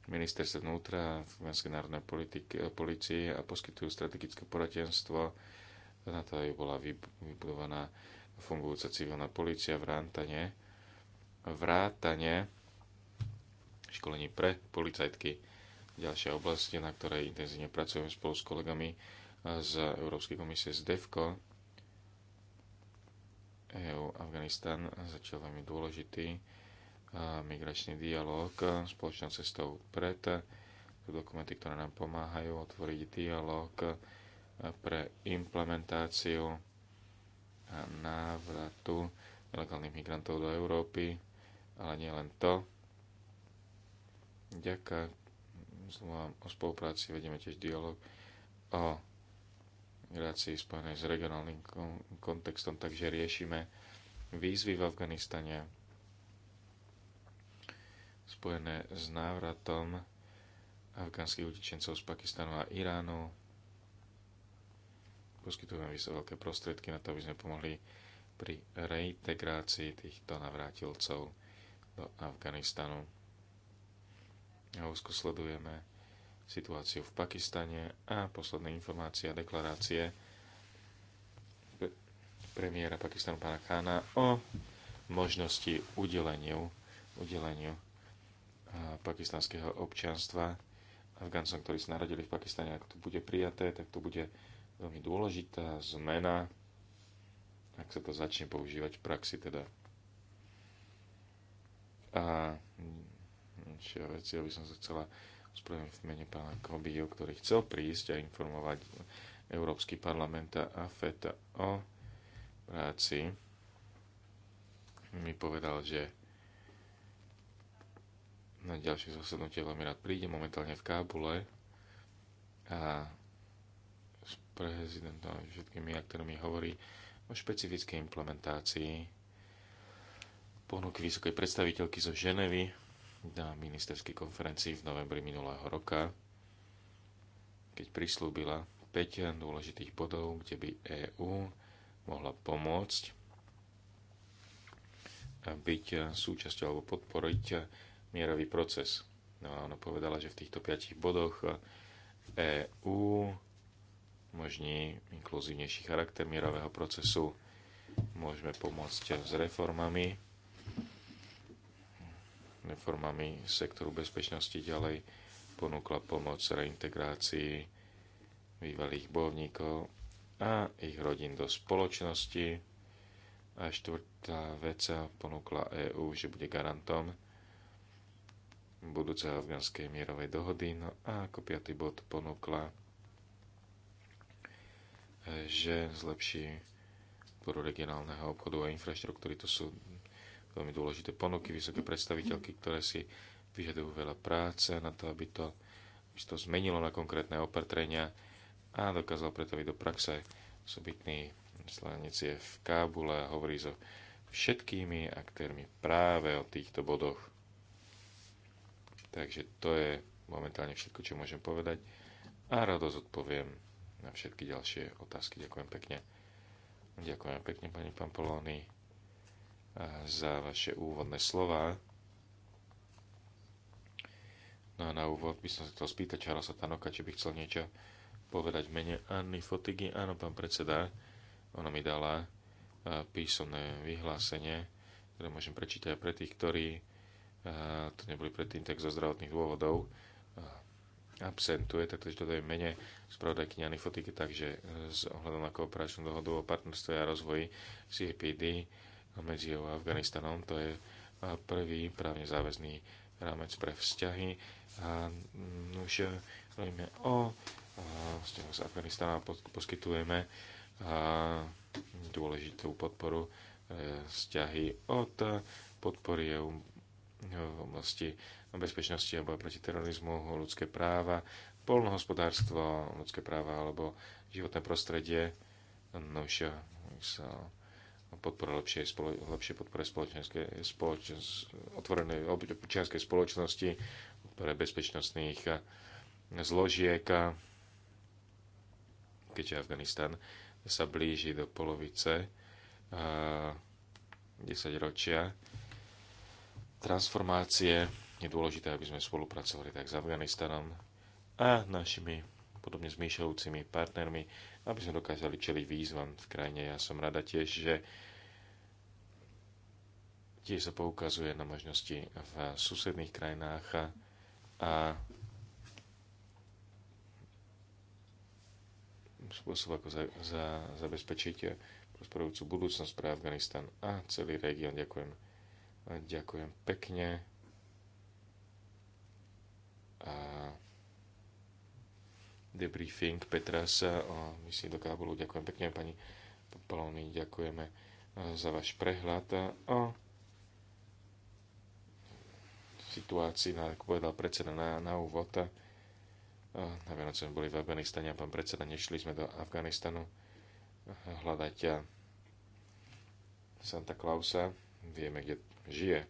ministerstve vnútra, Slovenskej národnej eh, policie a poskytujú strategické poradenstvo. Na to aj bola vybudovaná fungujúca civilná policia v Rántane. Vrátane školení pre policajtky. Ďalšia oblasť, na ktorej intenzívne pracujem spolu s kolegami eh, z Európskej komisie z DEFCO. EU Afganistan začal veľmi dôležitý migračný dialog spoločnou cestou pred. Sú dokumenty, ktoré nám pomáhajú otvoriť dialog e, pre implementáciu a návratu nelegálnych migrantov do Európy, ale nie len to. Ďaká zmluvám o spolupráci vedieme tiež dialog o migrácii spojenej s regionálnym kontextom, takže riešime výzvy v Afganistane, spojené s návratom afgánskych utečencov z Pakistanu a Iránu. Poskytujeme sa veľké prostriedky na to, aby sme pomohli pri reintegrácii týchto navrátilcov do Afganistanu. A úzko sledujeme situáciu v Pakistane a posledné informácie a deklarácie premiéra Pakistanu pána Khána o možnosti udeleniu, udeleniu pakistanského občianstva Afgáncom, ktorí sa narodili v Pakistane, ak to bude prijaté, tak to bude veľmi dôležitá zmena, ak sa to začne používať v praxi teda. A ďalšia vec, ja by som sa chcela spraviť v mene pána Kobiu, ktorý chcel prísť a informovať Európsky parlament a FETA o práci. Mi povedal, že na ďalšie zasadnutie veľmi rád príde, momentálne v Kábule a s prezidentom a všetkými aktérmi hovorí o špecifickej implementácii ponuky vysokej predstaviteľky zo Ženevy na ministerskej konferencii v novembri minulého roka, keď prislúbila 5 dôležitých bodov, kde by EÚ mohla pomôcť a byť súčasťou alebo podporiť mierový proces. No a ona povedala, že v týchto piatich bodoch EÚ eh, e možní inkluzívnejší charakter mierového procesu. Môžeme pomôcť s reformami, reformami sektoru bezpečnosti ďalej ponúkla pomoc reintegrácii bývalých bojovníkov a ich rodín do spoločnosti. A štvrtá vec eh, ponúkla EÚ, že bude garantom budúcej afgánskej mierovej dohody. No a ako piatý bod ponúkla, e, že zlepší podporu regionálneho obchodu a infraštruktúry. To sú veľmi dôležité ponuky, vysoké predstaviteľky, ktoré si vyžadujú veľa práce na to, aby to, aby to zmenilo na konkrétne opatrenia a dokázal preto do praxe osobitný slanec je v Kábule a hovorí so všetkými aktérmi práve o týchto bodoch. Takže to je momentálne všetko, čo môžem povedať a rado zodpoviem na všetky ďalšie otázky. Ďakujem pekne. Ďakujem pekne, pani Pampolóny, za vaše úvodné slova. No a na úvod by som sa chcel spýtať Charlesa Tanoka, či by chcel niečo povedať v mene Anny Fotigy. Áno, pán predseda, ona mi dala písomné vyhlásenie, ktoré môžem prečítať aj pre tých, ktorí to neboli predtým, tak zo zdravotných dôvodov absentuje, tak to je teda mene spravodajkyňa Nifotiky, takže e, s ohľadom na kooperačnú dohodu o partnerstve a rozvoji CPD medzi EU a Afganistanom, to je e, prvý právne záväzný rámec pre vzťahy. A mm, už e, hovoríme o vzťahu s Afganistanom a poskytujeme a dôležitú podporu vzťahy od podpory EU v oblasti bezpečnosti a boja proti terorizmu, ľudské práva, polnohospodárstvo, ľudské práva alebo životné prostredie, novšia sa podpora lepšie, lepšie podpore spoločenskej, spoločens, otvorenej občianskej spoločnosti, pre bezpečnostných eh, zložiek, keďže Afganistan sa blíži do polovice 10 eh, ročia transformácie je dôležité, aby sme spolupracovali tak s Afganistanom a našimi podobne zmýšľajúcimi partnermi, aby sme dokázali čeliť výzvam v krajine. Ja som rada tiež, že tiež sa poukazuje na možnosti v susedných krajinách a, spôsob, ako za, za, zabezpečiť prosperujúcu budúcnosť pre Afganistan a celý región. Ďakujem. Ďakujem pekne. A debriefing Petra sa o misii do Kábulu. Ďakujem pekne, pani Polóny, ďakujeme e, za váš prehľad o situácii, na, ako povedal predseda na, na úvod. A na Vianoce sme boli v Afganistane a pán predseda, nešli sme do Afganistanu e, hľadať e, Santa Clausa. Vieme, kde žije.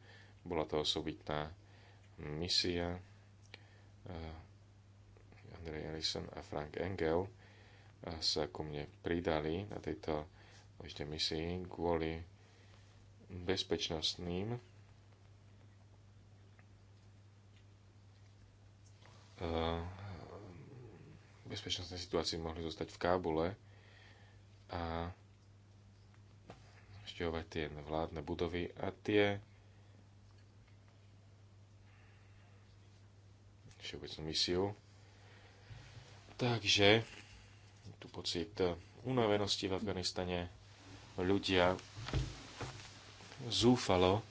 Bola to osobitná misia eh, Andrej Ellison a Frank Engel eh, sa ku mne pridali na tejto ešte misii kvôli bezpečnostným eh, bezpečnostnej situácii mohli zostať v Kábule a šťovať tie vládne budovy a tie všeobecnú misiu. Takže tu pocit unavenosti v Afganistane. Ľudia zúfalo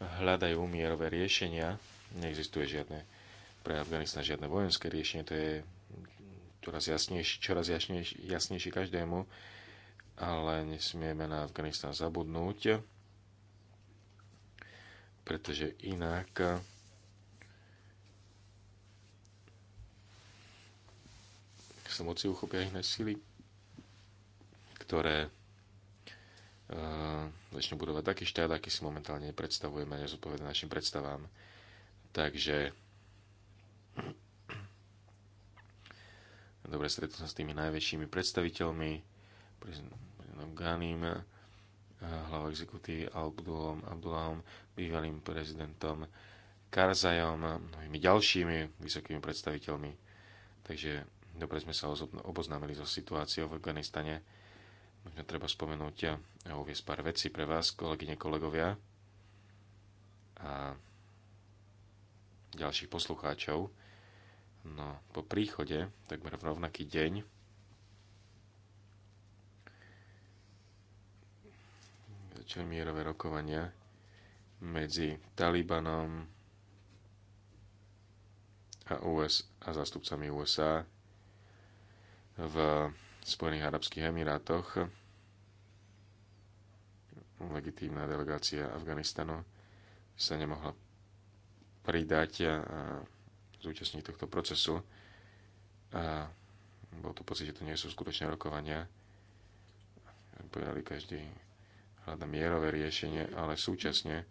hľadajú mierové riešenia. Neexistuje žiadne pre Afganistan žiadne vojenské riešenie, to je čoraz jasnejšie, čoraz jasnejšie, jasnejšie každému, ale nesmieme na Afganistan zabudnúť, pretože inak sa moci uchopia iné sily, ktoré uh, začnú budovať taký štát, aký si momentálne nepredstavujeme a nezodpovedá našim predstavám. Takže dobre stretol som s tými najväčšími predstaviteľmi, prezidentom Ghanim, e, hlavou exekutívy Abdulom, Abdulom, bývalým prezidentom Karzajom, mnohými ďalšími vysokými predstaviteľmi. Takže Dobre sme sa oboznámili so situáciou v Afganistane. Možno treba spomenúť a ja uviesť pár vecí pre vás, kolegyne, kolegovia a ďalších poslucháčov. No, po príchode, takmer v rovnaký deň, začali mierové rokovania medzi Talibanom a, US, a zástupcami USA v Spojených Arabských Emirátoch. Legitímna delegácia Afganistanu sa nemohla pridať a zúčastniť tohto procesu. A bol to pocit, že to nie sú skutočné rokovania. Povedali každý hľada mierové riešenie, ale súčasne,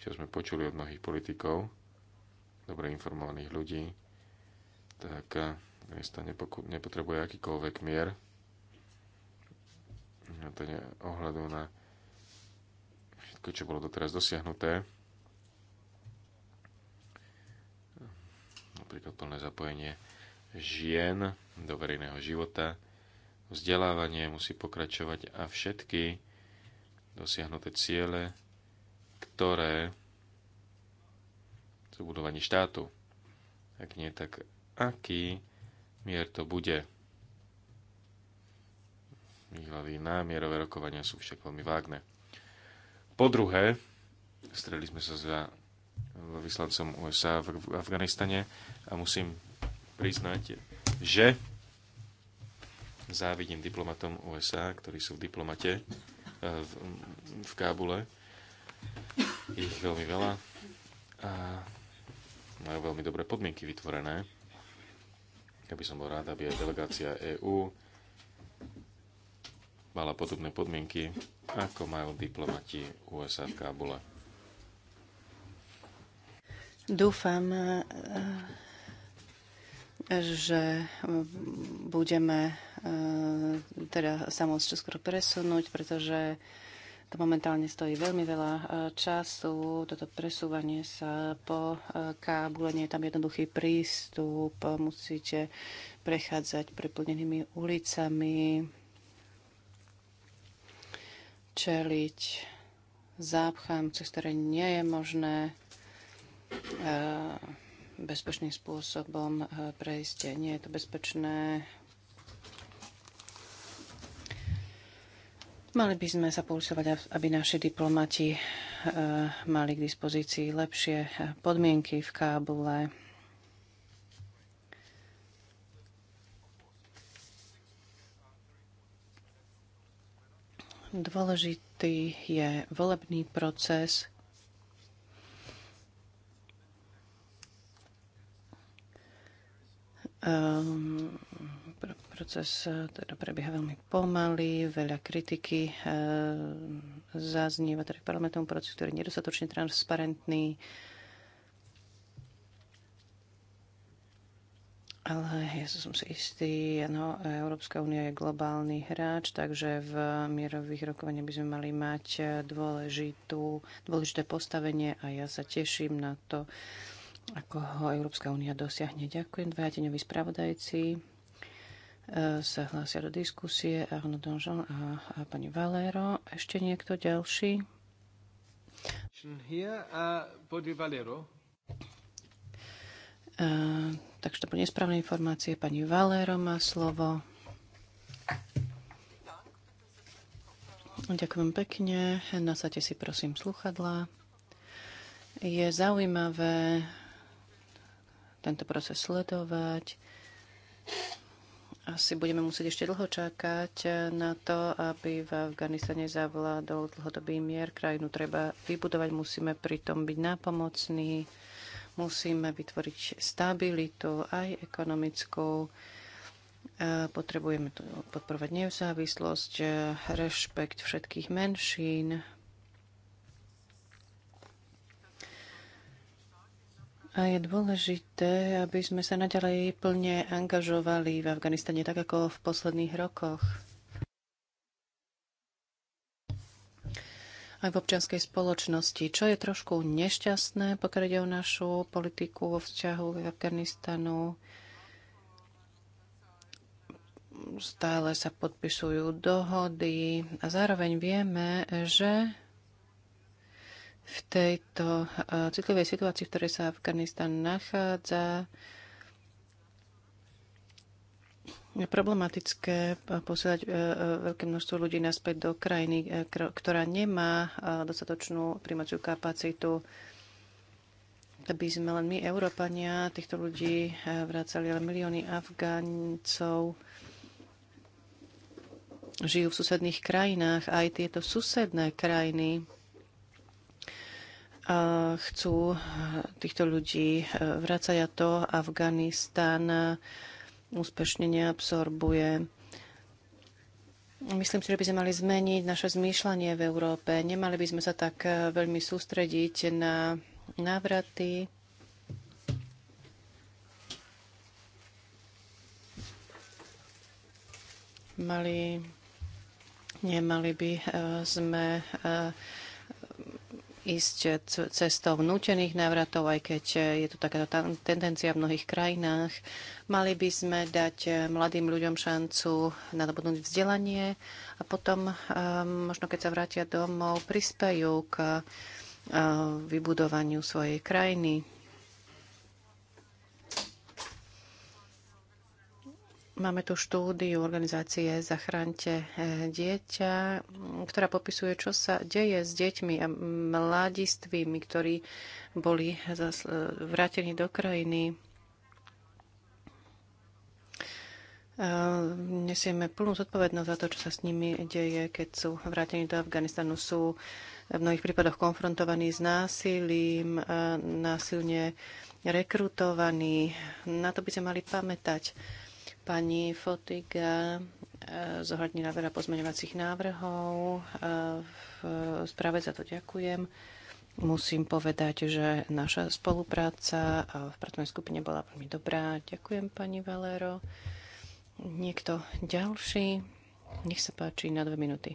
čo sme počuli od mnohých politikov, dobre informovaných ľudí, tak Mesto nepotrebuje akýkoľvek mier A to ohľadu na všetko, čo bolo doteraz dosiahnuté. Napríklad plné zapojenie žien do verejného života. Vzdelávanie musí pokračovať a všetky dosiahnuté ciele, ktoré sú budovanie štátu. Ak nie, tak aký mier to bude. Mývali námierové rokovania sú však veľmi vágne. Po druhé, stredili sme sa za vyslancom USA v Afganistane a musím priznať, že závidím diplomatom USA, ktorí sú v diplomate e, v, v Kábule. Ich veľmi veľa a majú veľmi dobré podmienky vytvorené ja by som bol rád, aby aj delegácia EÚ mala podobné podmienky, ako majú diplomati USA v Kábule. Dúfam, eh, že budeme eh, teda samozrejme skoro presunúť, pretože to momentálne stojí veľmi veľa e, času. Toto presúvanie sa po e, Kábule, nie je tam jednoduchý prístup. Musíte prechádzať preplnenými ulicami, čeliť zápchám, cez ktoré nie je možné e, bezpečným spôsobom prejsť. Nie je to bezpečné Mali by sme sa pulsovať, aby naši diplomati eh, mali k dispozícii lepšie eh, podmienky v Kábule. Dôležitý je volebný proces. Um, Proces eh, teda prebieha veľmi pomaly, veľa kritiky e, zaznieva teda k parlamentnému procesu, ktorý je nedostatočne transparentný. Ale ja som si istý, ano, Európska únia je globálny hráč, takže v mierových rokovaniach by sme mali mať eh, dôležitú, dôležité postavenie a ja sa teším na to, ako ho Európska únia dosiahne. Ďakujem dvajateňovi spravodajci. E, sa hlásia do diskusie Arno Donžon a, a pani Valero. Ešte niekto ďalší? E, takže to boli nesprávne informácie. Pani Valero má slovo. Ďakujem pekne. Nasadte si prosím sluchadla. Je zaujímavé tento proces sledovať asi budeme musieť ešte dlho čakať eh, na to, aby v Afganistane zavládol dlhodobý mier. Krajinu treba vybudovať, musíme pritom byť nápomocní, musíme vytvoriť stabilitu aj ekonomickú. Eh, potrebujeme podporovať nezávislosť, eh, rešpekt všetkých menšín, A je dôležité, aby sme sa naďalej plne angažovali v Afganistane, tak ako v posledných rokoch. aj v občianskej spoločnosti, čo je trošku nešťastné, pokiaľ ide o našu politiku vo vzťahu k Afganistanu. Stále sa podpisujú dohody a zároveň vieme, že v tejto e, citlivej situácii, v ktorej sa Afganistan nachádza, je problematické posielať e, e, veľké množstvo ľudí naspäť do krajiny, ktorá nemá dostatočnú príjmaciu kapacitu, aby sme len my, Európania, týchto ľudí vracali, ale milióny Afgáncov žijú v susedných krajinách. Aj tieto susedné krajiny chcú eh, týchto ľudí eh, vrácať a to Afganistan eh, úspešne neabsorbuje. Myslím si, že by sme mali zmeniť naše zmýšľanie v Európe. Nemali by sme sa tak veľmi sústrediť na návraty. Mali, nemali by sme ísť cestou vnútených návratov, aj keď e, je tu takáto tendencia v mnohých krajinách. Mali by sme dať e, mladým ľuďom šancu nadobudnúť vzdelanie a potom, e, možno keď sa vrátia domov, prispejú k vybudovaniu svojej krajiny. Máme tu štúdiu organizácie Zachránte e, dieťa, ktorá popisuje, čo sa deje s deťmi a mladistvými, ktorí boli e, vrátení do krajiny. E, nesieme plnú zodpovednosť za to, čo sa s nimi deje, keď sú vrátení do Afganistanu. Sú v mnohých prípadoch konfrontovaní s násilím, násilne rekrutovaní. Na to by sme mali pamätať. Pani Fotiga eh, zohľadnila veľa pozmeňovacích návrhov. Eh, v správe za to ďakujem. Musím povedať, že naša spolupráca eh, v pracovnej skupine bola veľmi dobrá. Ďakujem, pani Valero. Niekto ďalší? Nech sa páči na dve minúty.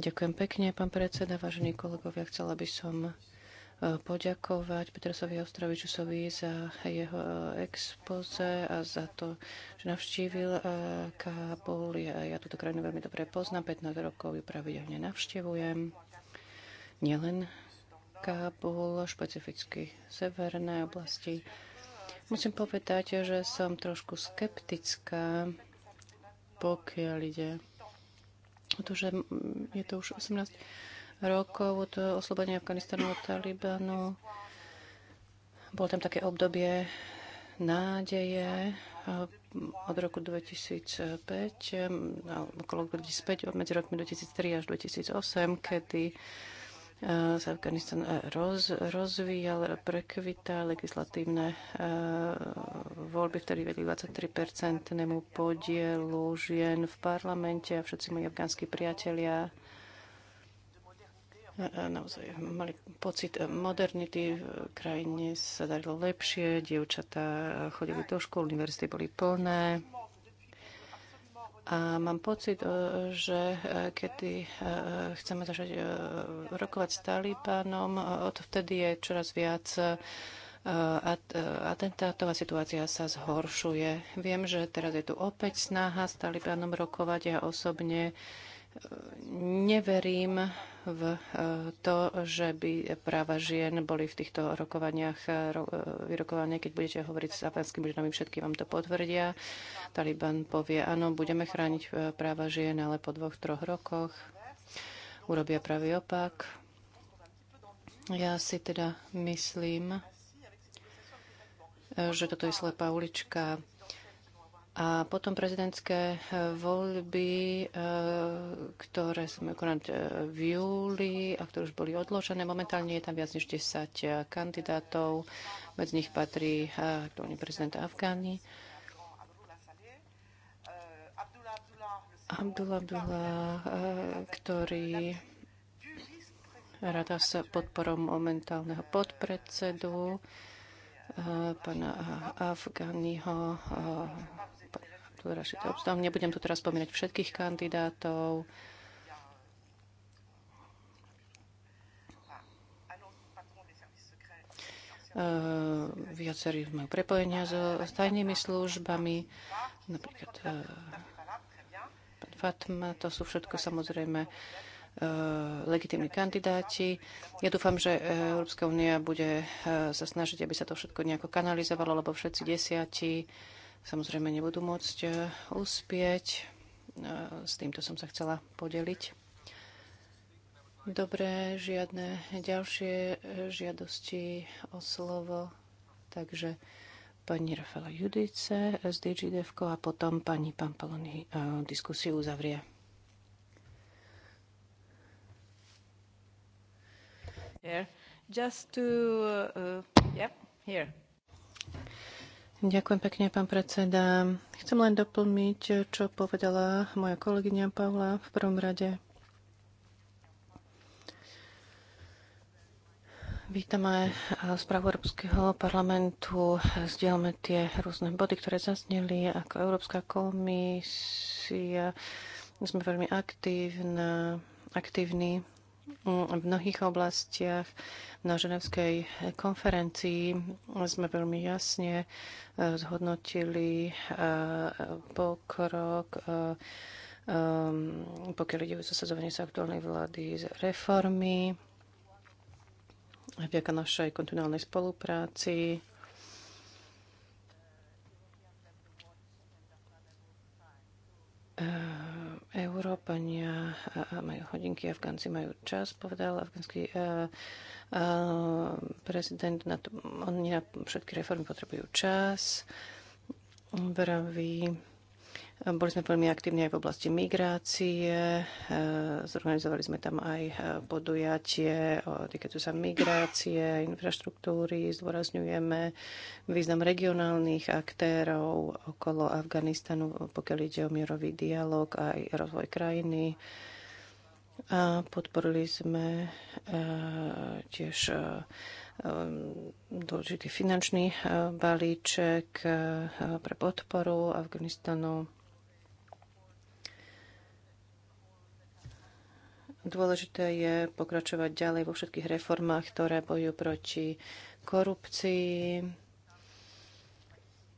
Ďakujem pekne, pán predseda, vážení kolegovia. Chcela by som poďakovať Petrosovi Ostrovičusovi za jeho eh, expoze a za to, že navštívil eh, Kábul. Ja, ja túto krajinu veľmi dobre poznám, 15 rokov ju pravidelne navštevujem. Nielen Kábul, špecificky severné oblasti. Musím povedať, že som trošku skeptická, pokiaľ ide Pretože mm, je to už 18 rokov od oslobodenia Afganistanu od Talibanu. Bolo tam také obdobie nádeje od roku 2005, okolo 2005, medzi rokmi 2003 až 2008, kedy e, sa Afganistan e, roz, rozvíjal, prekvita legislatívne e, voľby, vtedy vedli 23-percentnému podielu žien v parlamente a všetci moji afgánsky priatelia naozaj mali pocit modernity, v krajine sa darilo lepšie, dievčatá chodili do škôl, univerzity boli plné. A mám pocit, e, že e, kedy e, chceme začať rokovať s Talibanom, od vtedy je čoraz viac atentátová situácia sa zhoršuje. Viem, že teraz je tu opäť snaha s Talibanom rokovať. Ja osobne neverím v e, to, že by práva žien boli v týchto rokovaniach e, e, vyrokované. Keď budete hovoriť s afgánskym ženami, všetky vám to potvrdia. Taliban povie, áno, budeme chrániť práva žien, ale po dvoch, troch rokoch urobia pravý opak. Ja si teda myslím, že toto je slepá ulička a potom prezidentské e, voľby, e, ktoré sme konať e, v júli a ktoré už boli odložené. Momentálne je tam viac než 10 kandidátov. Medzi nich patrí aktuálny prezident Afgány. Abdullah Abdullah, ktorý rada s podporou momentálneho podpredsedu pána Afganiho Rashid Obstam. Nebudem tu teraz spomínať všetkých kandidátov. Uh, viacerí majú prepojenia so tajnými službami, napríklad uh, pán Fatma, to sú všetko samozrejme eh, legitimní kandidáti. Ja dúfam, že Európska únia bude sa snažiť, aby sa to všetko nejako kanalizovalo, lebo všetci desiati samozrejme nebudú môcť e, uspieť. E, s týmto som sa chcela podeliť. Dobre, žiadne ďalšie e, žiadosti o slovo. Takže pani Rafaela Judice z DGDFko a potom pani Pampaloni diskusiu uzavrie. Here. Just to, uh, uh yeah, here. Ďakujem pekne, pán predseda. Chcem len doplniť, čo povedala moja kolegyňa Paula v prvom rade. Vítame správu Európskeho parlamentu, zdieľame tie rôzne body, ktoré zazneli ako Európska komisia. Sme veľmi aktívna, aktívni Mm, v mnohých oblastiach na ženevskej konferencii sme veľmi jasne e, zhodnotili e, pokrok, e, pokiaľ ide o zasadzovanie sa aktuálnej vlády z reformy, vďaka našej kontinuálnej spolupráci Európania majú hodinky, Afgánci majú čas, povedal afgánsky prezident. Na to, oni na všetky reformy potrebujú čas. Vraví, boli sme veľmi aktívni aj v oblasti migrácie. Eh, zorganizovali sme tam aj eh, podujatie týkajúce sa migrácie, infraštruktúry. Zdôrazňujeme význam regionálnych aktérov okolo Afganistanu, pokiaľ ide o mierový dialog a aj rozvoj krajiny. A podporili sme eh, tiež dôležitý finančný balíček pre podporu Afganistanu Dôležité je pokračovať ďalej vo všetkých reformách, ktoré bojujú proti korupcii.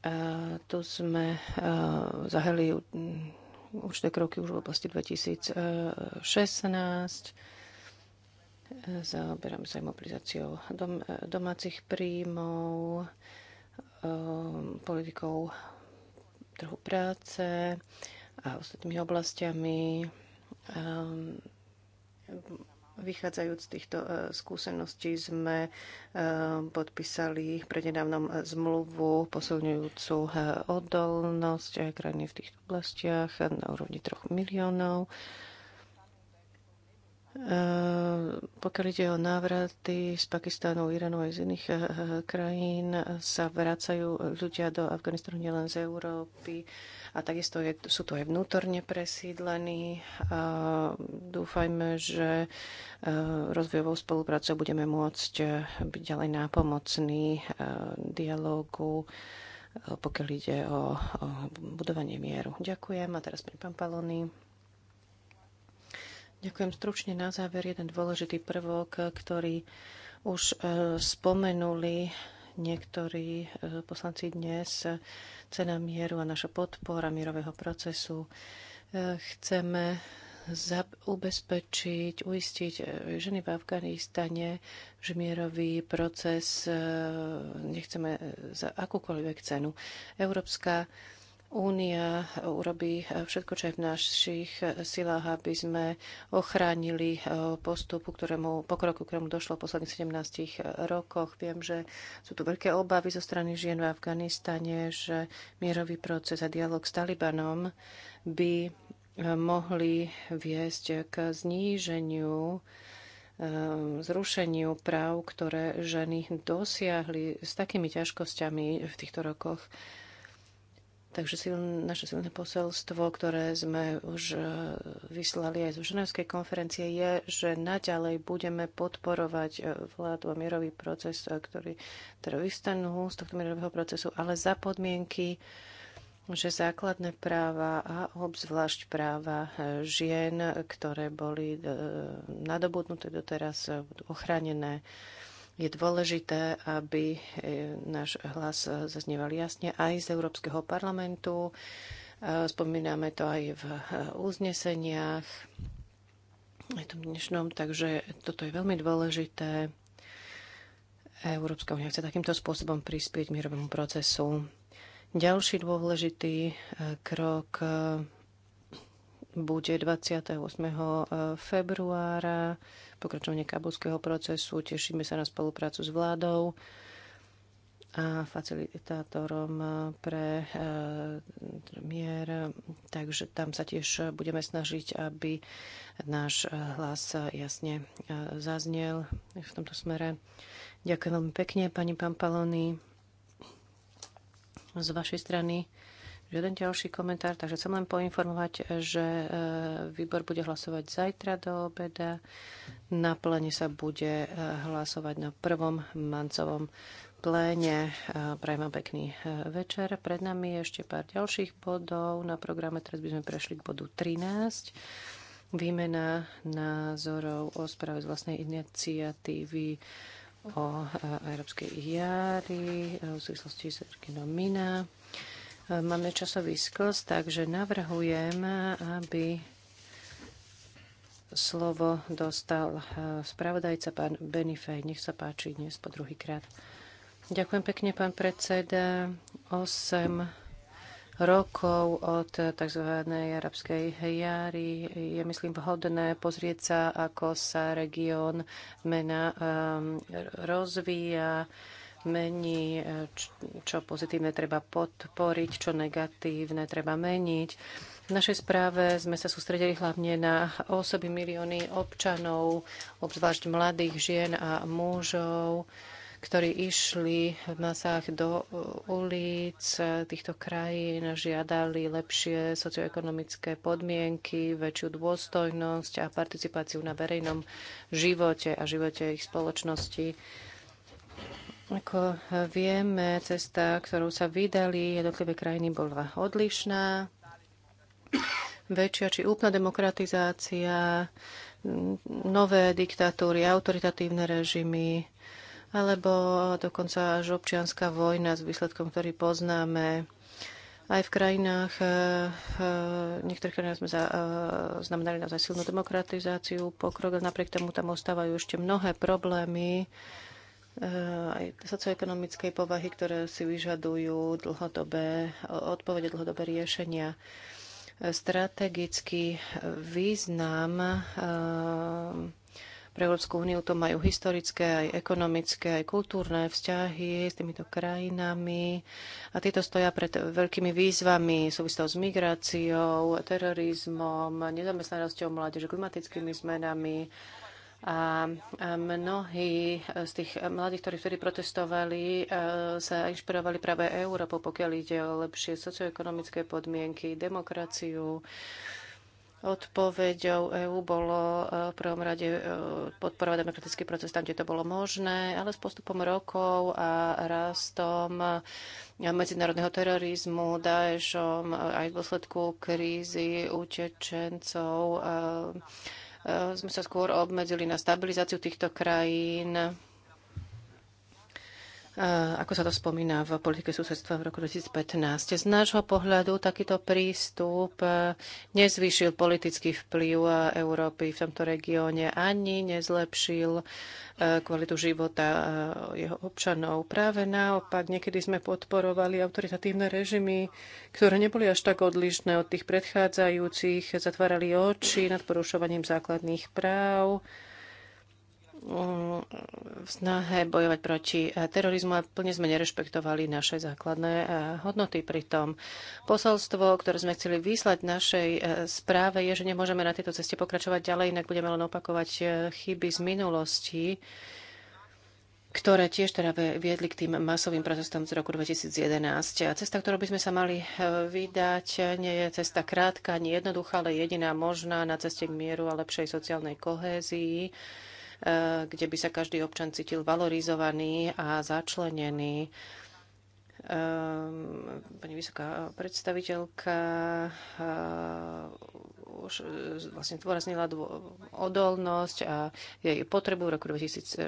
A tu sme zahrali určité kroky už v oblasti 2016. Zaoberám sa mobilizáciou dom- domácich príjmov, politikou trhu práce a ostatnými oblastiami. Vychádzajúc z týchto e, skúseností sme e, podpísali prednedávnom zmluvu posilňujúcu e, odolnosť krajiny v týchto oblastiach na úrovni troch miliónov. Pokiaľ ide o návraty z Pakistánu, Iránu aj z iných krajín, sa vracajú ľudia do Afganistanu nielen z Európy, a takisto je, sú tu aj vnútorne presídlení. A dúfajme, že e, rozvojovou spoluprácou budeme môcť e, byť ďalej nápomocní e, dialógu pokiaľ ide o, o budovanie mieru. Ďakujem. A teraz pri pán Palony. Ďakujem stručne na záver. Jeden dôležitý prvok, ktorý už spomenuli niektorí e, poslanci dnes, e, cena mieru a naša podpora mierového procesu. E, chceme ubezpečiť, uistiť ženy v Afganistane, že mierový proces nechceme za akúkoľvek cenu. Európska Únia urobí všetko, čo je v našich silách, aby sme ochránili eh, postupu, ktorému, pokroku, ktorému došlo v posledných 17 eh, rokoch. Viem, že sú tu veľké obavy zo strany žien v Afganistane, že mierový proces a dialog s Talibanom by eh, mohli viesť k zníženiu zrušeniu práv, ktoré ženy dosiahli s takými ťažkosťami v týchto rokoch. Takže siln, naše silné poselstvo, ktoré sme už e, vyslali aj zo Ženevskej konferencie, je, že naďalej budeme podporovať e, vládu a mierový proces, e, ktorý teda vystanú z tohto mierového procesu, ale za podmienky, že základné práva a obzvlášť práva žien, ktoré boli nadobudnuté doteraz, budú ochránené. Je dôležité, aby e, náš hlas e, zaznieval jasne aj z Európskeho parlamentu. E, spomíname to aj v uzneseniach, aj tom dnešnom, takže toto je veľmi dôležité. Európska únia chce takýmto spôsobom prispieť mierovému procesu. Ďalší dôležitý krok bude 28. E, februára, pokračovanie kabulského procesu. Tešíme sa na spoluprácu s vládou a facilitátorom e, pre e, mier. Takže tam sa tiež budeme snažiť, aby náš hlas jasne zaznel v tomto smere. Ďakujem veľmi pekne, pani Pampalony, z vašej strany. Žiaden ďalší komentár, takže chcem len poinformovať, že e, výbor bude hlasovať zajtra do obeda. Na plene sa bude e, hlasovať na prvom mancovom pléne. E, prajem vám pekný večer. Pred nami je ešte pár ďalších bodov. Na programe teraz by sme prešli k bodu 13. Výmena názorov o správe z vlastnej iniciatívy o Európskej jari v súvislosti s Erkinom Mina. Máme časový skos, takže navrhujem, aby slovo dostal eh, spravodajca pán Benifej. Nech sa páči dnes po druhýkrát. Ďakujem pekne, pán predseda. 8 rokov od tzv. arabskej jary je, myslím, vhodné pozrieť sa, ako sa región mena eh, rozvíja mení, e, čo pozitívne treba podporiť, čo negatívne treba meniť. V našej správe sme sa sústredili hlavne na osoby milióny občanov, obzvlášť mladých žien a mužov, ktorí išli v masách do e, ulic týchto krajín, žiadali lepšie socioekonomické podmienky, väčšiu dôstojnosť a participáciu na verejnom živote a živote ich spoločnosti. Ako vieme, cesta, ktorou sa vydali jednotlivé krajiny, bola odlišná. Väčšia či úplná demokratizácia, nové diktatúry, autoritatívne režimy, alebo dokonca až občianská vojna s výsledkom, ktorý poznáme. Aj v krajinách, eh, v niektorých krajinách sme eh, znamenali naozaj silnú demokratizáciu, pokrok, ale napriek tomu tam ostávajú ešte mnohé problémy, Eh, aj socioekonomickej povahy, ktoré si vyžadujú dlhodobé odpovede, dlhodobé riešenia. Strategický význam eh, pre Európsku úniu to majú historické, aj ekonomické, aj kultúrne vzťahy s týmito krajinami. A tieto stoja pred veľkými výzvami súvislosti s migráciou, terorizmom, nezamestnanosťou mládeže, klimatickými zmenami, a mnohí e, z tých e, mladých, ktorí vtedy protestovali, e, sa inšpirovali práve Európou, pokiaľ ide o lepšie socioekonomické podmienky, demokraciu. Odpoveďou EÚ bolo v prvom rade podporovať demokratický proces tam, kde to bolo možné, ale s postupom rokov a rastom medzinárodného terorizmu, Daešom, aj v dôsledku krízy utečencov, Ehm, sme sa skôr obmedzili na stabilizáciu týchto krajín ako sa to spomína v politike susedstva v roku 2015. Z nášho pohľadu takýto prístup e, nezvýšil politický vplyv e, Európy v tomto regióne ani nezlepšil e, kvalitu života jeho občanov. Práve naopak, niekedy sme podporovali autoritatívne režimy, ktoré neboli až tak odlišné od tých predchádzajúcich, zatvárali oči nad porušovaním základných práv, v snahe bojovať proti eh, terorizmu a plne sme nerešpektovali naše základné eh, hodnoty. Pritom posolstvo, ktoré sme chceli vyslať našej eh, správe, je, že nemôžeme na tejto ceste pokračovať ďalej, inak budeme len opakovať chyby z minulosti ktoré tiež teda viedli k tým masovým protestom z roku 2011. A cesta, ktorou by sme sa mali vydať, nie je cesta krátka, nie jednoduchá, ale jediná možná na ceste k mieru a lepšej sociálnej kohézii Eh, kde by sa každý občan cítil valorizovaný a začlenený. Ehm, pani vysoká predstaviteľka eh, už eh, vlastne zdôraznila odolnosť a jej potrebu v roku 2016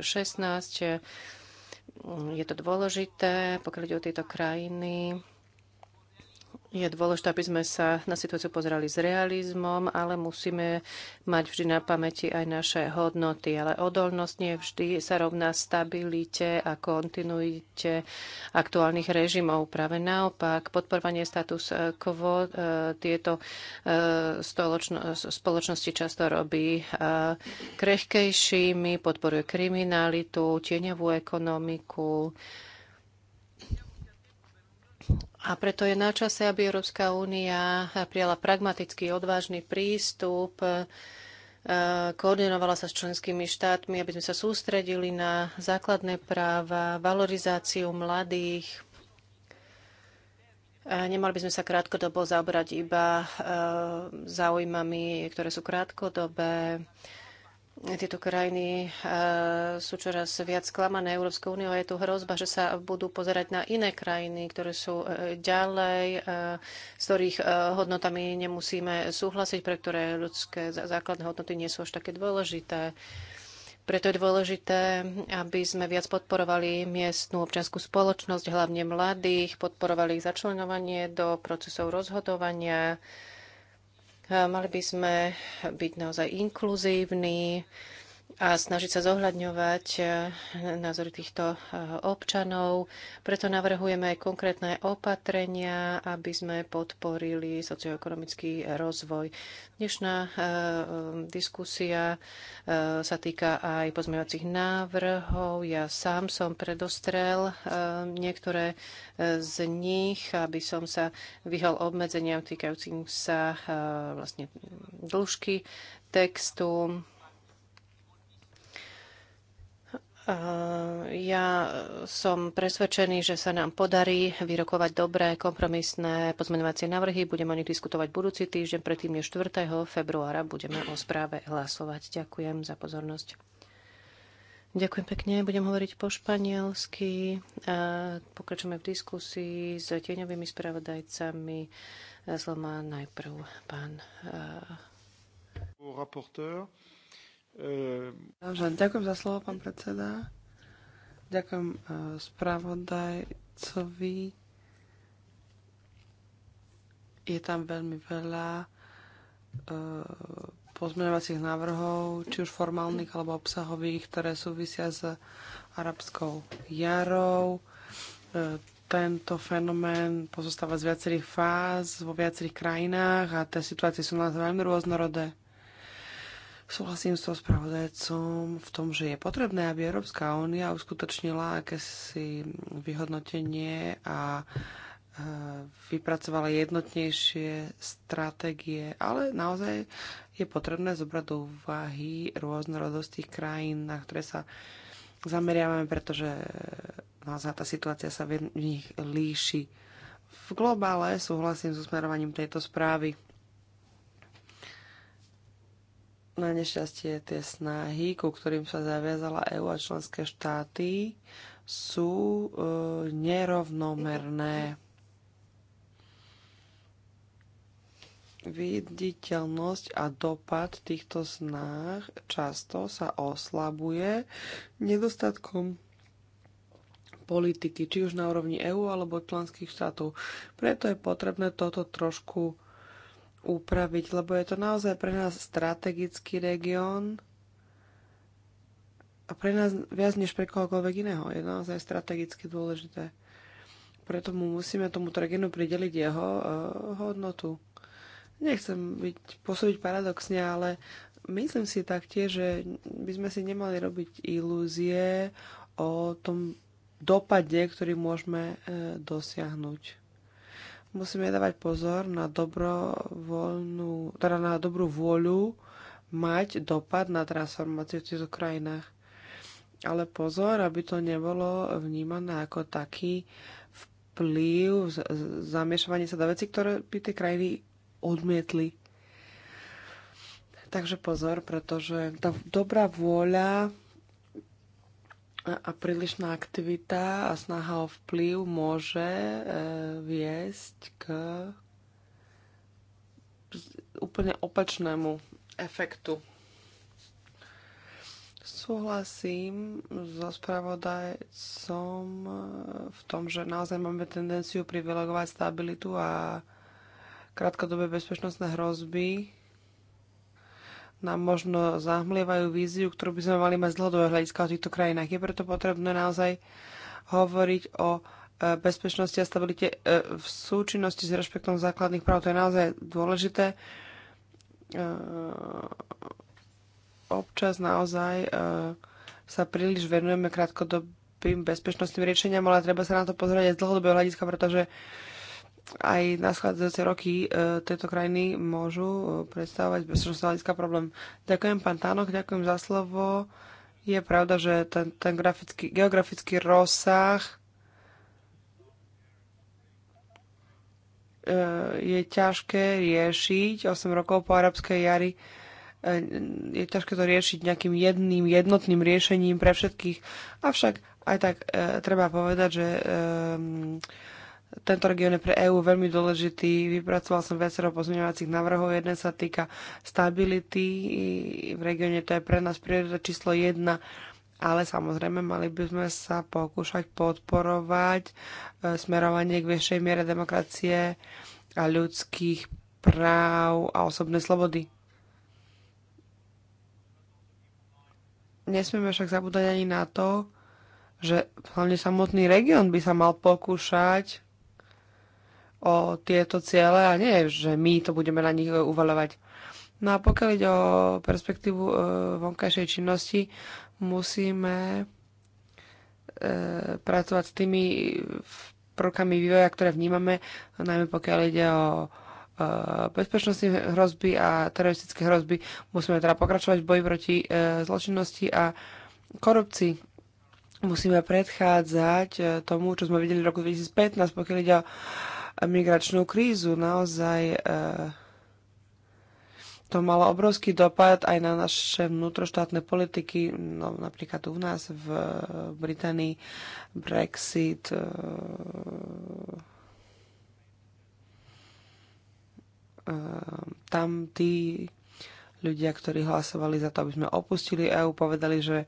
je to dôležité, pokiaľ ide o tieto krajiny. Je dôležité, aby sme sa na situáciu pozerali s realizmom, ale musíme mať vždy na pamäti aj naše hodnoty. Ale odolnosť nie vždy sa rovná stabilite a kontinuite aktuálnych režimov. Práve naopak, podporovanie status quo e, tieto e, spoločnosti často robí e, krehkejšími, podporuje kriminalitu, tieňovú ekonomiku, a preto je na čase, aby Európska únia prijala pragmatický, odvážny prístup, e, koordinovala sa s členskými štátmi, aby sme sa sústredili na základné práva, valorizáciu mladých. E, nemali by sme sa krátkodobo zaobrať iba e, záujmami, ktoré sú krátkodobé tieto krajiny e, sú čoraz viac sklamané Európskou úniou a je tu hrozba, že sa budú pozerať na iné krajiny, ktoré sú e, ďalej, e, s ktorých hodnotami nemusíme súhlasiť, pre ktoré ľudské základné hodnoty nie sú až také dôležité. Preto je dôležité, aby sme viac podporovali miestnú občianskú spoločnosť, hlavne mladých, podporovali ich začlenovanie do procesov rozhodovania, Mali by sme byť naozaj inkluzívni, a snažiť sa zohľadňovať e, názory týchto e, občanov. Preto navrhujeme aj konkrétne opatrenia, aby sme podporili socioekonomický rozvoj. Dnešná e, diskusia sa týka aj pozmeňovacích návrhov. Ja sám som predostrel niektoré z nich, aby som sa vyhol obmedzeniam týkajúcim sa vlastne dĺžky textu Eh, ja som presvedčený, že sa nám podarí vyrokovať dobré kompromisné pozmenovacie návrhy. Budeme o nich diskutovať budúci týždeň, predtým je 4. februára budeme o správe hlasovať. Ďakujem za pozornosť. Ďakujem pekne, budem hovoriť po španielsky. Eh, pokračujeme v diskusii s tieňovými spravodajcami. Zlomá eh, najprv pán. Dobre, ďakujem za slovo, pán predseda. Ďakujem eh, spravodajcovi. Je tam veľmi veľa eh, pozmeňovacích návrhov, či už formálnych alebo obsahových, ktoré súvisia s arabskou jarou. Eh, tento fenomén pozostáva z viacerých fáz vo viacerých krajinách a tie situácie sú nás veľmi rôznorodé. Súhlasím s so spravodajcom v tom, že je potrebné, aby Európska únia uskutočnila akési vyhodnotenie a e, vypracovala jednotnejšie stratégie, ale naozaj je potrebné zobrať do úvahy rôznorodosť tých krajín, na ktoré sa zameriavame, pretože e, naozaj tá situácia sa v nich líši. V globále súhlasím s so usmerovaním tejto správy. Na nešťastie tie snahy, ku ktorým sa zaviazala EU a členské štáty, sú e, nerovnomerné. Viditeľnosť a dopad týchto snah často sa oslabuje nedostatkom politiky, či už na úrovni EÚ alebo členských štátov. Preto je potrebné toto trošku upraviť, lebo je to naozaj pre nás strategický región a pre nás viac než pre kohokoľvek iného. Je naozaj strategicky dôležité. Preto mu musíme tomu tragénu prideliť jeho uh, hodnotu. Nechcem byť, posúdiť paradoxne, ale myslím si taktiež, že by sme si nemali robiť ilúzie o tom dopade, ktorý môžeme uh, dosiahnuť musíme dávať pozor na dobrovoľnú, teda na dobrú vôľu mať dopad na transformáciu v týchto krajinách. Ale pozor, aby to nebolo vnímané ako taký vplyv, zamiešovanie sa do veci, ktoré by tie krajiny odmietli. Takže pozor, pretože tá dobrá vôľa a prílišná aktivita a snaha o vplyv môže e, viesť k úplne opačnému efektu. Súhlasím so spravodajcom e, v tom, že naozaj máme tendenciu privilegovať stabilitu a krátkodobé bezpečnostné hrozby nám možno zahmlievajú víziu, ktorú by sme mali mať z dlhodobého hľadiska o týchto krajinách. Je preto potrebné naozaj hovoriť o e, bezpečnosti a stabilite e, v súčinnosti s rešpektom základných práv. To je naozaj dôležité. E, občas naozaj sa príliš venujeme krátkodobým bezpečnostným riešeniam, ale treba sa na to pozrieť aj z dlhodobého hľadiska, pretože aj nasledujúce roky e, tejto krajiny môžu e, predstavovať bezpečnostná hľadiska problém. Ďakujem, pán Tánok, ďakujem za slovo. Je pravda, že ten, ten grafický, geografický rozsah e, je ťažké riešiť 8 rokov po arabskej jari e, je ťažké to riešiť nejakým jedným, jednotným riešením pre všetkých. Avšak aj tak e, treba povedať, že e, tento región je pre EÚ veľmi dôležitý. Vypracoval som viacero pozmeňovacích návrhov. Jeden sa týka stability. V regióne to je pre nás priorita číslo jedna ale samozrejme mali by sme sa pokúšať podporovať e, smerovanie k väčšej miere demokracie a ľudských práv a osobnej slobody. Nesmieme však zabúdať ani na to, že hlavne samotný región by sa mal pokúšať o tieto ciele a nie, že my to budeme na nich e, uvalovať. No a pokiaľ ide o perspektívu e, vonkajšej činnosti, musíme e, pracovať s tými prvkami vývoja, ktoré vnímame, najmä pokiaľ ide o bezpečnostné hrozby a teroristické hrozby. Musíme teda pokračovať v boji proti zločinnosti a korupcii. Musíme predchádzať tomu, čo sme videli v roku 2015, pokiaľ ide o migračnú krízu. Naozaj eh, to malo obrovský dopad aj na naše vnútroštátne politiky, no, napríklad u nás v Británii Brexit, eh, eh, tam tí ľudia, ktorí hlasovali za to, aby sme opustili EÚ, povedali, že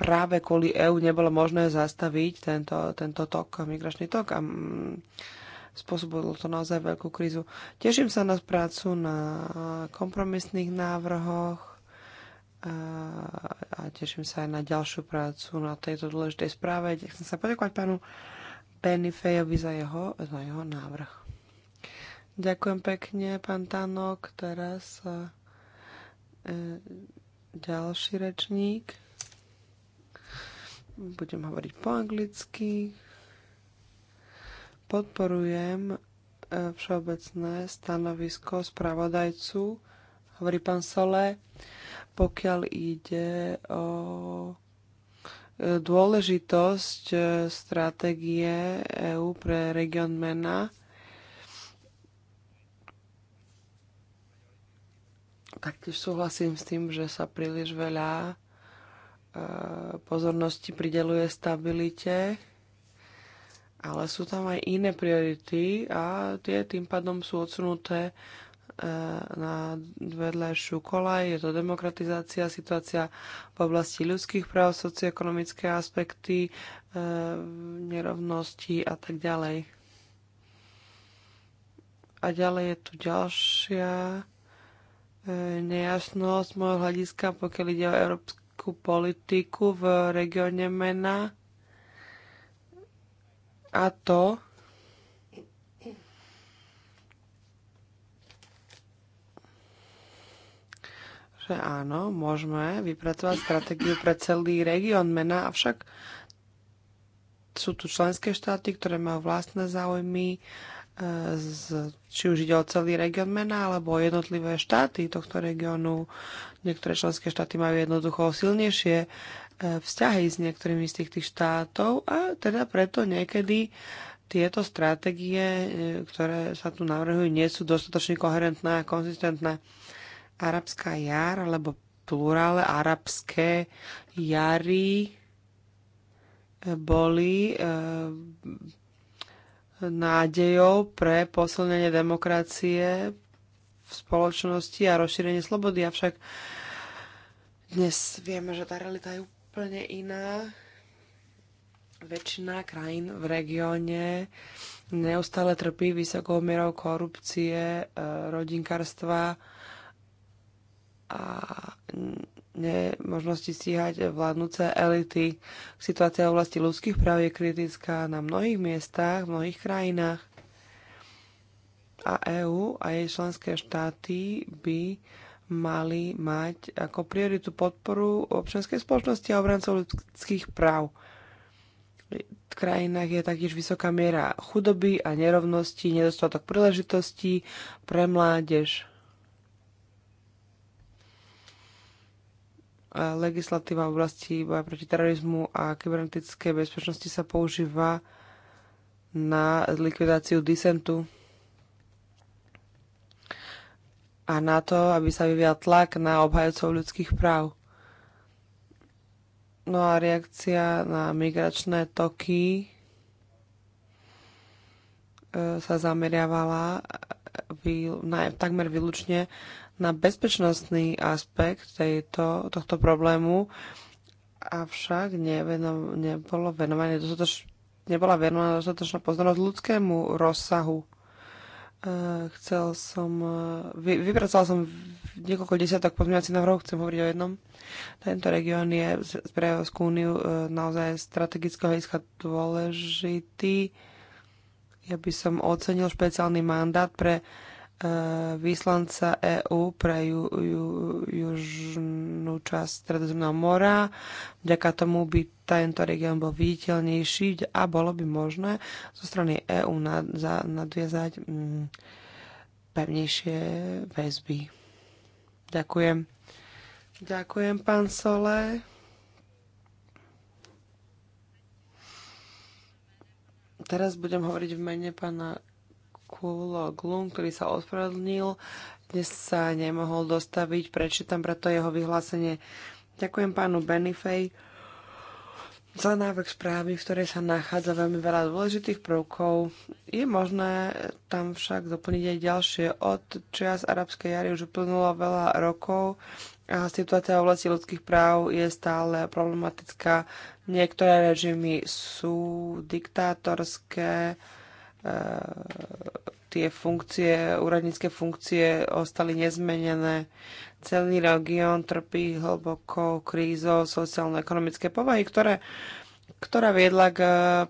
práve kvôli EÚ nebolo možné zastaviť tento, tento tok, migračný tok. A mm, Spôsobilo to naozaj veľkú krízu. Teším sa na prácu na kompromisných návrhoch a teším sa aj na ďalšiu prácu na tejto dôležitej správe. Chcem sa poďakovať pánu Benifejovi za jeho, za jeho návrh. Ďakujem pekne, pán Tanok. Teraz e, e ďalší rečník. Budem hovoriť po anglicky. Podporujem e, všeobecné stanovisko spravodajcu, hovorí pán Sole, pokiaľ ide o e, dôležitosť e, stratégie EÚ pre region MENA. Taktiež súhlasím s tým, že sa príliš veľa pozornosti prideluje stabilite ale sú tam aj iné priority a tie tým pádom sú odsunuté e, na vedľajšiu kolaj. Je to demokratizácia, situácia v oblasti ľudských práv, socioekonomické aspekty, e, nerovnosti a tak ďalej. A ďalej je tu ďalšia e, nejasnosť môjho hľadiska, pokiaľ ide o európsku politiku v regióne MENA a to že áno, môžeme vypracovať stratégiu pre celý región mena, avšak sú tu členské štáty, ktoré majú vlastné záujmy, e, z, či už ide o celý región mena alebo o jednotlivé štáty tohto regiónu. Niektoré členské štáty majú jednoducho silnejšie vzťahy s niektorými z tých, tých štátov a teda preto niekedy tieto stratégie, e, ktoré sa tu navrhujú, nie sú dostatočne koherentné a konzistentné. Arabská jar, alebo plurále arabské jary e, boli e, nádejou pre posilnenie demokracie v spoločnosti a rozšírenie slobody, avšak dnes vieme, že tá realita je úplne iná. Väčšina krajín v regióne neustále trpí vysokou mierou korupcie, e, rodinkarstva a nemožnosti stíhať vládnúce elity. Situácia v oblasti ľudských práv je kritická na mnohých miestach, v mnohých krajinách a EÚ a jej členské štáty by mali mať ako prioritu podporu občianskej spoločnosti a obrancov ľudských práv. V krajinách je taktiež vysoká miera chudoby a nerovnosti, nedostatok príležitostí pre mládež. Legislatíva v oblasti boja proti terorizmu a kybernetickej bezpečnosti sa používa na likvidáciu disentu a na to, aby sa vyvial tlak na obhajcov ľudských práv. No a reakcia na migračné toky e, sa zameriavala e, takmer výlučne na bezpečnostný aspekt tejto, tohto problému, avšak neveno, nebolo venované dostatoč, nebola venovaná dostatočná pozornosť ľudskému rozsahu Eh, chcel som, eh, vypracoval som niekoľko desiatok pozmeňovacích návrhov, chcem hovoriť o jednom. Tento región je pre Európsku úniu eh, naozaj strategického hľadiska dôležitý. Ja by som ocenil špeciálny mandát pre vyslanca EÚ pre ju, ju, južnú časť Stredozemného mora. Vďaka tomu by tento región bol viditeľnejší a bolo by možné zo strany EÚ nad, za, nadviazať mm, pevnejšie väzby. Ďakujem. Ďakujem, pán Sole. Teraz budem hovoriť v mene pána Kulo Glum, ktorý sa ospravedlnil. Dnes sa nemohol dostaviť, prečítam preto jeho vyhlásenie. Ďakujem pánu Benifej za návrh správy, v ktorej sa nachádza veľmi veľa dôležitých prvkov. Je možné tam však doplniť aj ďalšie. Od čias arabskej jary už uplynulo veľa rokov a situácia v oblasti ľudských práv je stále problematická. Niektoré režimy sú diktátorské, E, tie funkcie, úradnícke funkcie ostali nezmenené. Celý región trpí hlbokou krízou sociálno-ekonomické povahy, ktoré, ktorá viedla k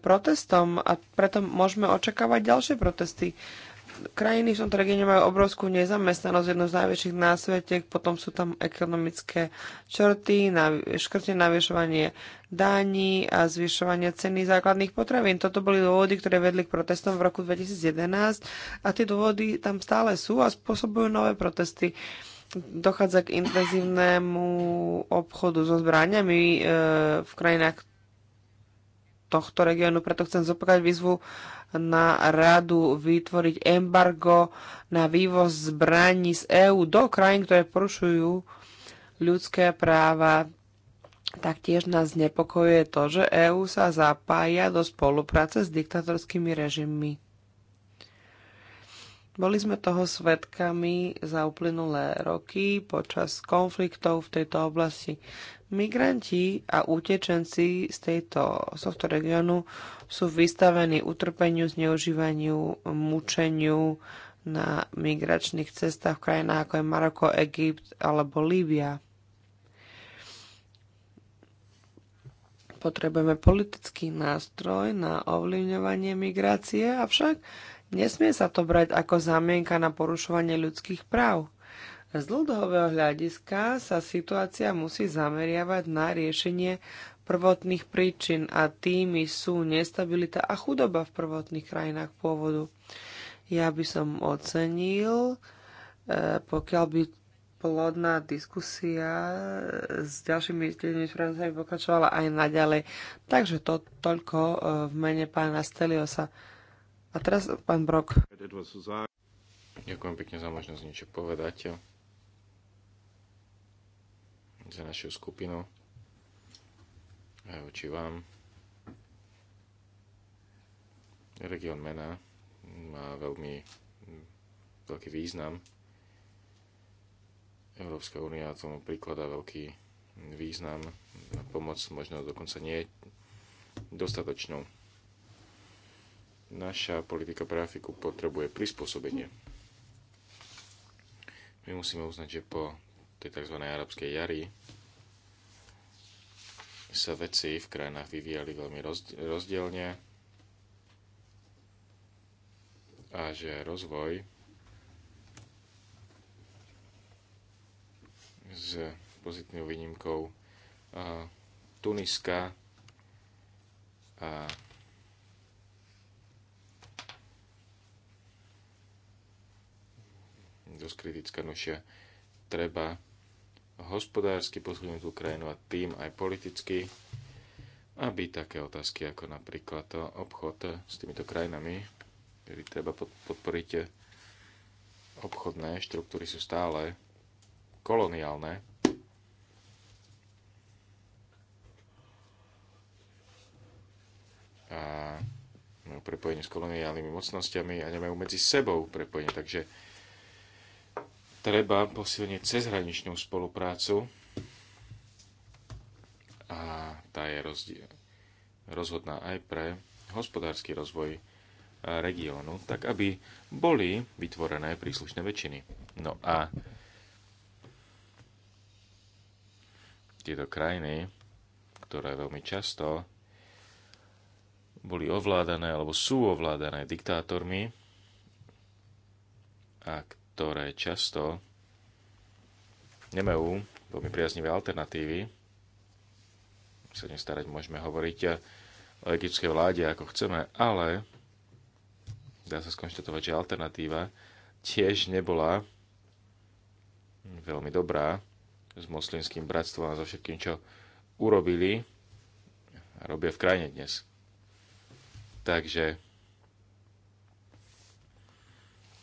protestom a preto môžeme očakávať ďalšie protesty krajiny v tomto regióne majú obrovskú nezamestnanosť, jednu z najväčších na svete, potom sú tam ekonomické črty, škrtne navyšovanie daní a zvyšovanie ceny základných potravín. Toto boli dôvody, ktoré vedli k protestom v roku 2011 a tie dôvody tam stále sú a spôsobujú nové protesty. Dochádza k intenzívnemu obchodu so zbraniami e, v krajinách tohto regiónu, preto chcem zopakovať výzvu na radu vytvoriť embargo na vývoz zbraní z EÚ do krajín, ktoré porušujú ľudské práva. Taktiež nás znepokojuje to, že EÚ sa zapája do spolupráce s diktatorskými režimmi. Boli sme toho svetkami za uplynulé roky počas konfliktov v tejto oblasti. Migranti a utečenci z, tejto, softo tohto regiónu sú vystavení utrpeniu, zneužívaniu, mučeniu na migračných cestách v krajinách ako je Maroko, Egypt alebo Líbia. Potrebujeme politický nástroj na ovlivňovanie migrácie, avšak Nesmie sa to brať ako zamienka na porušovanie ľudských práv. Z dlhodobého hľadiska sa situácia musí zameriavať na riešenie prvotných príčin a tými sú nestabilita a chudoba v prvotných krajinách pôvodu. Ja by som ocenil, e, pokiaľ by plodná diskusia e, s ďalšími tými francami pokračovala aj naďalej. Takže to toľko e, v mene pána Steliosa. A teraz pán Brok. Ďakujem pekne za možnosť niečo povedať za našu skupinu. Aj voči vám. Region Mena má veľmi veľký význam. Európska únia tomu prikladá veľký význam a pomoc možno dokonca nie je dostatočnou naša politika pre Afriku potrebuje prispôsobenie. My musíme uznať, že po tej tzv. arabskej jari sa veci v krajinách vyvíjali veľmi rozdielne a že rozvoj s pozitívnou výnimkou Tuniska a dosť kritická, nošia. treba hospodársky posunúť krajinu a tým aj politicky, aby také otázky ako napríklad obchod s týmito krajinami, kedy treba podporiť, obchodné štruktúry sú stále koloniálne, a majú prepojenie s koloniálnymi mocnosťami a nemajú medzi sebou prepojenie. Takže treba posilniť cezhraničnú spoluprácu a tá je rozhodná aj pre hospodársky rozvoj e, regiónu, tak aby boli vytvorené príslušné väčšiny. No a tieto krajiny, ktoré veľmi často boli ovládané alebo sú ovládané diktátormi a ktoré často nemajú veľmi priaznivé alternatívy. Sa nestarať môžeme hovoriť o egyptskej vláde, ako chceme, ale dá sa skonštatovať, že alternatíva tiež nebola veľmi dobrá s moslimským bratstvom a so všetkým, čo urobili a robia v krajine dnes. Takže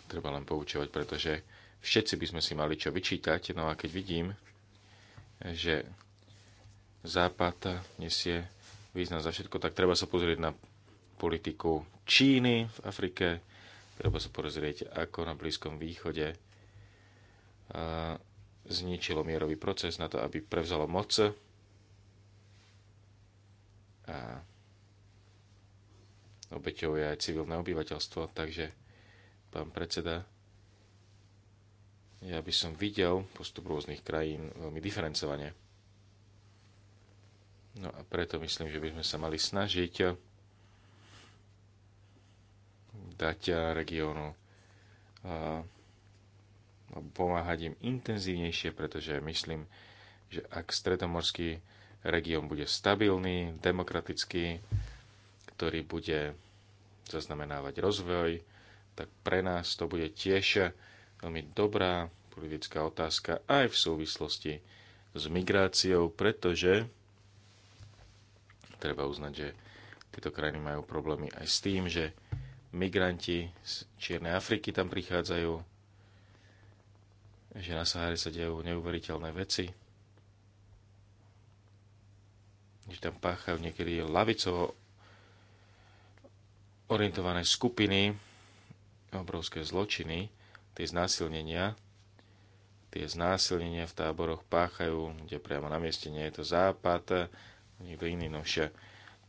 treba len poučovať, pretože všetci by sme si mali čo vyčítať. No a keď vidím, že Západ nesie význam za všetko, tak treba sa pozrieť na politiku Číny v Afrike, treba sa pozrieť, ako na Blízkom východe zničilo mierový proces na to, aby prevzalo moc. A obeťou je aj civilné obyvateľstvo, takže pán predseda. Ja by som videl postup rôznych krajín veľmi diferencovane. No a preto myslím, že by sme sa mali snažiť dať regiónu pomáhať im intenzívnejšie, pretože myslím, že ak stredomorský región bude stabilný, demokratický, ktorý bude zaznamenávať rozvoj, tak pre nás to bude tiež veľmi dobrá politická otázka aj v súvislosti s migráciou, pretože treba uznať, že tieto krajiny majú problémy aj s tým, že migranti z Čiernej Afriky tam prichádzajú, že na Sahare sa dejú neuveriteľné veci, že tam páchajú niekedy lavicovo orientované skupiny, obrovské zločiny, tie znásilnenia, tie znásilnenia v táboroch páchajú, kde priamo na mieste nie je to západ, niekto iný vše.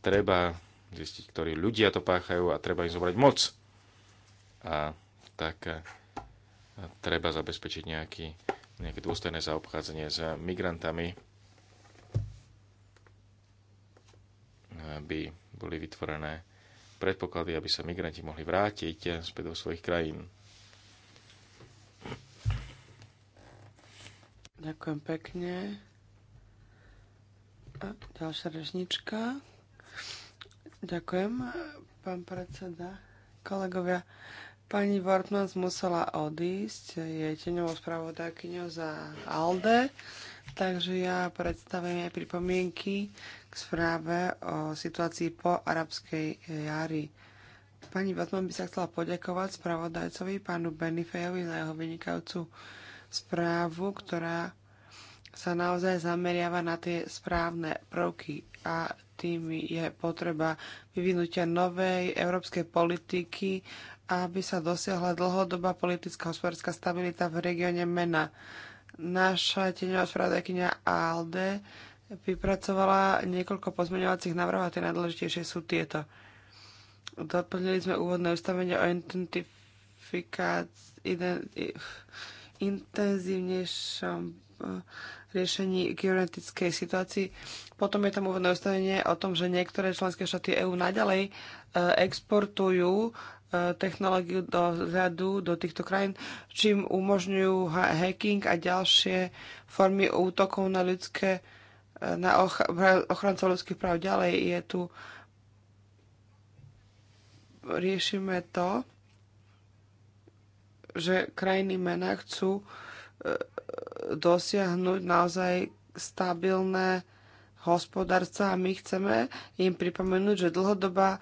Treba zistiť, ktorí ľudia to páchajú a treba im zobrať moc. A tak a e, treba zabezpečiť nejaký, nejaké dôstojné zaobchádzanie s migrantami, aby boli vytvorené predpoklady, aby sa migranti mohli vrátiť eh, späť do svojich krajín. Ďakujem pekne. A ďalšia režnička. Ďakujem, pán predseda. Kolegovia, pani Wortmans musela odísť. Je teňovou spravodajkyňou za ALDE. Takže ja predstavím aj pripomienky k správe o situácii po arabskej jari. Pani Batman by sa chcela poďakovať spravodajcovi pánu Benifejovi za jeho vynikajúcu správu, ktorá sa naozaj zameriava na tie správne prvky a tým je potreba vyvinutia novej európskej politiky, aby sa dosiahla dlhodobá politická hospodárska stabilita v regióne MENA. Naša tieňová spravodajkynia ALDE vypracovala niekoľko pozmeňovacích návrhov a tie najdôležitejšie sú tieto. Doplnili sme úvodné ustavenie o identifikácii intenzívnejšom eh, riešení kybernetickej situácii. Potom je tam úvodné ustavenie o tom, že niektoré členské štáty EÚ naďalej eh, exportujú technológiu do zadu, do týchto krajín, čím umožňujú hacking a ďalšie formy útokov na ľudské na ochrancov ľudských práv. Ďalej je tu riešime to, že krajiny mena chcú e, dosiahnuť naozaj stabilné hospodárstva a my chceme im pripomenúť, že dlhodobá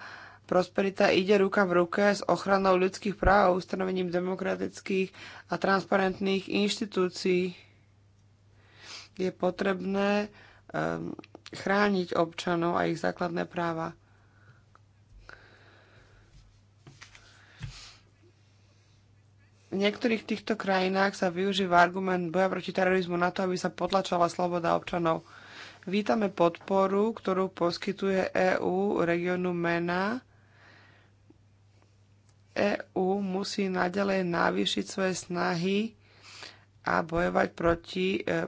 Prosperita ide ruka v ruke s ochranou ľudských práv, a ustanovením demokratických a transparentných inštitúcií. Je potrebné um, chrániť občanov a ich základné práva. V niektorých týchto krajinách sa využíva argument boja proti terorizmu na to, aby sa potlačala sloboda občanov. Vítame podporu, ktorú poskytuje EÚ regionu MENA EÚ musí naďalej navýšiť svoje snahy a bojovať proti e,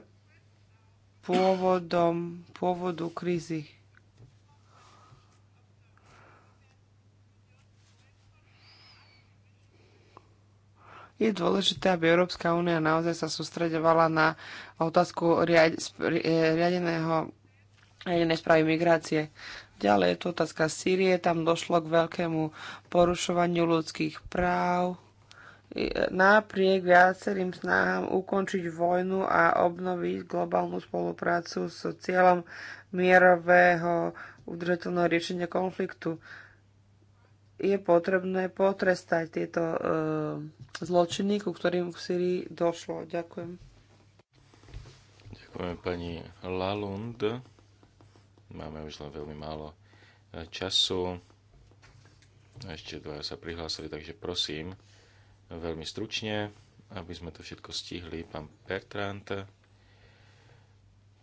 pôvodom, pôvodu krízy. Je dôležité, aby Európska únia naozaj sa sústredovala na otázku e, riadeného riadenej správy migrácie. Ďalej je tu otázka Sýrie, tam došlo k veľkému porušovaniu ľudských práv. Napriek viacerým snahám ukončiť vojnu a obnoviť globálnu spoluprácu s cieľom mierového udržateľného riešenia konfliktu, je potrebné potrestať tieto e, zločiny, ku ktorým v Syrii došlo. Ďakujem. Ďakujem pani Lalund. Máme už len veľmi málo e, času. Ešte dva sa prihlásili, takže prosím, veľmi stručne, aby sme to všetko stihli. Pán Bertrand,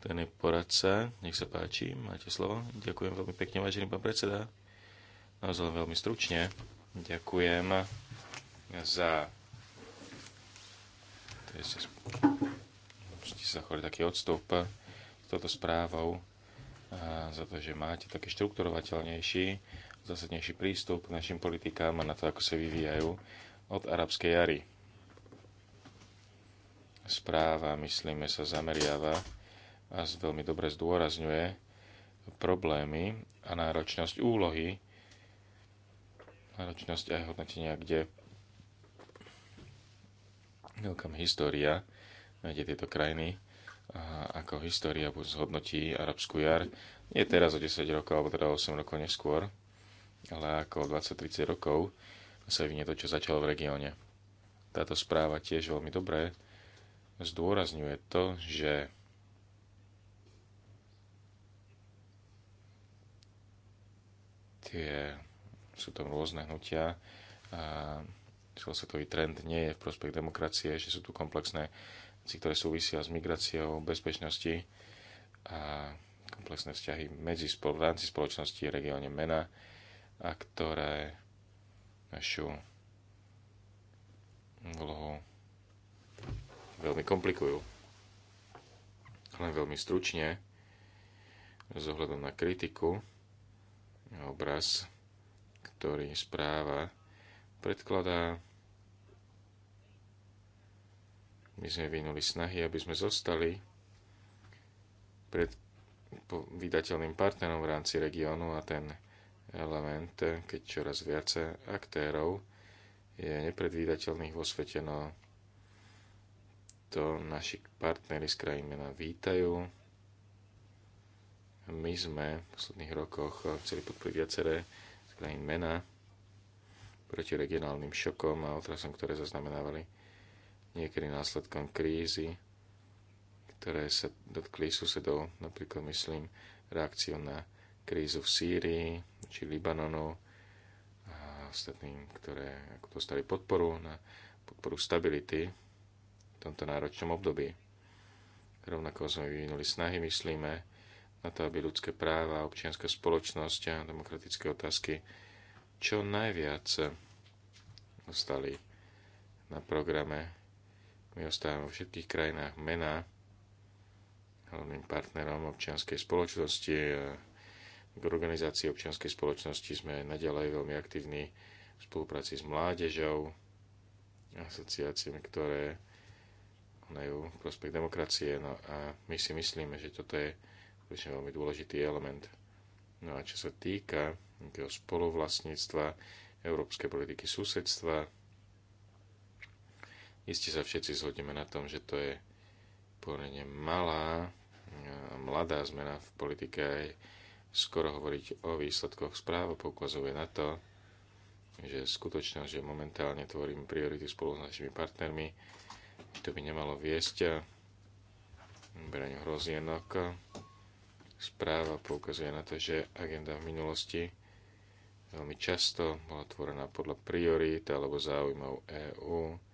ten je poradca, nech sa páči, máte slovo. Ďakujem veľmi pekne, vážený pán predseda. Naozaj veľmi stručne. Ďakujem za ste sa chovali taký odstup s touto správou za to, že máte taký štrukturovateľnejší, zásadnejší prístup k našim politikám a na to, ako sa vyvíjajú od arabskej jary. Správa, myslíme, sa zameriava a veľmi dobre zdôrazňuje problémy a náročnosť úlohy, náročnosť aj hodnotenia, kde veľkám história, nájde tieto krajiny ako história zhodnotí arabskú jar, nie teraz o 10 rokov, alebo teda 8 rokov neskôr, ale ako 20-30 rokov sa vynie to, čo začalo v regióne. Táto správa tiež veľmi dobré zdôrazňuje to, že tie, sú tam rôzne hnutia a celosvetový trend nie je v prospech demokracie, že sú tu komplexné veci, ktoré súvisia s migráciou, bezpečnosti a komplexné vzťahy medzi spol- v rámci spoločnosti regióne MENA a ktoré našu úlohu veľmi komplikujú. Len veľmi stručne, s ohľadom na kritiku, obraz, ktorý správa predkladá, My sme vynuli snahy, aby sme zostali pred vydateľným partnerom v rámci regiónu a ten element, keď čoraz viac aktérov je nepredvídateľných vo svete, no to naši partnery z krajín mena vítajú. My sme v posledných rokoch chceli podporiť viaceré z krajín mena proti regionálnym šokom a otrasom, ktoré zaznamenávali niekedy následkom krízy, ktoré sa dotkli susedov, napríklad myslím reakciou na krízu v Sýrii či Libanonu a ostatným, ktoré ako dostali podporu na podporu stability v tomto náročnom období. Rovnako sme vyvinuli snahy, myslíme, na to, aby ľudské práva, občianská spoločnosť a demokratické otázky čo najviac ostali na programe my ostávame vo všetkých krajinách mená hlavným partnerom občianskej spoločnosti. E, k organizácii občianskej spoločnosti sme naďalej veľmi aktívni v spolupráci s mládežou, asociáciami, ktoré konajú prospekt demokracie. No a my si myslíme, že toto je skutočne veľmi dôležitý element. No a čo sa týka spoluvlastníctva, európskej politiky susedstva, Isté sa všetci zhodneme na tom, že to je pomerne malá, mladá zmena v politike aj skoro hovoriť o výsledkoch správa poukazuje na to, že skutočnosť, že momentálne tvoríme priority spolu s našimi partnermi, to by nemalo viesť braniu hrozienok. Správa poukazuje na to, že agenda v minulosti veľmi často bola tvorená podľa priorít alebo záujmov EÚ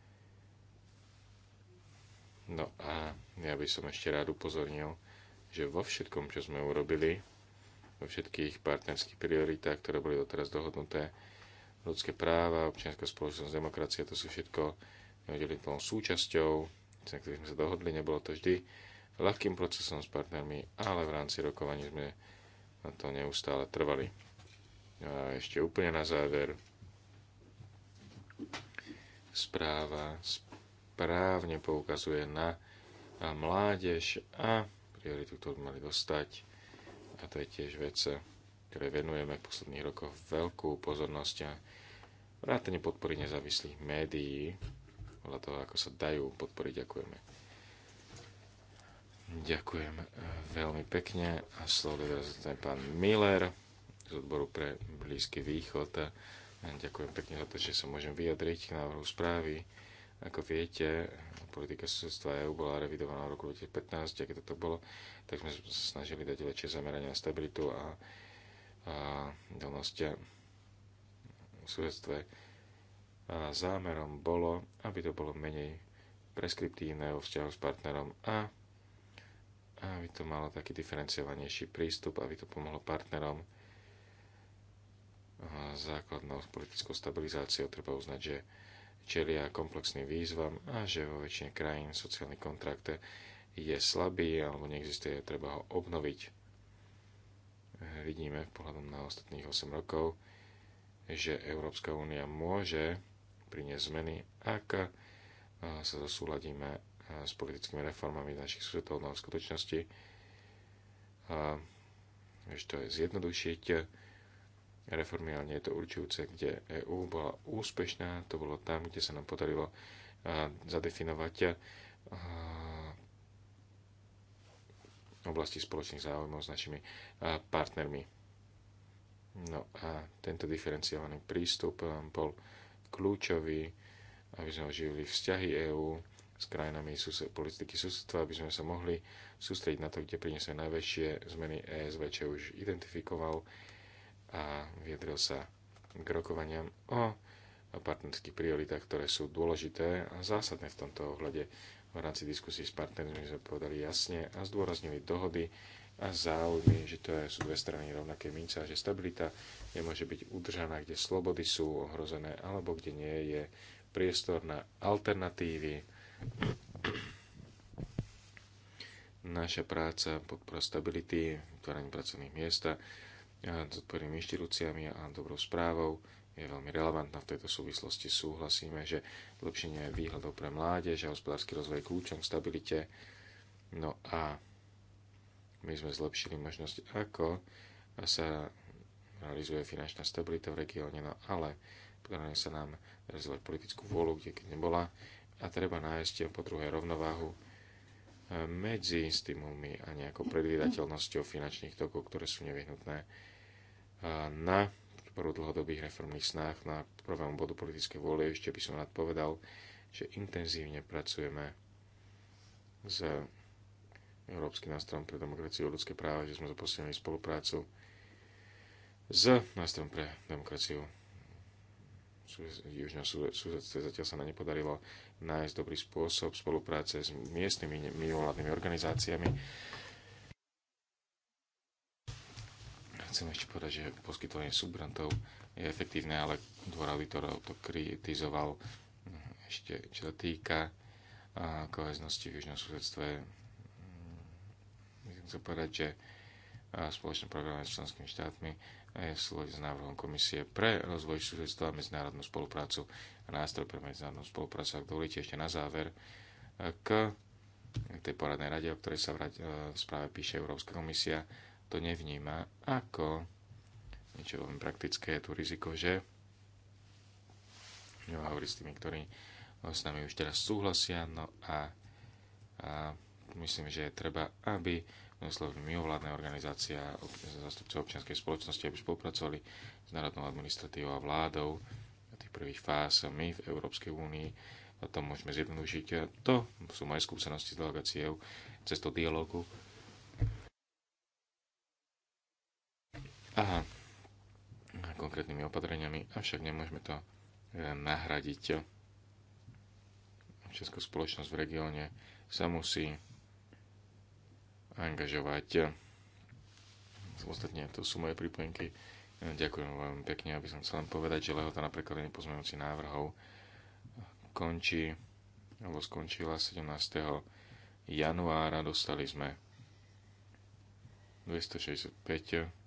No a ja by som ešte rád upozornil, že vo všetkom, čo sme urobili, vo všetkých partnerských prioritách, ktoré boli doteraz dohodnuté, ľudské práva, občianská spoločnosť, demokracia, to sú všetko neoddeliteľnou súčasťou, na ktorých sme sa dohodli, nebolo to vždy ľahkým procesom s partnermi, ale v rámci rokovaní sme na to neustále trvali. No a ešte úplne na záver správa z správne poukazuje na mládež a prioritu, ktorú mali dostať. A to je tiež vec, ktoré venujeme v posledných rokoch veľkú pozornosť a vrátane podpory nezávislých médií, podľa toho, ako sa dajú podporiť, ďakujeme. Ďakujem eh, veľmi pekne a slovo teraz pán Miller z odboru pre Blízky východ. Eh, ďakujem pekne za to, že sa môžem vyjadriť k návrhu správy. Ako viete, politika susedstva EU bola revidovaná v roku 2015, keď to bolo, tak sme sa snažili dať väčšie zameranie na stabilitu a, a dolnosť v susedstve. A zámerom bolo, aby to bolo menej preskriptívne vo vzťahu s partnerom a aby to malo taký diferenciovanejší prístup, aby to pomohlo partnerom základnou politickou stabilizáciou. Treba uznať, že čelia komplexným výzvam a že vo väčšine krajín sociálny kontrakt je slabý alebo neexistuje, treba ho obnoviť. Vidíme pohľadom na ostatných 8 rokov, že Európska únia môže priniesť zmeny, ak sa zosúladíme s politickými reformami našich susedov na no, skutočnosti, že to je zjednodušiť reformy, ale nie je to určujúce, kde EÚ bola úspešná, to bolo tam, kde sa nám podarilo zadefinovať oblasti spoločných záujmov s našimi partnermi. No a tento diferenciovaný prístup bol kľúčový, aby sme oživili vzťahy EÚ s krajinami sused, politiky susedstva, aby sme sa mohli sústrediť na to, kde prinesme najväčšie zmeny ESV, čo už identifikoval a vyjadril sa k rokovaniam o partnerských prioritách, ktoré sú dôležité a zásadné v tomto ohľade. V rámci diskusí s partnermi sme povedali jasne a zdôraznili dohody a záujmy, že to sú dve strany rovnaké mince a že stabilita nemôže byť udržaná, kde slobody sú ohrozené alebo kde nie je priestor na alternatívy. Naša práca podpora stability, vytváranie pracovných miesta s odpornými inštitúciami a dobrou správou je veľmi relevantná. V tejto súvislosti súhlasíme, že zlepšenie výhľadov pre mládež a hospodársky rozvoj je kľúčom k stabilite. No a my sme zlepšili možnosť, ako sa realizuje finančná stabilita v regióne, no ale podarilo sa nám realizovať politickú vôľu, kde keď nebola a treba nájsť po druhé rovnováhu medzi stimulmi a nejakou predvídateľnosťou finančných tokov, ktoré sú nevyhnutné na podporu dlhodobých reformných snách na prvom bodu politickej vôle ešte by som rád povedal, že intenzívne pracujeme s Európskym nástrojom pre demokraciu a ľudské práva, že sme zaposlili spoluprácu s nástrojom pre demokraciu južná susedstva. Zatiaľ sa nám nepodarilo nájsť dobrý spôsob spolupráce s miestnymi mimovládnymi organizáciami Chcem ešte povedať, že poskytovanie subgrantov je efektívne, ale dvor auditorov to kritizoval mm, ešte, čo sa týka koheznosti v južnom susedstve. Mm, chcem povedať, že spoločné programy s členskými štátmi je v s návrhom Komisie pre rozvoj susedstva a medzinárodnú spoluprácu a nástroj pre medzinárodnú spoluprácu. Ak dovolíte ešte na záver k tej poradnej rade, o ktorej sa v správe píše Európska komisia, to nevníma ako niečo veľmi praktické. Je tu riziko, že jo, hovorí s tými, ktorí s nami už teraz súhlasia, no a, a myslím, že je treba, aby slovne mimovládne organizácia zastupcov občianskej spoločnosti, aby spolupracovali s národnou administratívou a vládou na tých prvých fáz. My v Európskej únii o tom môžeme zjednodušiť. To sú moje skúsenosti s delegáciou cestou dialogu a konkrétnymi opatreniami, avšak nemôžeme to e, nahradiť. Česká spoločnosť v regióne sa musí angažovať. Ostatne to sú moje pripojenky. E, ďakujem veľmi pekne, aby som chcel len povedať, že lehota na prekladanie pozmeňujúcich návrhov končí, alebo skončila 17. januára. Dostali sme 265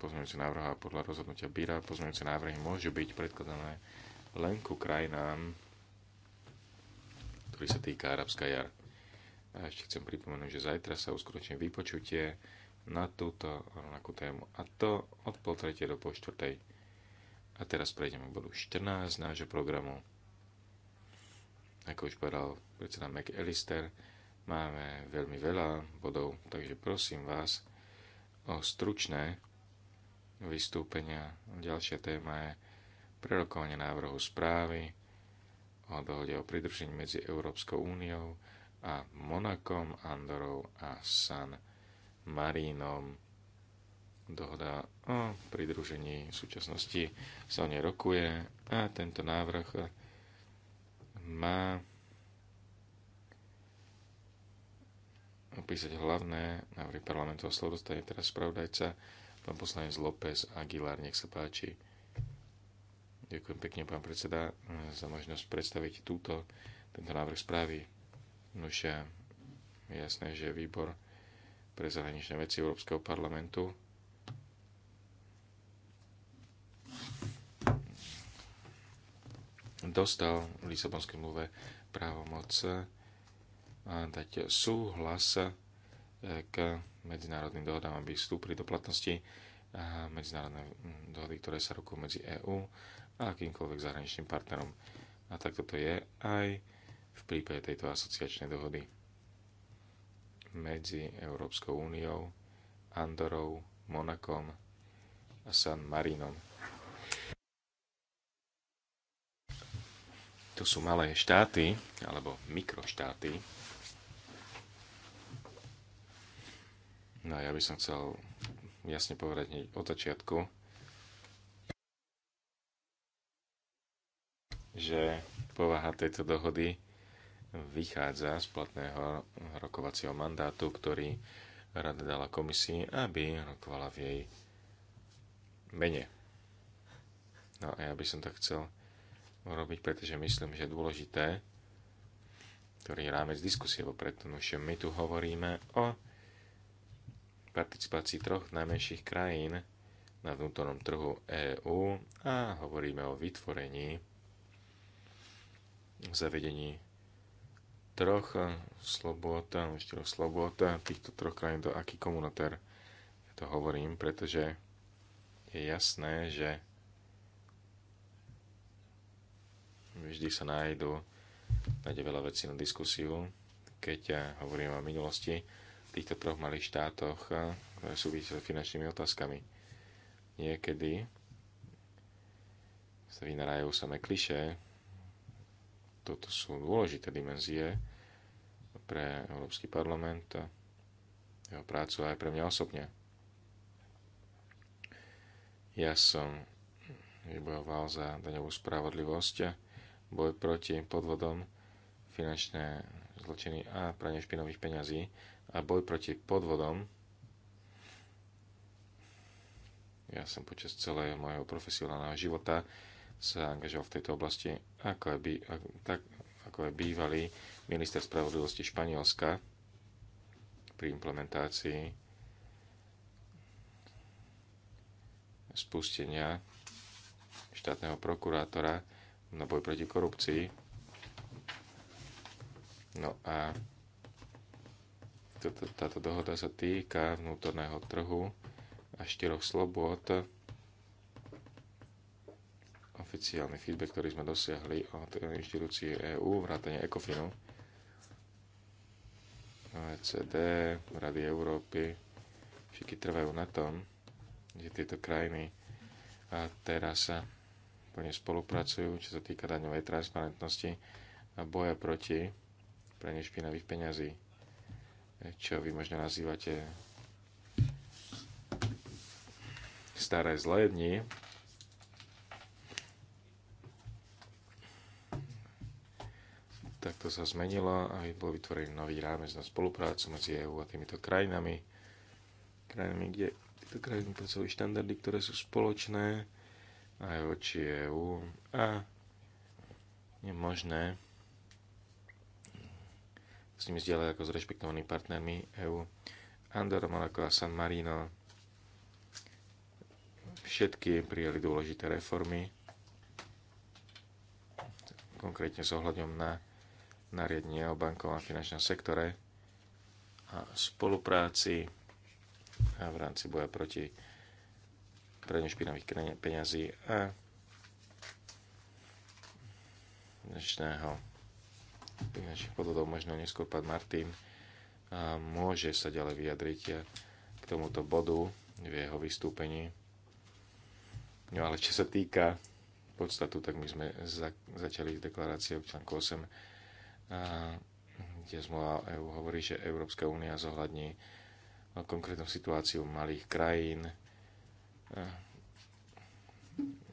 pozmeňujúce návrhy a podľa rozhodnutia Bíra pozmeňujúce návrhy môžu byť predkladané len ku krajinám, ktorý sa týka arabská jar. A ešte chcem pripomenúť, že zajtra sa uskutoční vypočutie na túto rovnakú tému. A to od pol tretej do pol štvrtej. A teraz prejdeme k bodu 14 nášho programu. Ako už povedal predseda McAllister, máme veľmi veľa bodov, takže prosím vás, o stručné vystúpenia. Ďalšia téma je prerokovanie návrhu správy o dohode o pridružení medzi Európskou úniou a Monakom, Andorou a San Marínom. Dohoda o pridružení v súčasnosti sa o nej rokuje a tento návrh má opísať hlavné návrhy parlamentu a slovo dostane teraz spravodajca pán poslanec López Aguilar, nech sa páči. Ďakujem pekne, pán predseda, za možnosť predstaviť túto, tento návrh správy. Nuž je jasné, že výbor pre zahraničné veci Európskeho parlamentu dostal v Lisabonskej mluve právomoc dať súhlas e, k medzinárodným dohodám, aby vstúpili do platnosti medzinárodné dohody, ktoré sa rukujú medzi EÚ a akýmkoľvek zahraničným partnerom. A tak toto je aj v prípade tejto asociačnej dohody medzi Európskou úniou, Andorou, Monakom a San Marinom. To sú malé štáty, alebo mikroštáty, No a ja by som chcel jasne povedať hneď od začiatku, že povaha tejto dohody vychádza z platného rokovacieho mandátu, ktorý rada dala komisii, aby rokovala v jej mene. No a ja by som to chcel urobiť, pretože myslím, že je dôležité, ktorý rámec diskusie, bo preto my tu hovoríme o participácii troch najmenších krajín na vnútornom trhu EÚ a hovoríme o vytvorení zavedení troch slobod, štyroch slobod týchto troch krajín do aký komunatér. Ja to hovorím, pretože je jasné, že vždy sa nájdú, nájde veľa vecí na diskusiu, keď ja hovorím o minulosti, týchto troch malých štátoch, eh, ktoré súvisia s finančnými otázkami. Niekedy sa vynarajú samé kliše. Toto sú dôležité dimenzie pre Európsky parlament, jeho prácu aj pre mňa osobne. Ja som vybojoval za daňovú spravodlivosť, boj proti podvodom, finančné zločiny a pranie špinových peňazí a boj proti podvodom. Ja som počas celého mojho profesionálneho života sa angažoval v tejto oblasti, ako je, by, tak, ako je bývalý minister spravodlivosti Španielska pri implementácii spustenia štátneho prokurátora na boj proti korupcii. No a toto, táto dohoda sa týka vnútorného trhu a štyroch slobôd. Oficiálny feedback, ktorý sme dosiahli od inštitúcií EÚ, vrátane ECOFINu, OECD, Rady Európy, všetky trvajú na tom, že tieto krajiny a teraz sa plne spolupracujú, čo sa týka daňovej transparentnosti a boja proti pranie špinavých peňazí čo vy možno nazývate staré zlé dni, tak to sa zmenilo a bol vytvorený nový rámec na spoluprácu medzi EU a týmito krajinami, krajinami, kde tieto krajiny pracovali štandardy, ktoré sú spoločné aj voči EU a je možné s nimi zdieľať ako s rešpektovanými partnermi EÚ. Andorra, Monako a San Marino všetky prijali dôležité reformy, konkrétne s ohľadom na nariadenie o bankovom a finančnom sektore a spolupráci a v rámci boja proti praniu špinavých peňazí a dnešného finančných podvodov, možno neskôr pán Martin môže sa ďalej vyjadriť k tomuto bodu v jeho vystúpení. No ale čo sa týka podstatu, tak my sme za, začali s v článku 8, a, kde zmluva EU hovorí, že Európska únia zohľadní konkrétnu situáciu malých krajín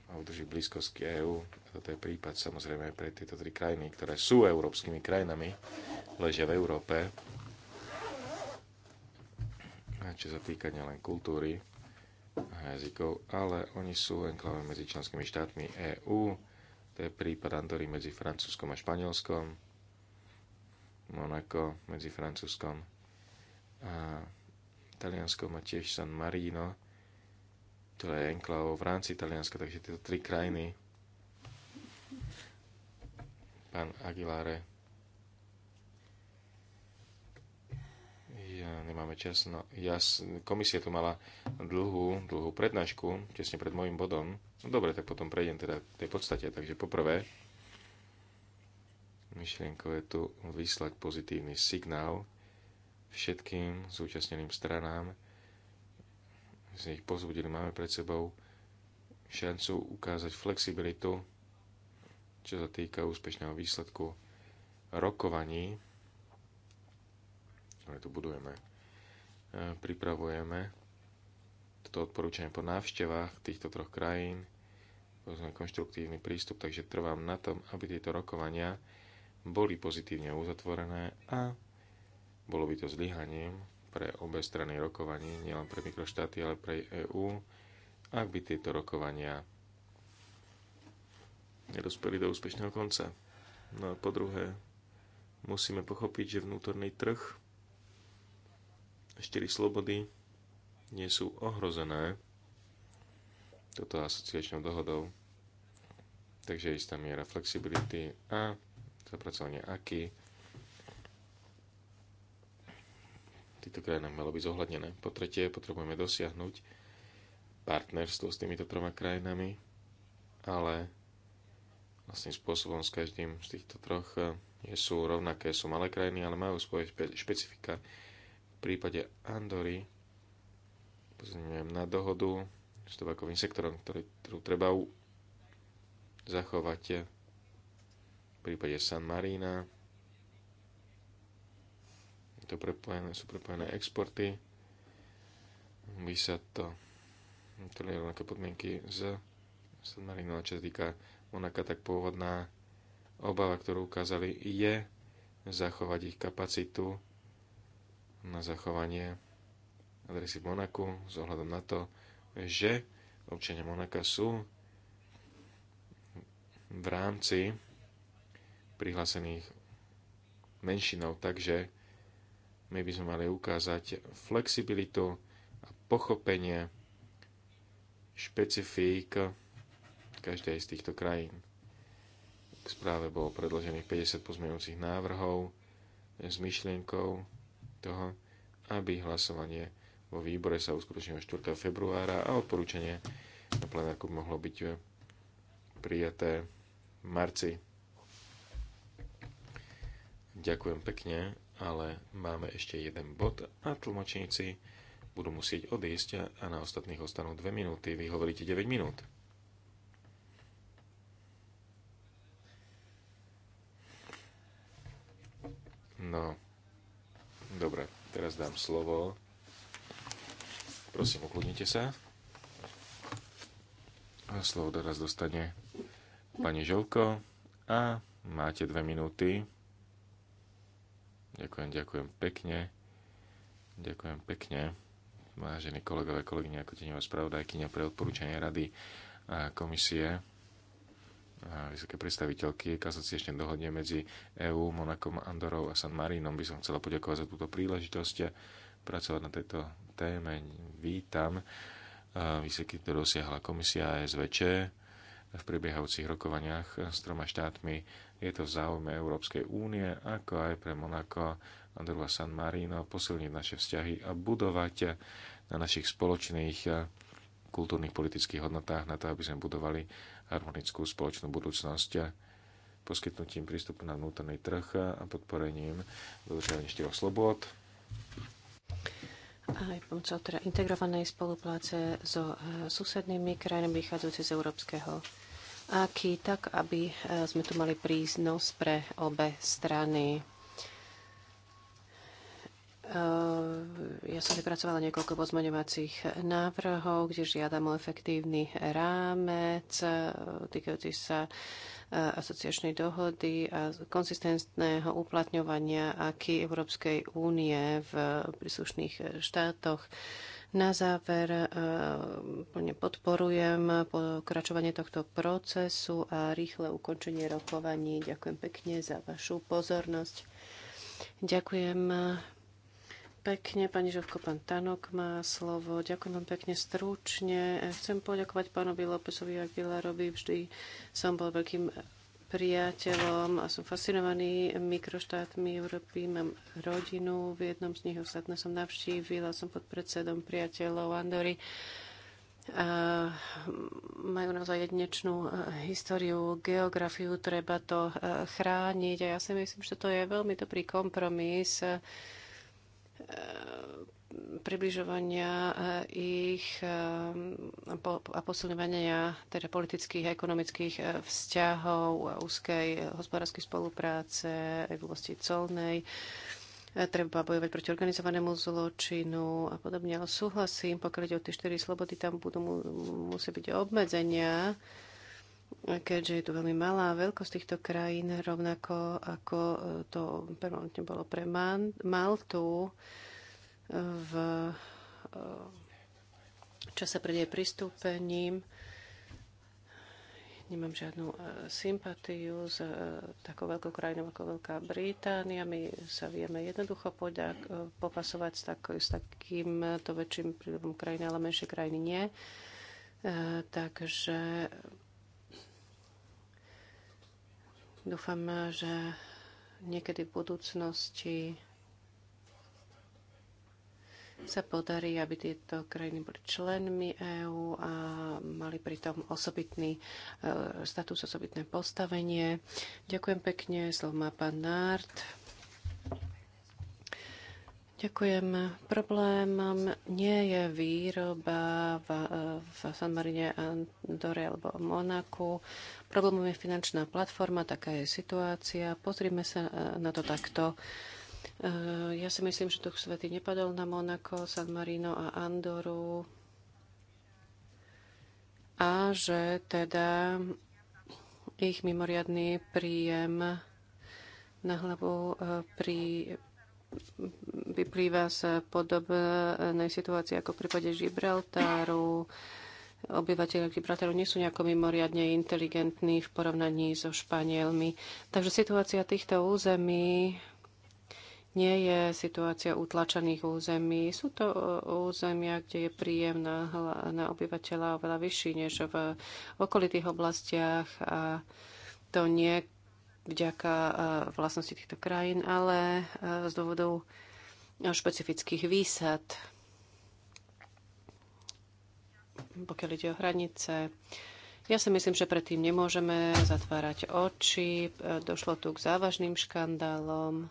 a udrží blízkosť k EÚ toto je prípad samozrejme pre tieto tri krajiny, ktoré sú európskymi krajinami, ležia v Európe. A čo sa týka nielen kultúry a jazykov, ale oni sú enklave medzi členskými štátmi EÚ. To je prípad Andory medzi Francúzskom a Španielskom, Monako medzi Francúzskom a Talianskom a tiež San Marino, ktoré je enklávou v rámci Talianska, takže tieto tri krajiny pán Aguilare. Ja, nemáme čas. No, ja, komisia tu mala dlhú, dlhú prednášku, tesne pred môjim bodom. No dobre, tak potom prejdem teda k tej podstate. Takže poprvé, myšlienkou je tu vyslať pozitívny signál všetkým zúčastneným stranám. Z nich pozbudili, máme pred sebou šancu ukázať flexibilitu čo sa týka úspešného výsledku rokovaní, ktoré tu budujeme, e, pripravujeme toto odporúčanie po návštevách týchto troch krajín, sme konštruktívny prístup, takže trvám na tom, aby tieto rokovania boli pozitívne uzatvorené a bolo by to zlyhaním pre obe strany rokovaní, nielen pre mikroštáty, ale pre EÚ, ak by tieto rokovania nedospeli do úspešného konca. No a po druhé, musíme pochopiť, že vnútorný trh, štyri slobody nie sú ohrozené toto asociačnou dohodou. Takže istá miera flexibility a zapracovanie aký týchto krajiny malo byť zohľadnené. Po tretie, potrebujeme dosiahnuť partnerstvo s týmito troma krajinami, ale vlastným spôsobom s každým z týchto troch eh, nie sú rovnaké, sú malé krajiny, ale majú svoje špecifika. V prípade Andory pozrieme na dohodu s tobakovým sektorom, ktorý, ktorú treba u... zachovať. Eh, v prípade San Marina to prepojené, sú prepojené exporty. By sa to, to rovnaké podmienky z San Marino, čo sa týka Onaká tak pôvodná obava, ktorú ukázali, je zachovať ich kapacitu na zachovanie adresy v Monaku s ohľadom na to, že občania Monaka sú v rámci prihlásených menšinov, takže my by sme mali ukázať flexibilitu a pochopenie špecifík každej z týchto krajín. K správe bolo predložených 50 pozmeňujúcich návrhov s myšlienkou toho, aby hlasovanie vo výbore sa uskutočnilo 4. februára a odporúčanie na plenárku mohlo byť prijaté v marci. Ďakujem pekne, ale máme ešte jeden bod a tlmočníci budú musieť odísť a na ostatných ostanú 2 minúty. Vy hovoríte 9 minút. No, dobre, teraz dám slovo. Prosím, ukludnite sa. A slovo teraz dostane pani Žovko a máte dve minúty. Ďakujem, ďakujem pekne. Ďakujem pekne. Vážení kolegové, kolegyne, ako teňová spravodajkynia pre odporúčanie rady a komisie vysoké predstaviteľky k ešte dohodne medzi EÚ, Monakom, Andorou a San Marínom. By som chcela poďakovať za túto príležitosť a pracovať na tejto téme. Vítam e, výsledky, ktoré dosiahla komisia SVČ v prebiehajúcich rokovaniach s troma štátmi. Je to v záujme Európskej únie, ako aj pre Monako, Andoru a San Marino posilniť naše vzťahy a budovať na našich spoločných e, kultúrnych politických hodnotách na to, aby sme budovali harmonickú spoločnú budúcnosť poskytnutím prístupu na vnútorný trh a podporením dodržiavania štyroch slobod. Aj pomocou teda integrovanej spolupráce so e, susednými krajinami vychádzajúci z európskeho aký, tak aby e, sme tu mali príznos pre obe strany. Ehm, ja som vypracovala niekoľko pozmeňovacích návrhov, kde žiadam o efektívny rámec e, týkajúci sa e, asociačnej dohody a konsistentného uplatňovania aký Európskej únie v príslušných štátoch. Na záver e, plne podporujem pokračovanie tohto procesu a rýchle ukončenie rokovaní. Ďakujem pekne za vašu pozornosť. Ďakujem pekne, pani Žovko, pán Tanok má slovo. Ďakujem vám pekne stručne. Chcem poďakovať pánovi Lópezovi Aguilarovi. Vždy som bol veľkým priateľom a som fascinovaný mikroštátmi Európy. Mám rodinu, v jednom z nich ostatné som navštívila, som pod predsedom priateľov Andory. A majú naozaj jedinečnú e, históriu, geografiu, treba to e, chrániť a ja si myslím, že to je veľmi dobrý kompromis Eh, približovania eh, ich eh, a posilňovania teda politických a ekonomických vzťahov, úzkej hospodárskej spolupráce aj v oblasti colnej. Treba bojovať proti organizovanému zločinu a podobne. Ale súhlasím, pokiaľ ide o tie štyri slobody, tam budú musieť byť obmedzenia keďže je tu veľmi malá veľkosť týchto krajín, rovnako ako e, to permanentne bolo pre Maltu e, v e, čase pred jej pristúpením. Nemám žiadnu sympatiu s takou veľkou krajinou ako Veľká Británia. My sa vieme jednoducho popasovať s, tak, s takýmto väčším prílebom krajiny, ale menšie krajiny nie. Takže Dúfam, že niekedy v budúcnosti sa podarí, aby tieto krajiny boli členmi EÚ a mali pritom osobitný e, status, osobitné postavenie. Ďakujem pekne, slovo má pán Nárt. Ďakujem. Problémom nie je výroba v, v San Marine, Andore alebo Monaku. Problémom je finančná platforma, taká je situácia. Pozrime sa na to takto. Ja si myslím, že duch svety nepadol na Monako, San Marino a Andoru a že teda ich mimoriadný príjem na hlavu pri vyplýva z podobnej situácie ako v prípade Gibraltáru. Obyvateľe Gibraltáru nie sú nejako mimoriadne inteligentní v porovnaní so Španielmi. Takže situácia týchto území nie je situácia utlačených území. Sú to e, územia, kde je príjem na, na obyvateľa oveľa vyšší než v okolitých oblastiach a to nie vďaka e, vlastnosti týchto krajín, ale e, z dôvodov e, špecifických výsad, pokiaľ ide o hranice. Ja si myslím, že predtým nemôžeme zatvárať oči. Došlo tu k závažným škandálom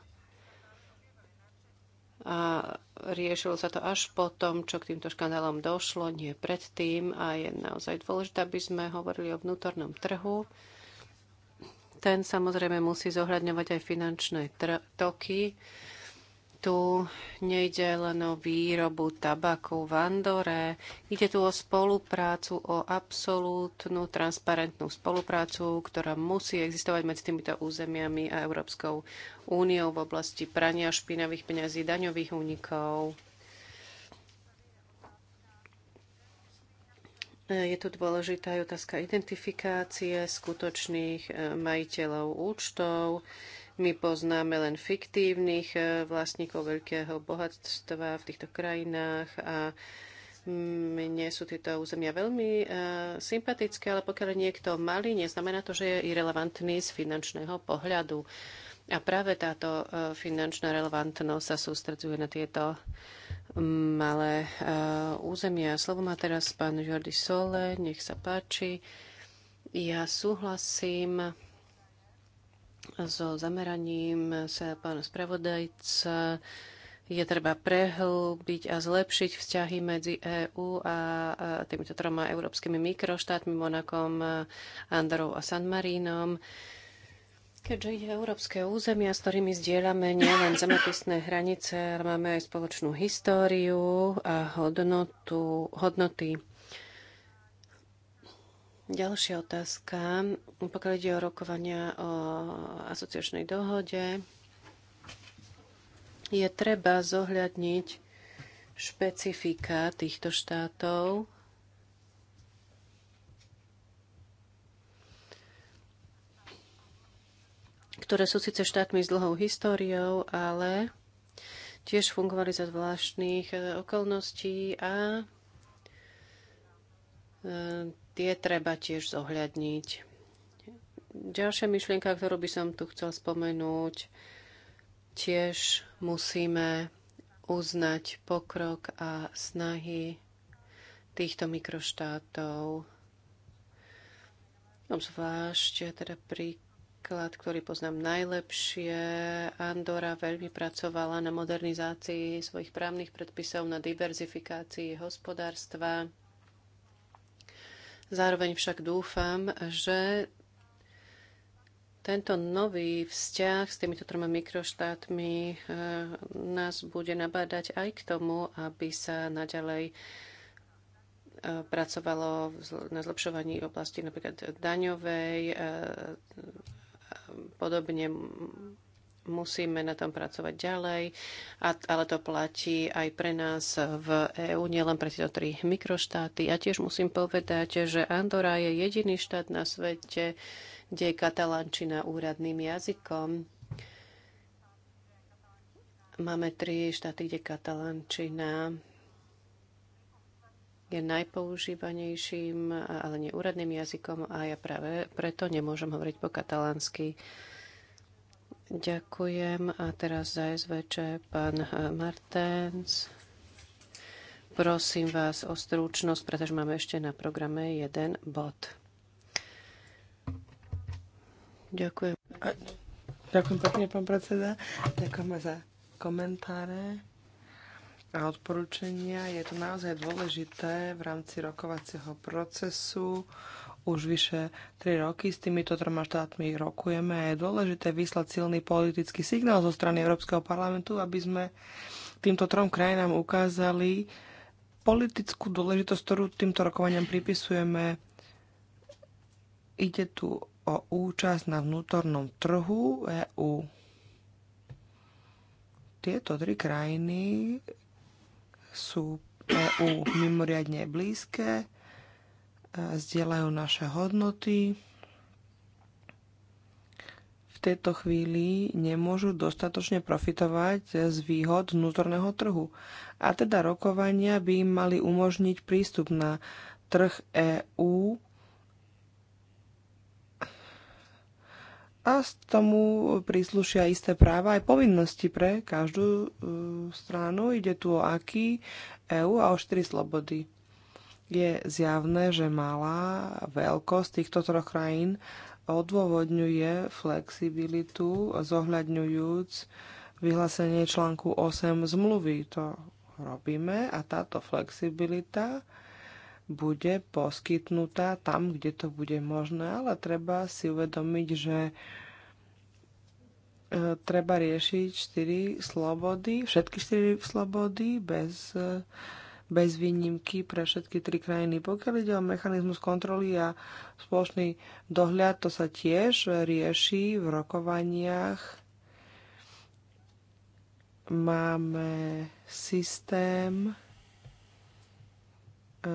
a riešilo sa to až po tom, čo k týmto škandálom došlo, nie predtým. A je naozaj dôležité, aby sme hovorili o vnútornom trhu ten samozrejme musí zohľadňovať aj finančné toky. Tu nejde len o výrobu tabaku v Andore, ide tu o spoluprácu, o absolútnu transparentnú spoluprácu, ktorá musí existovať medzi týmito územiami a Európskou úniou v oblasti prania špinavých peňazí, daňových únikov, Je tu dôležitá aj otázka identifikácie skutočných e, majiteľov účtov. My poznáme len fiktívnych e, vlastníkov veľkého bohatstva v týchto krajinách a mne sú tieto územia veľmi e, sympatické, ale pokiaľ niekto malý, neznamená to, že je irrelevantný z finančného pohľadu. A práve táto e, finančná relevantnosť sa sústreduje na tieto mm, malé e, územia. Slovo má teraz pán Jordi Sole, nech sa páči. Ja súhlasím so zameraním sa pána spravodajca. Je treba prehlbiť a zlepšiť vzťahy medzi EÚ a týmito troma európskymi mikroštátmi, Monakom, Andorou a San Marínom. Keďže ide európske územia, s ktorými zdieľame nielen zemepisné hranice, ale máme aj spoločnú históriu a hodnotu, hodnoty. Ďalšia otázka. Pokiaľ ide o rokovania o asociačnej dohode, je treba zohľadniť špecifika týchto štátov ktoré sú síce štátmi s dlhou históriou, ale tiež fungovali za zvláštnych eh, okolností a eh, tie treba tiež zohľadniť. Ďalšia myšlienka, ktorú by som tu chcel spomenúť, tiež musíme uznať pokrok a snahy týchto mikroštátov, obzvlášť teda pri príklad, ktorý poznám najlepšie. Andora veľmi pracovala na modernizácii svojich právnych predpisov, na diverzifikácii hospodárstva. Zároveň však dúfam, že tento nový vzťah s týmito troma mikroštátmi eh, nás bude nabádať aj k tomu, aby sa naďalej eh, pracovalo na zlepšovaní oblasti napríklad daňovej, eh, podobne musíme na tom pracovať ďalej, a, ale to platí aj pre nás v EÚ, nielen pre tieto tri mikroštáty. A ja tiež musím povedať, že Andorra je jediný štát na svete, kde je katalánčina úradným jazykom. Máme tri štáty, kde katalánčina je najpoužívanejším, ale neúradným jazykom a ja práve preto nemôžem hovoriť po katalánsky. Ďakujem. A teraz za SVČ pán eh, Martens. Prosím vás o stručnosť, pretože máme ešte na programe jeden bod. Ďakujem. Ďakujem pekne, pán predseda. Ďakujem za komentáre a odporúčania. Je to naozaj dôležité v rámci rokovacieho procesu. Už vyše 3 roky s týmito troma štátmi rokujeme a je dôležité vyslať silný politický signál zo strany Európskeho parlamentu, aby sme týmto trom krajinám ukázali politickú dôležitosť, ktorú týmto rokovaniam pripisujeme. Ide tu o účasť na vnútornom trhu EÚ tieto tri krajiny sú EU mimoriadne blízke, zdieľajú naše hodnoty. V tejto chvíli nemôžu dostatočne profitovať z výhod vnútorného trhu. A teda rokovania by im mali umožniť prístup na trh EÚ a tomu príslušia isté práva aj povinnosti pre každú e, stranu. Ide tu o aký EÚ a o štyri slobody. Je zjavné, že malá veľkosť týchto troch krajín odôvodňuje flexibilitu, zohľadňujúc vyhlásenie článku 8 zmluvy. To robíme a táto flexibilita bude poskytnutá tam, kde to bude možné, ale treba si uvedomiť, že e, treba riešiť štyri slobody, všetky štyri slobody bez, e, bez výnimky pre všetky tri krajiny. Pokiaľ ide o mechanizmus kontroly a spoločný dohľad, to sa tiež rieši v rokovaniach. Máme systém, E,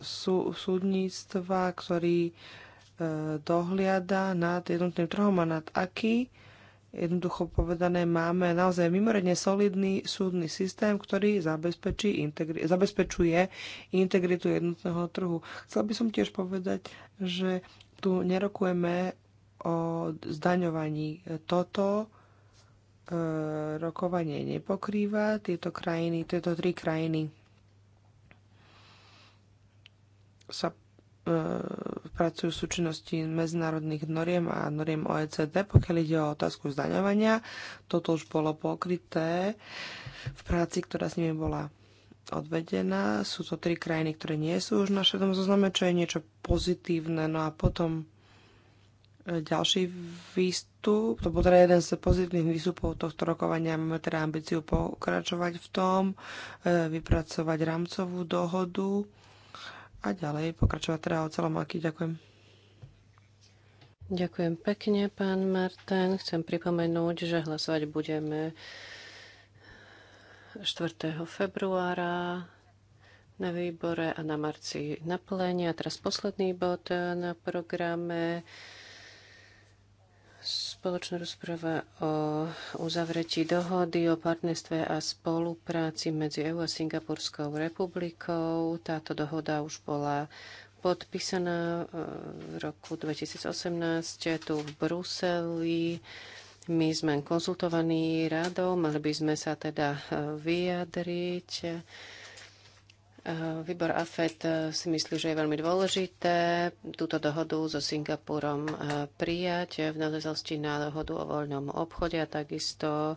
sú, súdnictva, ktorý e, dohliada nad jednotným trhom a nad aký. Jednoducho povedané, máme naozaj mimoriadne solidný súdny systém, ktorý zabezpečí, integri- zabezpečuje integritu jednotného trhu. Chcel by som tiež povedať, že tu nerokujeme o zdaňovaní. Toto e, rokovanie nepokrýva tieto krajiny, tieto tri krajiny sa e, pracujú v súčinnosti medzinárodných noriem a noriem OECD. Pokiaľ ide o otázku zdaňovania, toto už bolo pokryté v práci, ktorá s nimi bola odvedená. Sú to tri krajiny, ktoré nie sú už na šedom zozname, čo je niečo pozitívne. No a potom e, ďalší výstup, to bol teda jeden z pozitívnych výstupov tohto rokovania, máme teda ambíciu pokračovať v tom, e, vypracovať rámcovú dohodu a ďalej pokračovať teda o celom aký. Ďakujem. Ďakujem pekne, pán Martin. Chcem pripomenúť, že hlasovať budeme 4. februára na výbore a na marci na pléne. A teraz posledný bod na programe. Spoločná rozprava o uzavretí dohody o partnerstve a spolupráci medzi EU a Singapurskou republikou. Táto dohoda už bola podpísaná eh, v roku 2018 tu v Bruseli. My sme konzultovaní radou, mali by sme sa teda eh, vyjadriť. Eh, výbor AFED eh, si myslí, že je veľmi dôležité túto dohodu so Singapurom eh, prijať v nadväznosti na dohodu o voľnom obchode a takisto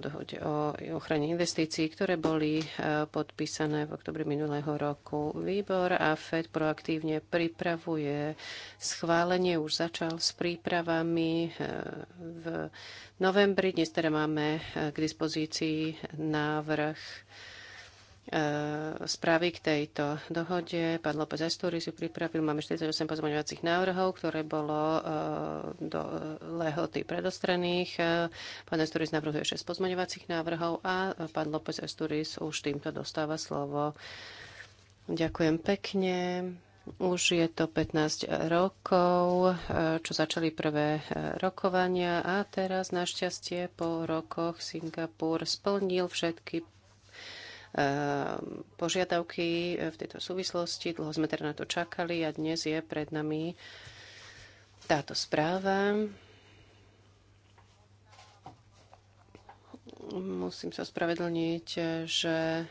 dohode o ochrane investícií, ktoré boli podpísané v oktobri minulého roku. Výbor AFED proaktívne pripravuje schválenie, už začal s prípravami v novembri. Dnes teda máme k dispozícii návrh E, správy k tejto dohode. Pán López Astúri si pripravil, máme 48 pozmeňovacích návrhov, ktoré bolo e, do e, lehoty predostrených. Pán Astúris navrhuje 6 pozmeňovacích návrhov a pán López Astúris už týmto dostáva slovo. Ďakujem pekne. Už je to 15 rokov, čo začali prvé rokovania a teraz našťastie po rokoch Singapur splnil všetky Ehm, požiadavky e, v tejto súvislosti. Dlho sme teda na to čakali a dnes je pred nami táto správa. Musím sa spravedlniť, e, že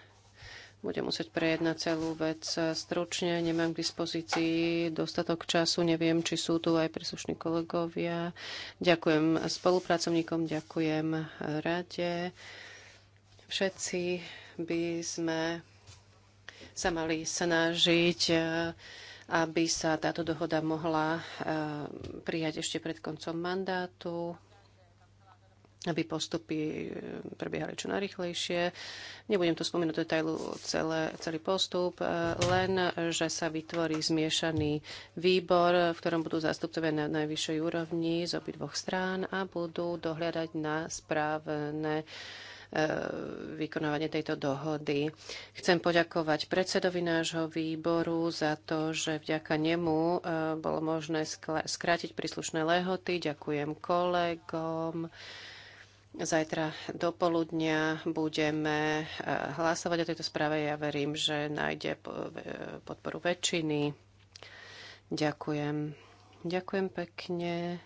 budem musieť prejednať celú vec e, stručne. Nemám k dispozícii dostatok času, neviem, či sú tu aj príslušní kolegovia. Ďakujem spolupracovníkom, ďakujem rade. Všetci by sme sa mali snažiť, e, aby sa táto dohoda mohla e, prijať ešte pred koncom mandátu, aby postupy e, prebiehali čo najrychlejšie. Nebudem tu spomínať detailu celé, celý postup, len, že sa vytvorí zmiešaný výbor, v ktorom budú zastupcovia na najvyššej úrovni z obidvoch strán a budú dohľadať na správne Eh, vykonávanie tejto dohody. Chcem poďakovať predsedovi nášho výboru za to, že vďaka nemu eh, bolo možné skrátiť príslušné lehoty. Ďakujem kolegom. Zajtra do poludnia budeme eh, hlasovať o tejto správe. Ja verím, že nájde podporu väčšiny. Ďakujem. Ďakujem pekne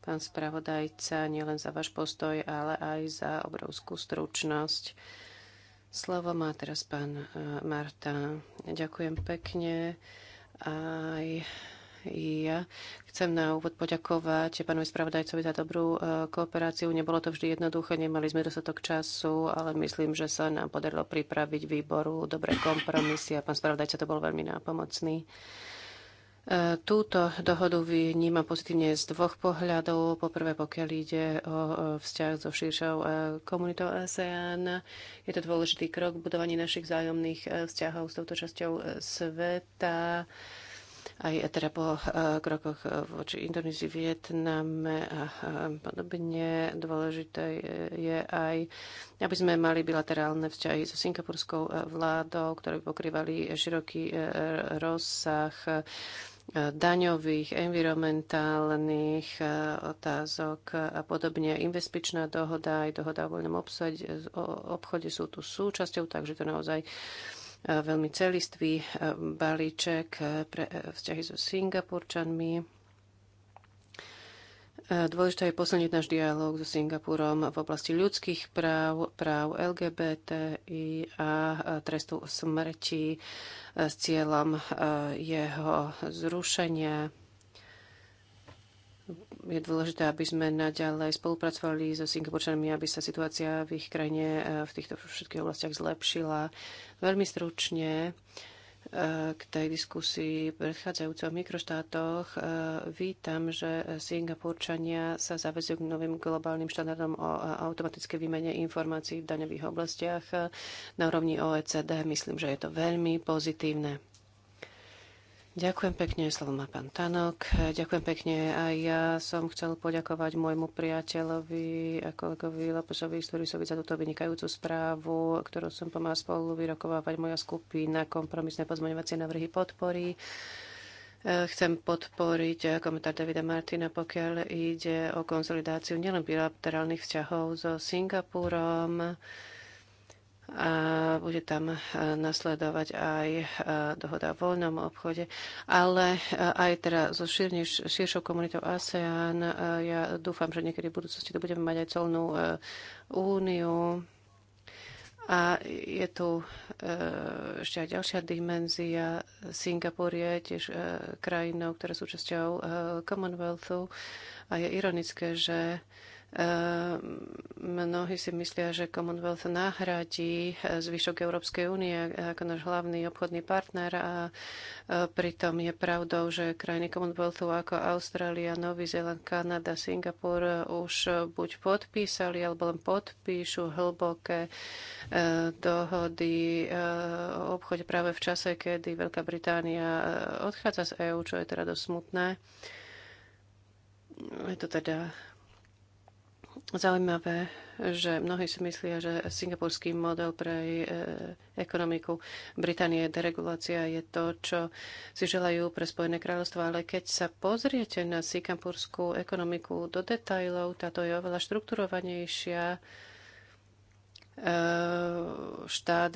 pán spravodajca, nielen za váš postoj, ale aj za obrovskú stručnosť. Slovo má teraz pán e, Marta. Ďakujem pekne. Aj ja chcem na úvod poďakovať pánovi spravodajcovi za dobrú e, kooperáciu. Nebolo to vždy jednoduché, nemali sme dostatok času, ale myslím, že sa nám podarilo pripraviť výboru dobré kompromisy a pán spravodajca to bol veľmi nápomocný. Túto dohodu vnímam pozitívne z dvoch pohľadov. Poprvé, pokiaľ ide o vzťah so širšou e, komunitou ASEAN, je to dôležitý krok v budovaní našich vzájomných e, vzťahov s touto časťou e, sveta aj teda po eh, krokoch eh, voči Indonézii, Vietname a eh, podobne. Dôležité je aj, aby sme mali bilaterálne vzťahy so singapurskou vládou, ktoré pokrývali široký rozsah daňových, environmentálnych otázok a podobne. Investičná dohoda aj dohoda o voľnom obchode sú tu súčasťou, takže to naozaj E, veľmi celistvý e, balíček e, pre vzťahy so Singapurčanmi. Dôležité je posilniť náš dialog so Singapurom v oblasti ľudských práv, práv LGBTI a trestu smrti s cieľom jeho zrušenia. Je dôležité, aby sme naďalej spolupracovali so Singapurčanmi, aby sa situácia v ich krajine v týchto všetkých oblastiach zlepšila Veľmi stručne e, k tej diskusii v predchádzajúcej o mikroštátoch. E, vítam, že Singapurčania sa zavezujú k novým globálnym štandardom o e, automatické výmene informácií v daňových oblastiach na úrovni OECD. Myslím, že je to veľmi pozitívne. Ďakujem pekne, slovo má pán Tanok. Ďakujem pekne. A ja som chcel poďakovať môjmu priateľovi a kolegovi Lopesovi Sturisovi za túto vynikajúcu správu, ktorú som pomáha spolu vyrokovávať moja skupina. Kompromisné pozmeňovacie návrhy podporí. E, chcem podporiť e, komentár Davida Martina, pokiaľ ide o konsolidáciu nielen bilaterálnych vzťahov so Singapurom, a bude tam e, nasledovať aj e, dohoda o voľnom obchode, ale e, aj teda so širšou komunitou ASEAN. Ja dúfam, že niekedy v budúcnosti to budeme mať aj colnú úniu. A je tu ešte aj ďalšia dimenzia. Singapur je tiež krajinou, ktorá sú časťou Commonwealthu. A je ironické, že Ehm, mnohí si myslia, že Commonwealth nahradí eh, zvyšok Európskej únie ako náš hlavný obchodný partner a eh, pritom je pravdou, že krajiny Commonwealthu ako Austrália, Nový Zéland, Kanada, Singapur eh, už buď podpísali alebo len podpíšu hlboké dohody o obchode práve v čase, kedy Veľká Británia odchádza z EÚ, čo je teda dosť smutné. Je to teda zaujímavé, že mnohí si myslia, že singapurský model pre e, ekonomiku Británie deregulácia je to, čo si želajú pre Spojené kráľovstvo, ale keď sa pozriete na singapurskú ekonomiku do detajlov, táto je oveľa štrukturovanejšia, e, štát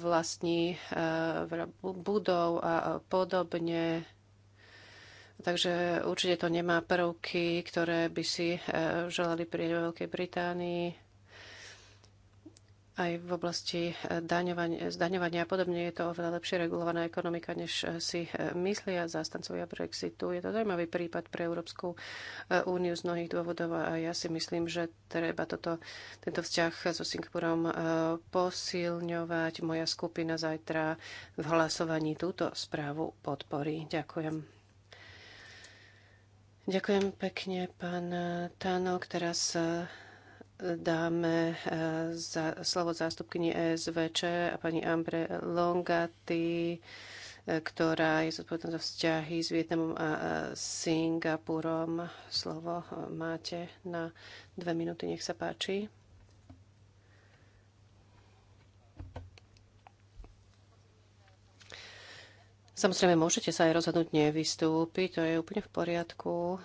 vlastní e, budov a podobne Takže určite to nemá prvky, ktoré by si e, želali prieť vo Veľkej Británii. Aj v oblasti e, daňovania, zdaňovania a podobne je to oveľa lepšie regulovaná ekonomika, než e, si myslia zástancovia Brexitu. Je to zaujímavý prípad pre Európsku úniu z mnohých dôvodov a ja si myslím, že treba toto, tento vzťah so Singapurom posilňovať. Moja skupina zajtra v hlasovaní túto správu podporí. Ďakujem. Ďakujem pekne, pán Tánok. Teraz e, dáme e, za slovo zástupkyni ESVČ a pani Ambre Longaty, e, ktorá je zodpovedná za vzťahy s Vietnamom a Singapurom. Slovo máte na dve minúty, nech sa páči. Samozrejme, môžete sa aj rozhodnúť nevystúpiť, to je úplne v poriadku.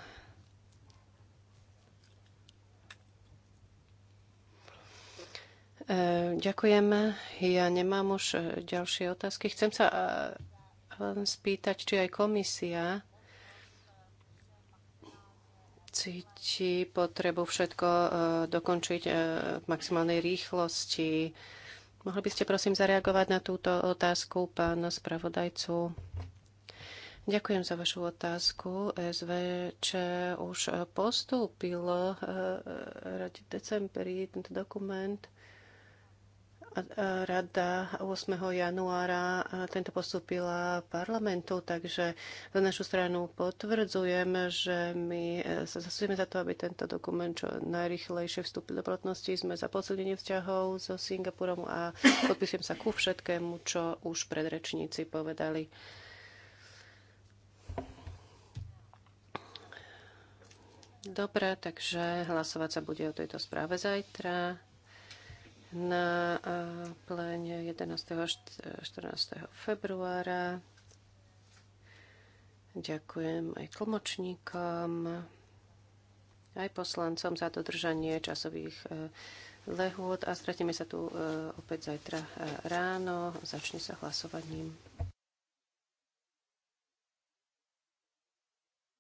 E, ďakujem. Ja nemám už ďalšie otázky. Chcem sa e, len spýtať, či aj komisia cíti potrebu všetko e, dokončiť v maximálnej rýchlosti Mohli by ste prosím zareagovať na túto otázku, pán spravodajcu? Ďakujem za vašu otázku. SVČ už postúpilo eh, eh, v decembri tento dokument Rada 8. januára tento postupila parlamentu, takže za našu stranu potvrdzujem, že my sa zasujeme za to, aby tento dokument čo najrychlejšie vstúpil do platnosti. Sme za posilnenie vzťahov so Singapurom a podpisujem sa ku všetkému, čo už predrečníci povedali. Dobre, takže hlasovať sa bude o tejto správe zajtra na eh, pléne 11. a 14. februára. Ďakujem aj tlmočníkom, aj poslancom za dodržanie časových eh, lehôd a stretneme sa tu eh, opäť zajtra ráno. Začne sa hlasovaním.